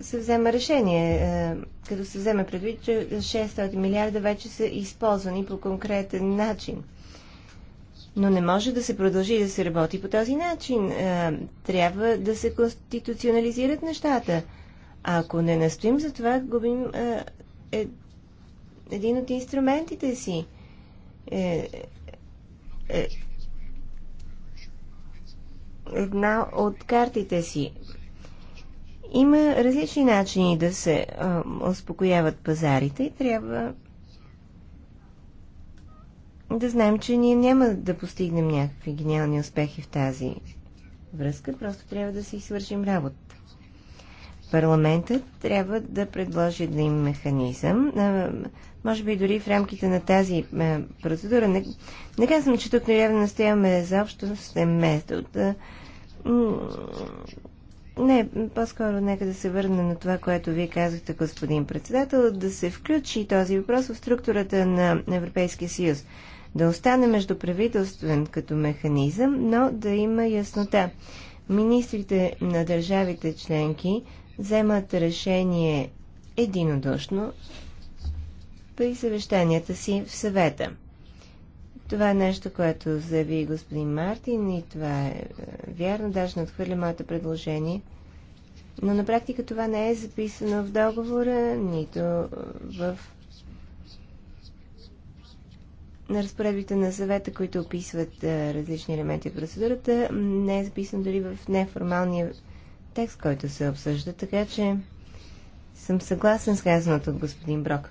се взема решение, е, като се вземе предвид, че 600 милиарда вече са използвани по конкретен начин. Но не може да се продължи да се работи по този начин. Е, трябва да се конституционализират нещата. Ако не настоим за това, губим е, е един от инструментите си. Е, е, една от картите си. Има различни начини да се а, успокояват пазарите и трябва да знаем, че ние няма да постигнем някакви гениални успехи в тази връзка, просто трябва да си свършим работата. Парламентът трябва да предложи да им механизъм, а, може би дори в рамките на тази а, процедура. Не, не казвам, че тук трябва да настояваме за общо место да не, по-скоро нека да се върна на това, което вие казахте, господин председател, да се включи този въпрос в структурата на Европейския съюз. Да остане междуправителствен като механизъм, но да има яснота. Министрите на държавите членки вземат решение единодушно при съвещанията си в съвета. Това е нещо, което заяви господин Мартин и това е, е вярно. Даже не отхвърля моето предложение. Но на практика това не е записано в договора, нито в на разпоредбите на съвета, които описват е, различни елементи от процедурата, не е записано дори в неформалния текст, който се обсъжда, така че съм съгласен с казаното от господин Брок.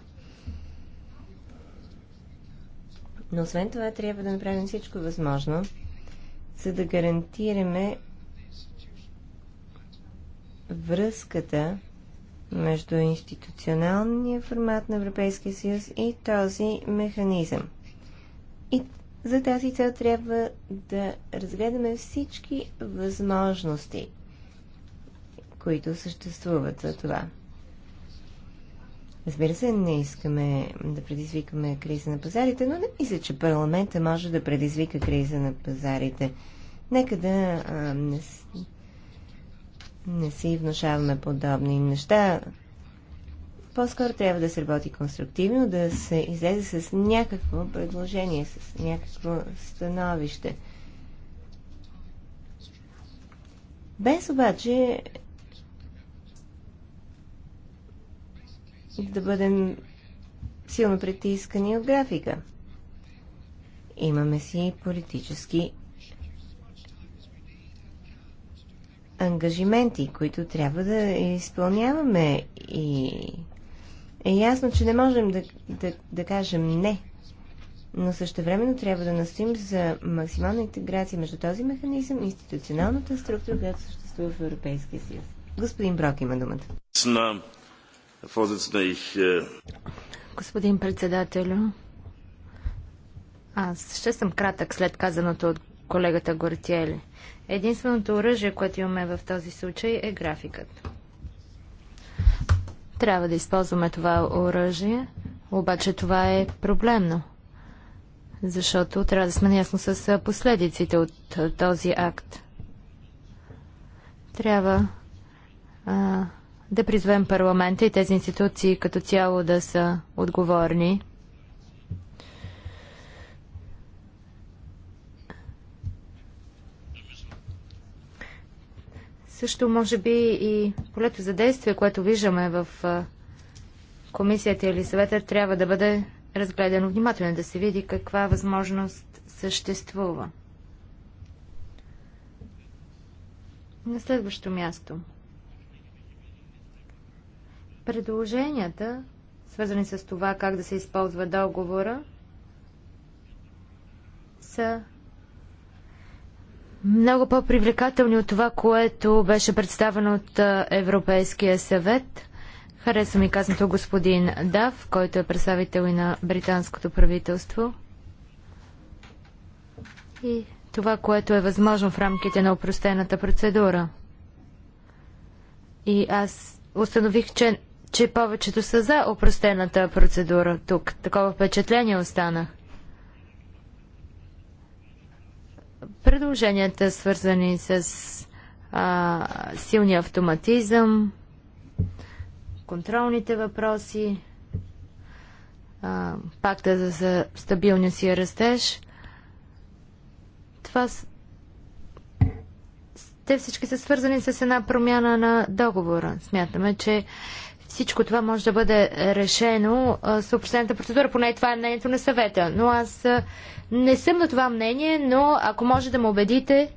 Но освен това трябва да направим всичко възможно, за да гарантираме връзката между институционалния формат на Европейския съюз и този механизъм. И за тази цел трябва да разгледаме всички възможности, които съществуват за това. Разбира се, не искаме да предизвикаме криза на пазарите, но не мисля, че парламента може да предизвика криза на пазарите. Нека да а, не, не си внушаваме подобни неща. По-скоро трябва да се работи конструктивно, да се излезе с някакво предложение, с някакво становище. Без обаче да бъдем силно притискани от графика. Имаме си политически ангажименти, които трябва да изпълняваме и е ясно, че не можем да, да, да кажем не, но същевременно трябва да настоим за максимална интеграция между този механизъм и институционалната структура, която съществува в Европейския съюз. Господин Брок има думата. Äh, Господин председателю, аз ще съм кратък след казаното от колегата Гортиели. Единственото оръжие, което имаме в този случай е графикът. Трябва да използваме това оръжие, обаче това е проблемно, защото трябва да сме наясно с последиците от този акт. Трябва а, да призвем парламента и тези институции като цяло да са отговорни. Също може би и полето за действие, което виждаме в комисията или съвета, трябва да бъде разгледано внимателно, да се види каква възможност съществува. На следващо място – Предложенията, свързани с това как да се използва договора, са много по-привлекателни от това, което беше представено от Европейския съвет. Харесва ми казнато господин Дав, който е представител и на британското правителство. И това, което е възможно в рамките на упростената процедура. И аз установих, че че повечето са за опростената процедура тук. Такова впечатление останах. Предложенията, свързани с а, силния автоматизъм, контролните въпроси, а, пакта за стабилния си растеж, това те всички са свързани с една промяна на договора. Смятаме, че всичко това може да бъде решено с обществената процедура, поне това е мнението на съвета. Но аз не съм на това мнение, но ако може да ме убедите.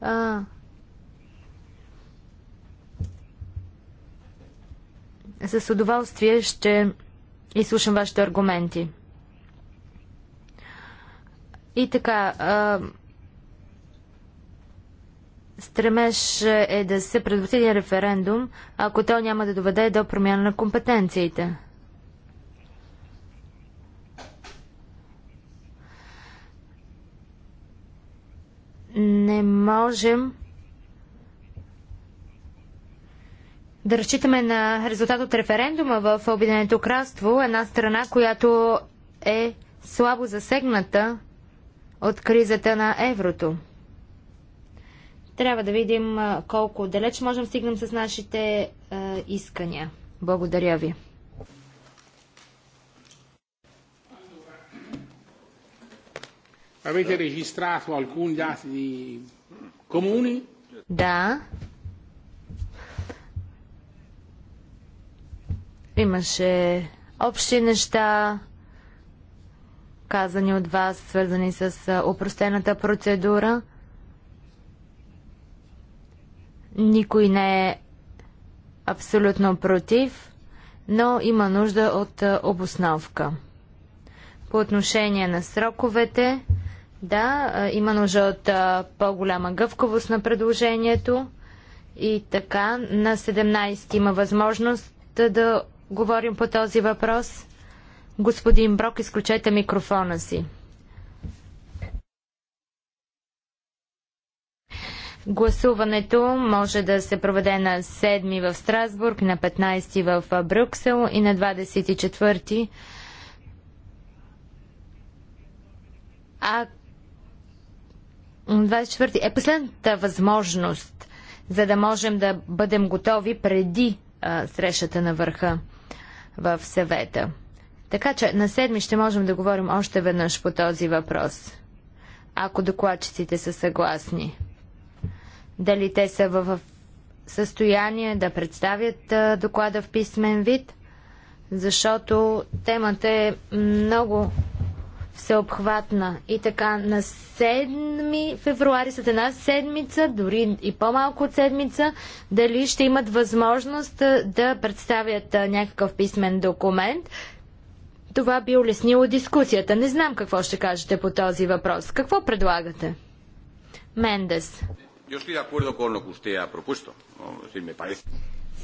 А... С удоволствие ще изслушам вашите аргументи. И така. А... Стремеж е да се предотвратя референдум, ако то няма да доведе до промяна на компетенциите. Не можем да разчитаме на резултат от референдума в Обединеното кралство, една страна, която е слабо засегната от кризата на еврото. Трябва да видим колко далеч можем стигнем с нашите искания. Благодаря ви. Avete registrato alcuni dati comuni? Да. Имаше общи неща, казани от вас, свързани с упростената процедура. Никой не е абсолютно против, но има нужда от обосновка. По отношение на сроковете, да, има нужда от по-голяма гъвковост на предложението и така на 17 има възможност да говорим по този въпрос. Господин Брок, изключете микрофона си. Гласуването може да се проведе на 7 в Страсбург, на 15 в Брюксел и на 24. А 24 е последната възможност, за да можем да бъдем готови преди а, срещата на върха в съвета. Така че на 7 ще можем да говорим още веднъж по този въпрос, ако докладчиците са съгласни дали те са в състояние да представят доклада в писмен вид, защото темата е много всеобхватна. И така, на 7 февруари, след една седмица, дори и по-малко от седмица, дали ще имат възможност да представят някакъв писмен документ. Това би улеснило дискусията. Не знам какво ще кажете по този въпрос. Какво предлагате? Мендес. Yo estoy de acuerdo con lo que usted ha propuesto. ¿no? decir, me parece.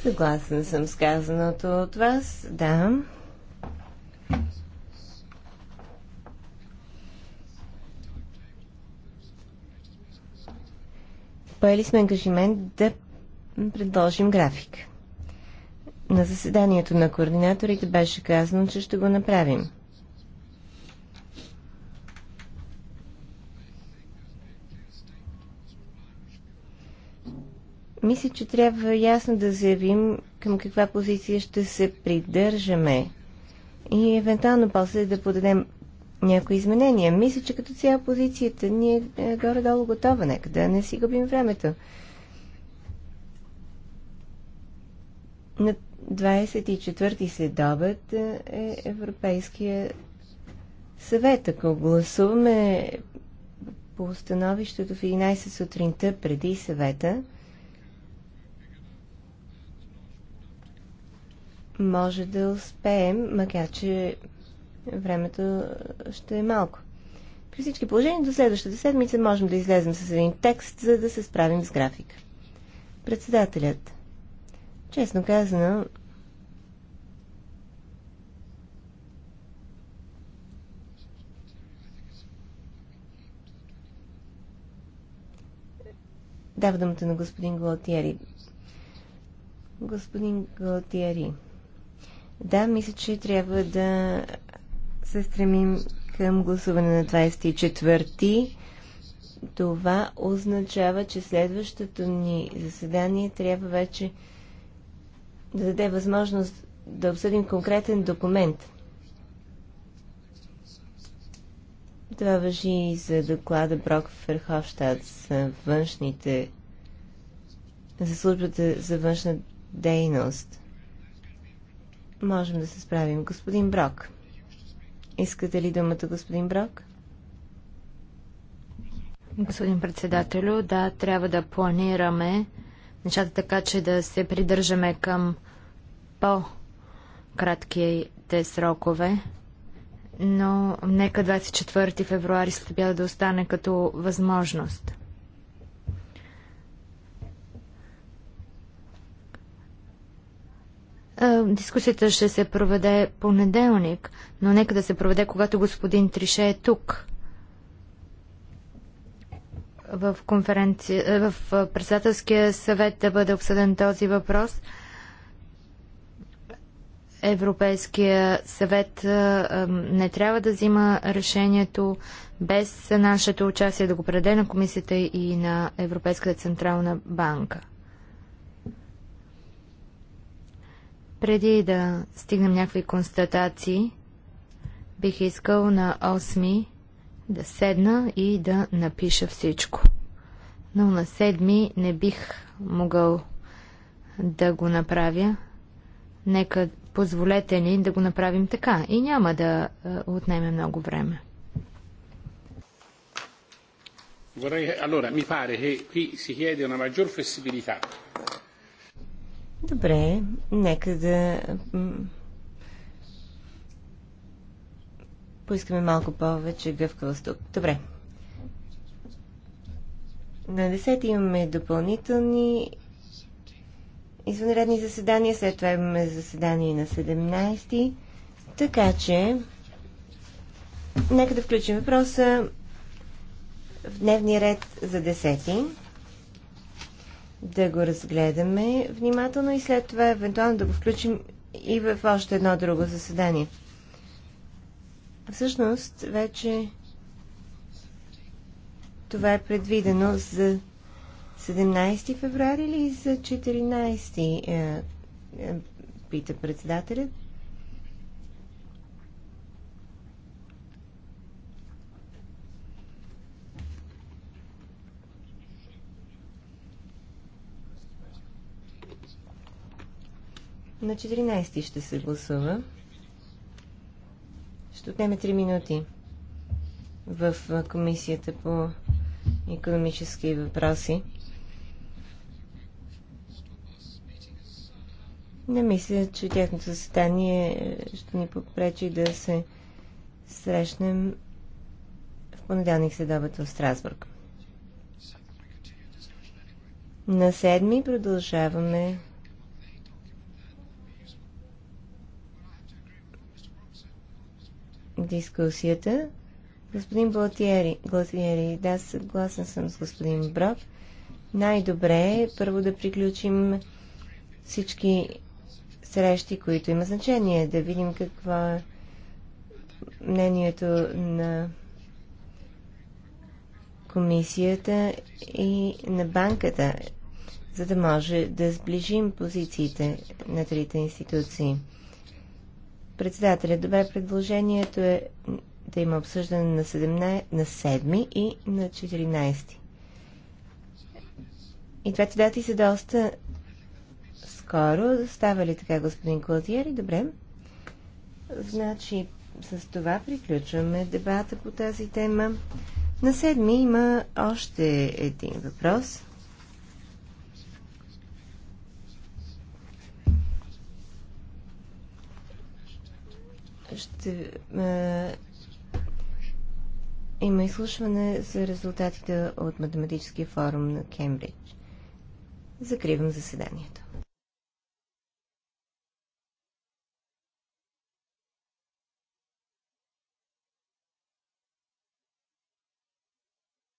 Съгласен съм с казаното от вас, да. Поели сме ангажимент да предложим график. На заседанието на координаторите беше казано, че ще го направим. Мисля, че трябва ясно да заявим към каква позиция ще се придържаме и евентуално после да подадем някои изменения. Мисля, че като цяло позицията ни е, е горе-долу готова. Нека да не си губим времето. На 24-ти следобед е, е Европейския съвет. Ако гласуваме по установището в 11 сутринта преди съвета, може да успеем, макар че времето ще е малко. При всички положения до следващата седмица можем да излезем с един текст, за да се справим с графика. Председателят. Честно казано, Дава думата на господин Галатиери. Господин Галатиери. Да, мисля, че трябва да се стремим към гласуване на 24-ти. Това означава, че следващото ни заседание трябва вече да даде възможност да обсъдим конкретен документ. Това въжи и за доклада Брок Ферховщад за външните за службата за външна дейност можем да се справим. Господин Брок. Искате ли думата, господин Брок? Господин председателю, да, трябва да планираме нещата така, че да се придържаме към по-кратките срокове. Но нека 24 февруари сте да остане като възможност. Дискусията ще се проведе понеделник, но нека да се проведе, когато господин Трише е тук. В, конференци... в председателския съвет да бъде обсъден този въпрос. Европейския съвет не трябва да взима решението без нашето участие да го преде на комисията и на Европейската централна банка. Преди да стигнем някакви констатации, бих искал на 8 да седна и да напиша всичко. Но на 7 не бих могъл да го направя. Нека позволете ни да го направим така и няма да е, отнеме много време. Allora, mi pare che qui si chiede una maggior flessibilità Добре, нека да поискаме малко повече гъвкавост тук. Добре. На 10 имаме допълнителни извънредни заседания, след това имаме заседание на 17. Така че, нека да включим въпроса в дневния ред за 10 да го разгледаме внимателно и след това евентуално да го включим и в още едно друго заседание. Всъщност, вече това е предвидено за 17 феврари или за 14, е, е, пита председателят. На 14 ще се гласува. Ще отнеме 3 минути в комисията по економически въпроси. Не мисля, че тяхното заседание е, ще ни попречи да се срещнем в понеделник следобед в Страсбург. На 7 продължаваме дискусията. Господин Блатиери, Блатиери, да, съгласен съм с господин Брок. Най-добре е първо да приключим всички срещи, които има значение, да видим какво е мнението на комисията и на банката, за да може да сближим позициите на трите институции. Председателя, добре, предложението е да има обсъждане на, 17, на 7 и на 14. И двете дати са доста скоро. Става ли така, господин Клазиери? Добре. Значи, с това приключваме дебата по тази тема. На 7 има още един въпрос – ще е, има изслушване за резултатите от математическия форум на Кембридж. Закривам заседанието.